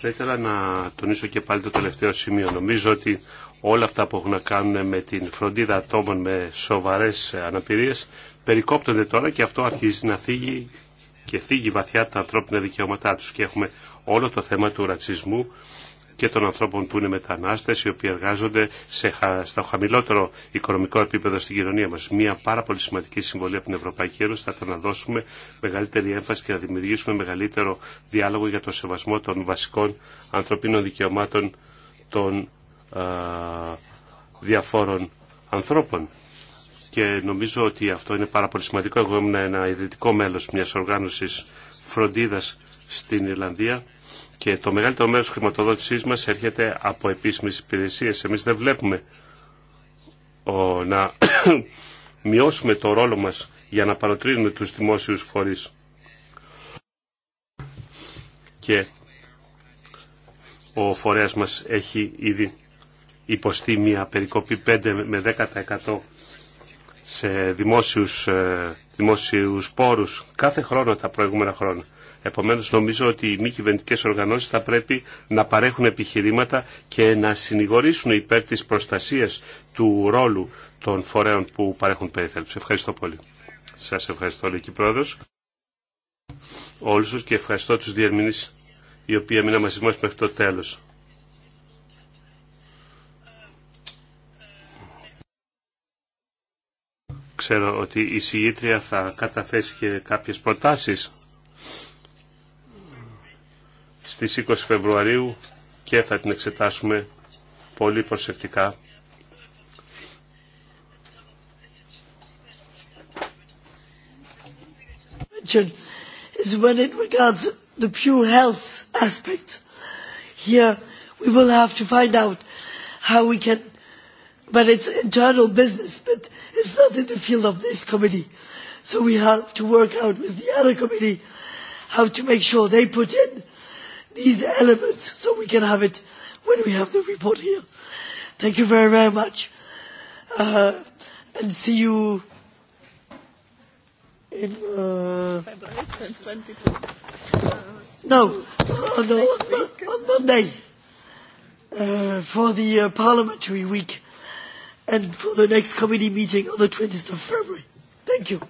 Θα ήθελα να τονίσω και πάλι το τελευταίο σημείο. Νομίζω ότι όλα αυτά που έχουν να κάνουν με την φροντίδα ατόμων με σοβαρές αναπηρίες περικόπτονται τώρα και αυτό αρχίζει να θίγει και θίγει βαθιά τα ανθρώπινα δικαιώματά τους και έχουμε όλο το θέμα του ρατσισμού και των ανθρώπων που είναι μετανάστες οι οποίοι εργάζονται σε, στο χαμηλότερο οικονομικό επίπεδο στην κοινωνία μας. Μία πάρα πολύ σημαντική συμβολή από την Ευρωπαϊκή Ένωση θα ήταν να δώσουμε μεγαλύτερη έμφαση και να δημιουργήσουμε μεγαλύτερο διάλογο για το σεβασμό των βασικών ανθρωπίνων δικαιωμάτων των διαφόρων ανθρώπων. Και νομίζω ότι αυτό είναι πάρα πολύ σημαντικό. Εγώ ήμουν ένα ιδρυτικό μέλος μιας οργάνωσης φροντίδας στην Ιρλανδία και το μεγαλύτερο μέρος χρηματοδότησής μας έρχεται από επίσημες υπηρεσίες. Εμείς δεν βλέπουμε ο, να [coughs] μειώσουμε το ρόλο μας για να παροτρύνουμε τους δημόσιους φορείς. Και ο φορέας μας έχει ήδη υποστεί μια περικοπή 5 με 10% σε δημόσιους, ε, δημόσιους πόρους κάθε χρόνο τα προηγούμενα χρόνια. Επομένως νομίζω ότι οι μη κυβερνητικέ οργανώσεις θα πρέπει να παρέχουν επιχειρήματα και να συνηγορήσουν υπέρ της προστασίας του ρόλου των φορέων που παρέχουν περιθέλψη. Ευχαριστώ πολύ. Σας ευχαριστώ Λίκη Πρόεδρος. Όλους τους και ευχαριστώ τους διερμηνείς οι οποίοι έμειναν μαζί μας μέχρι το τέλος. Ξέρω ότι η συγγήτρια θα καταθέσει και κάποιες προτάσεις στις 20 Φεβρουαρίου και θα την εξετάσουμε πολύ προσεκτικά. is when it regards the pure health aspect. Here we will have to find out how we can, but it's internal business, but It's not in the field of this committee. So we have to work out with the other committee how to make sure they put in these elements so we can have it when we have the report here. Thank you very, very much. Uh, and see you in... Uh, no, on, on Monday for the parliamentary week and for the next committee meeting on the 20th of February. Thank you.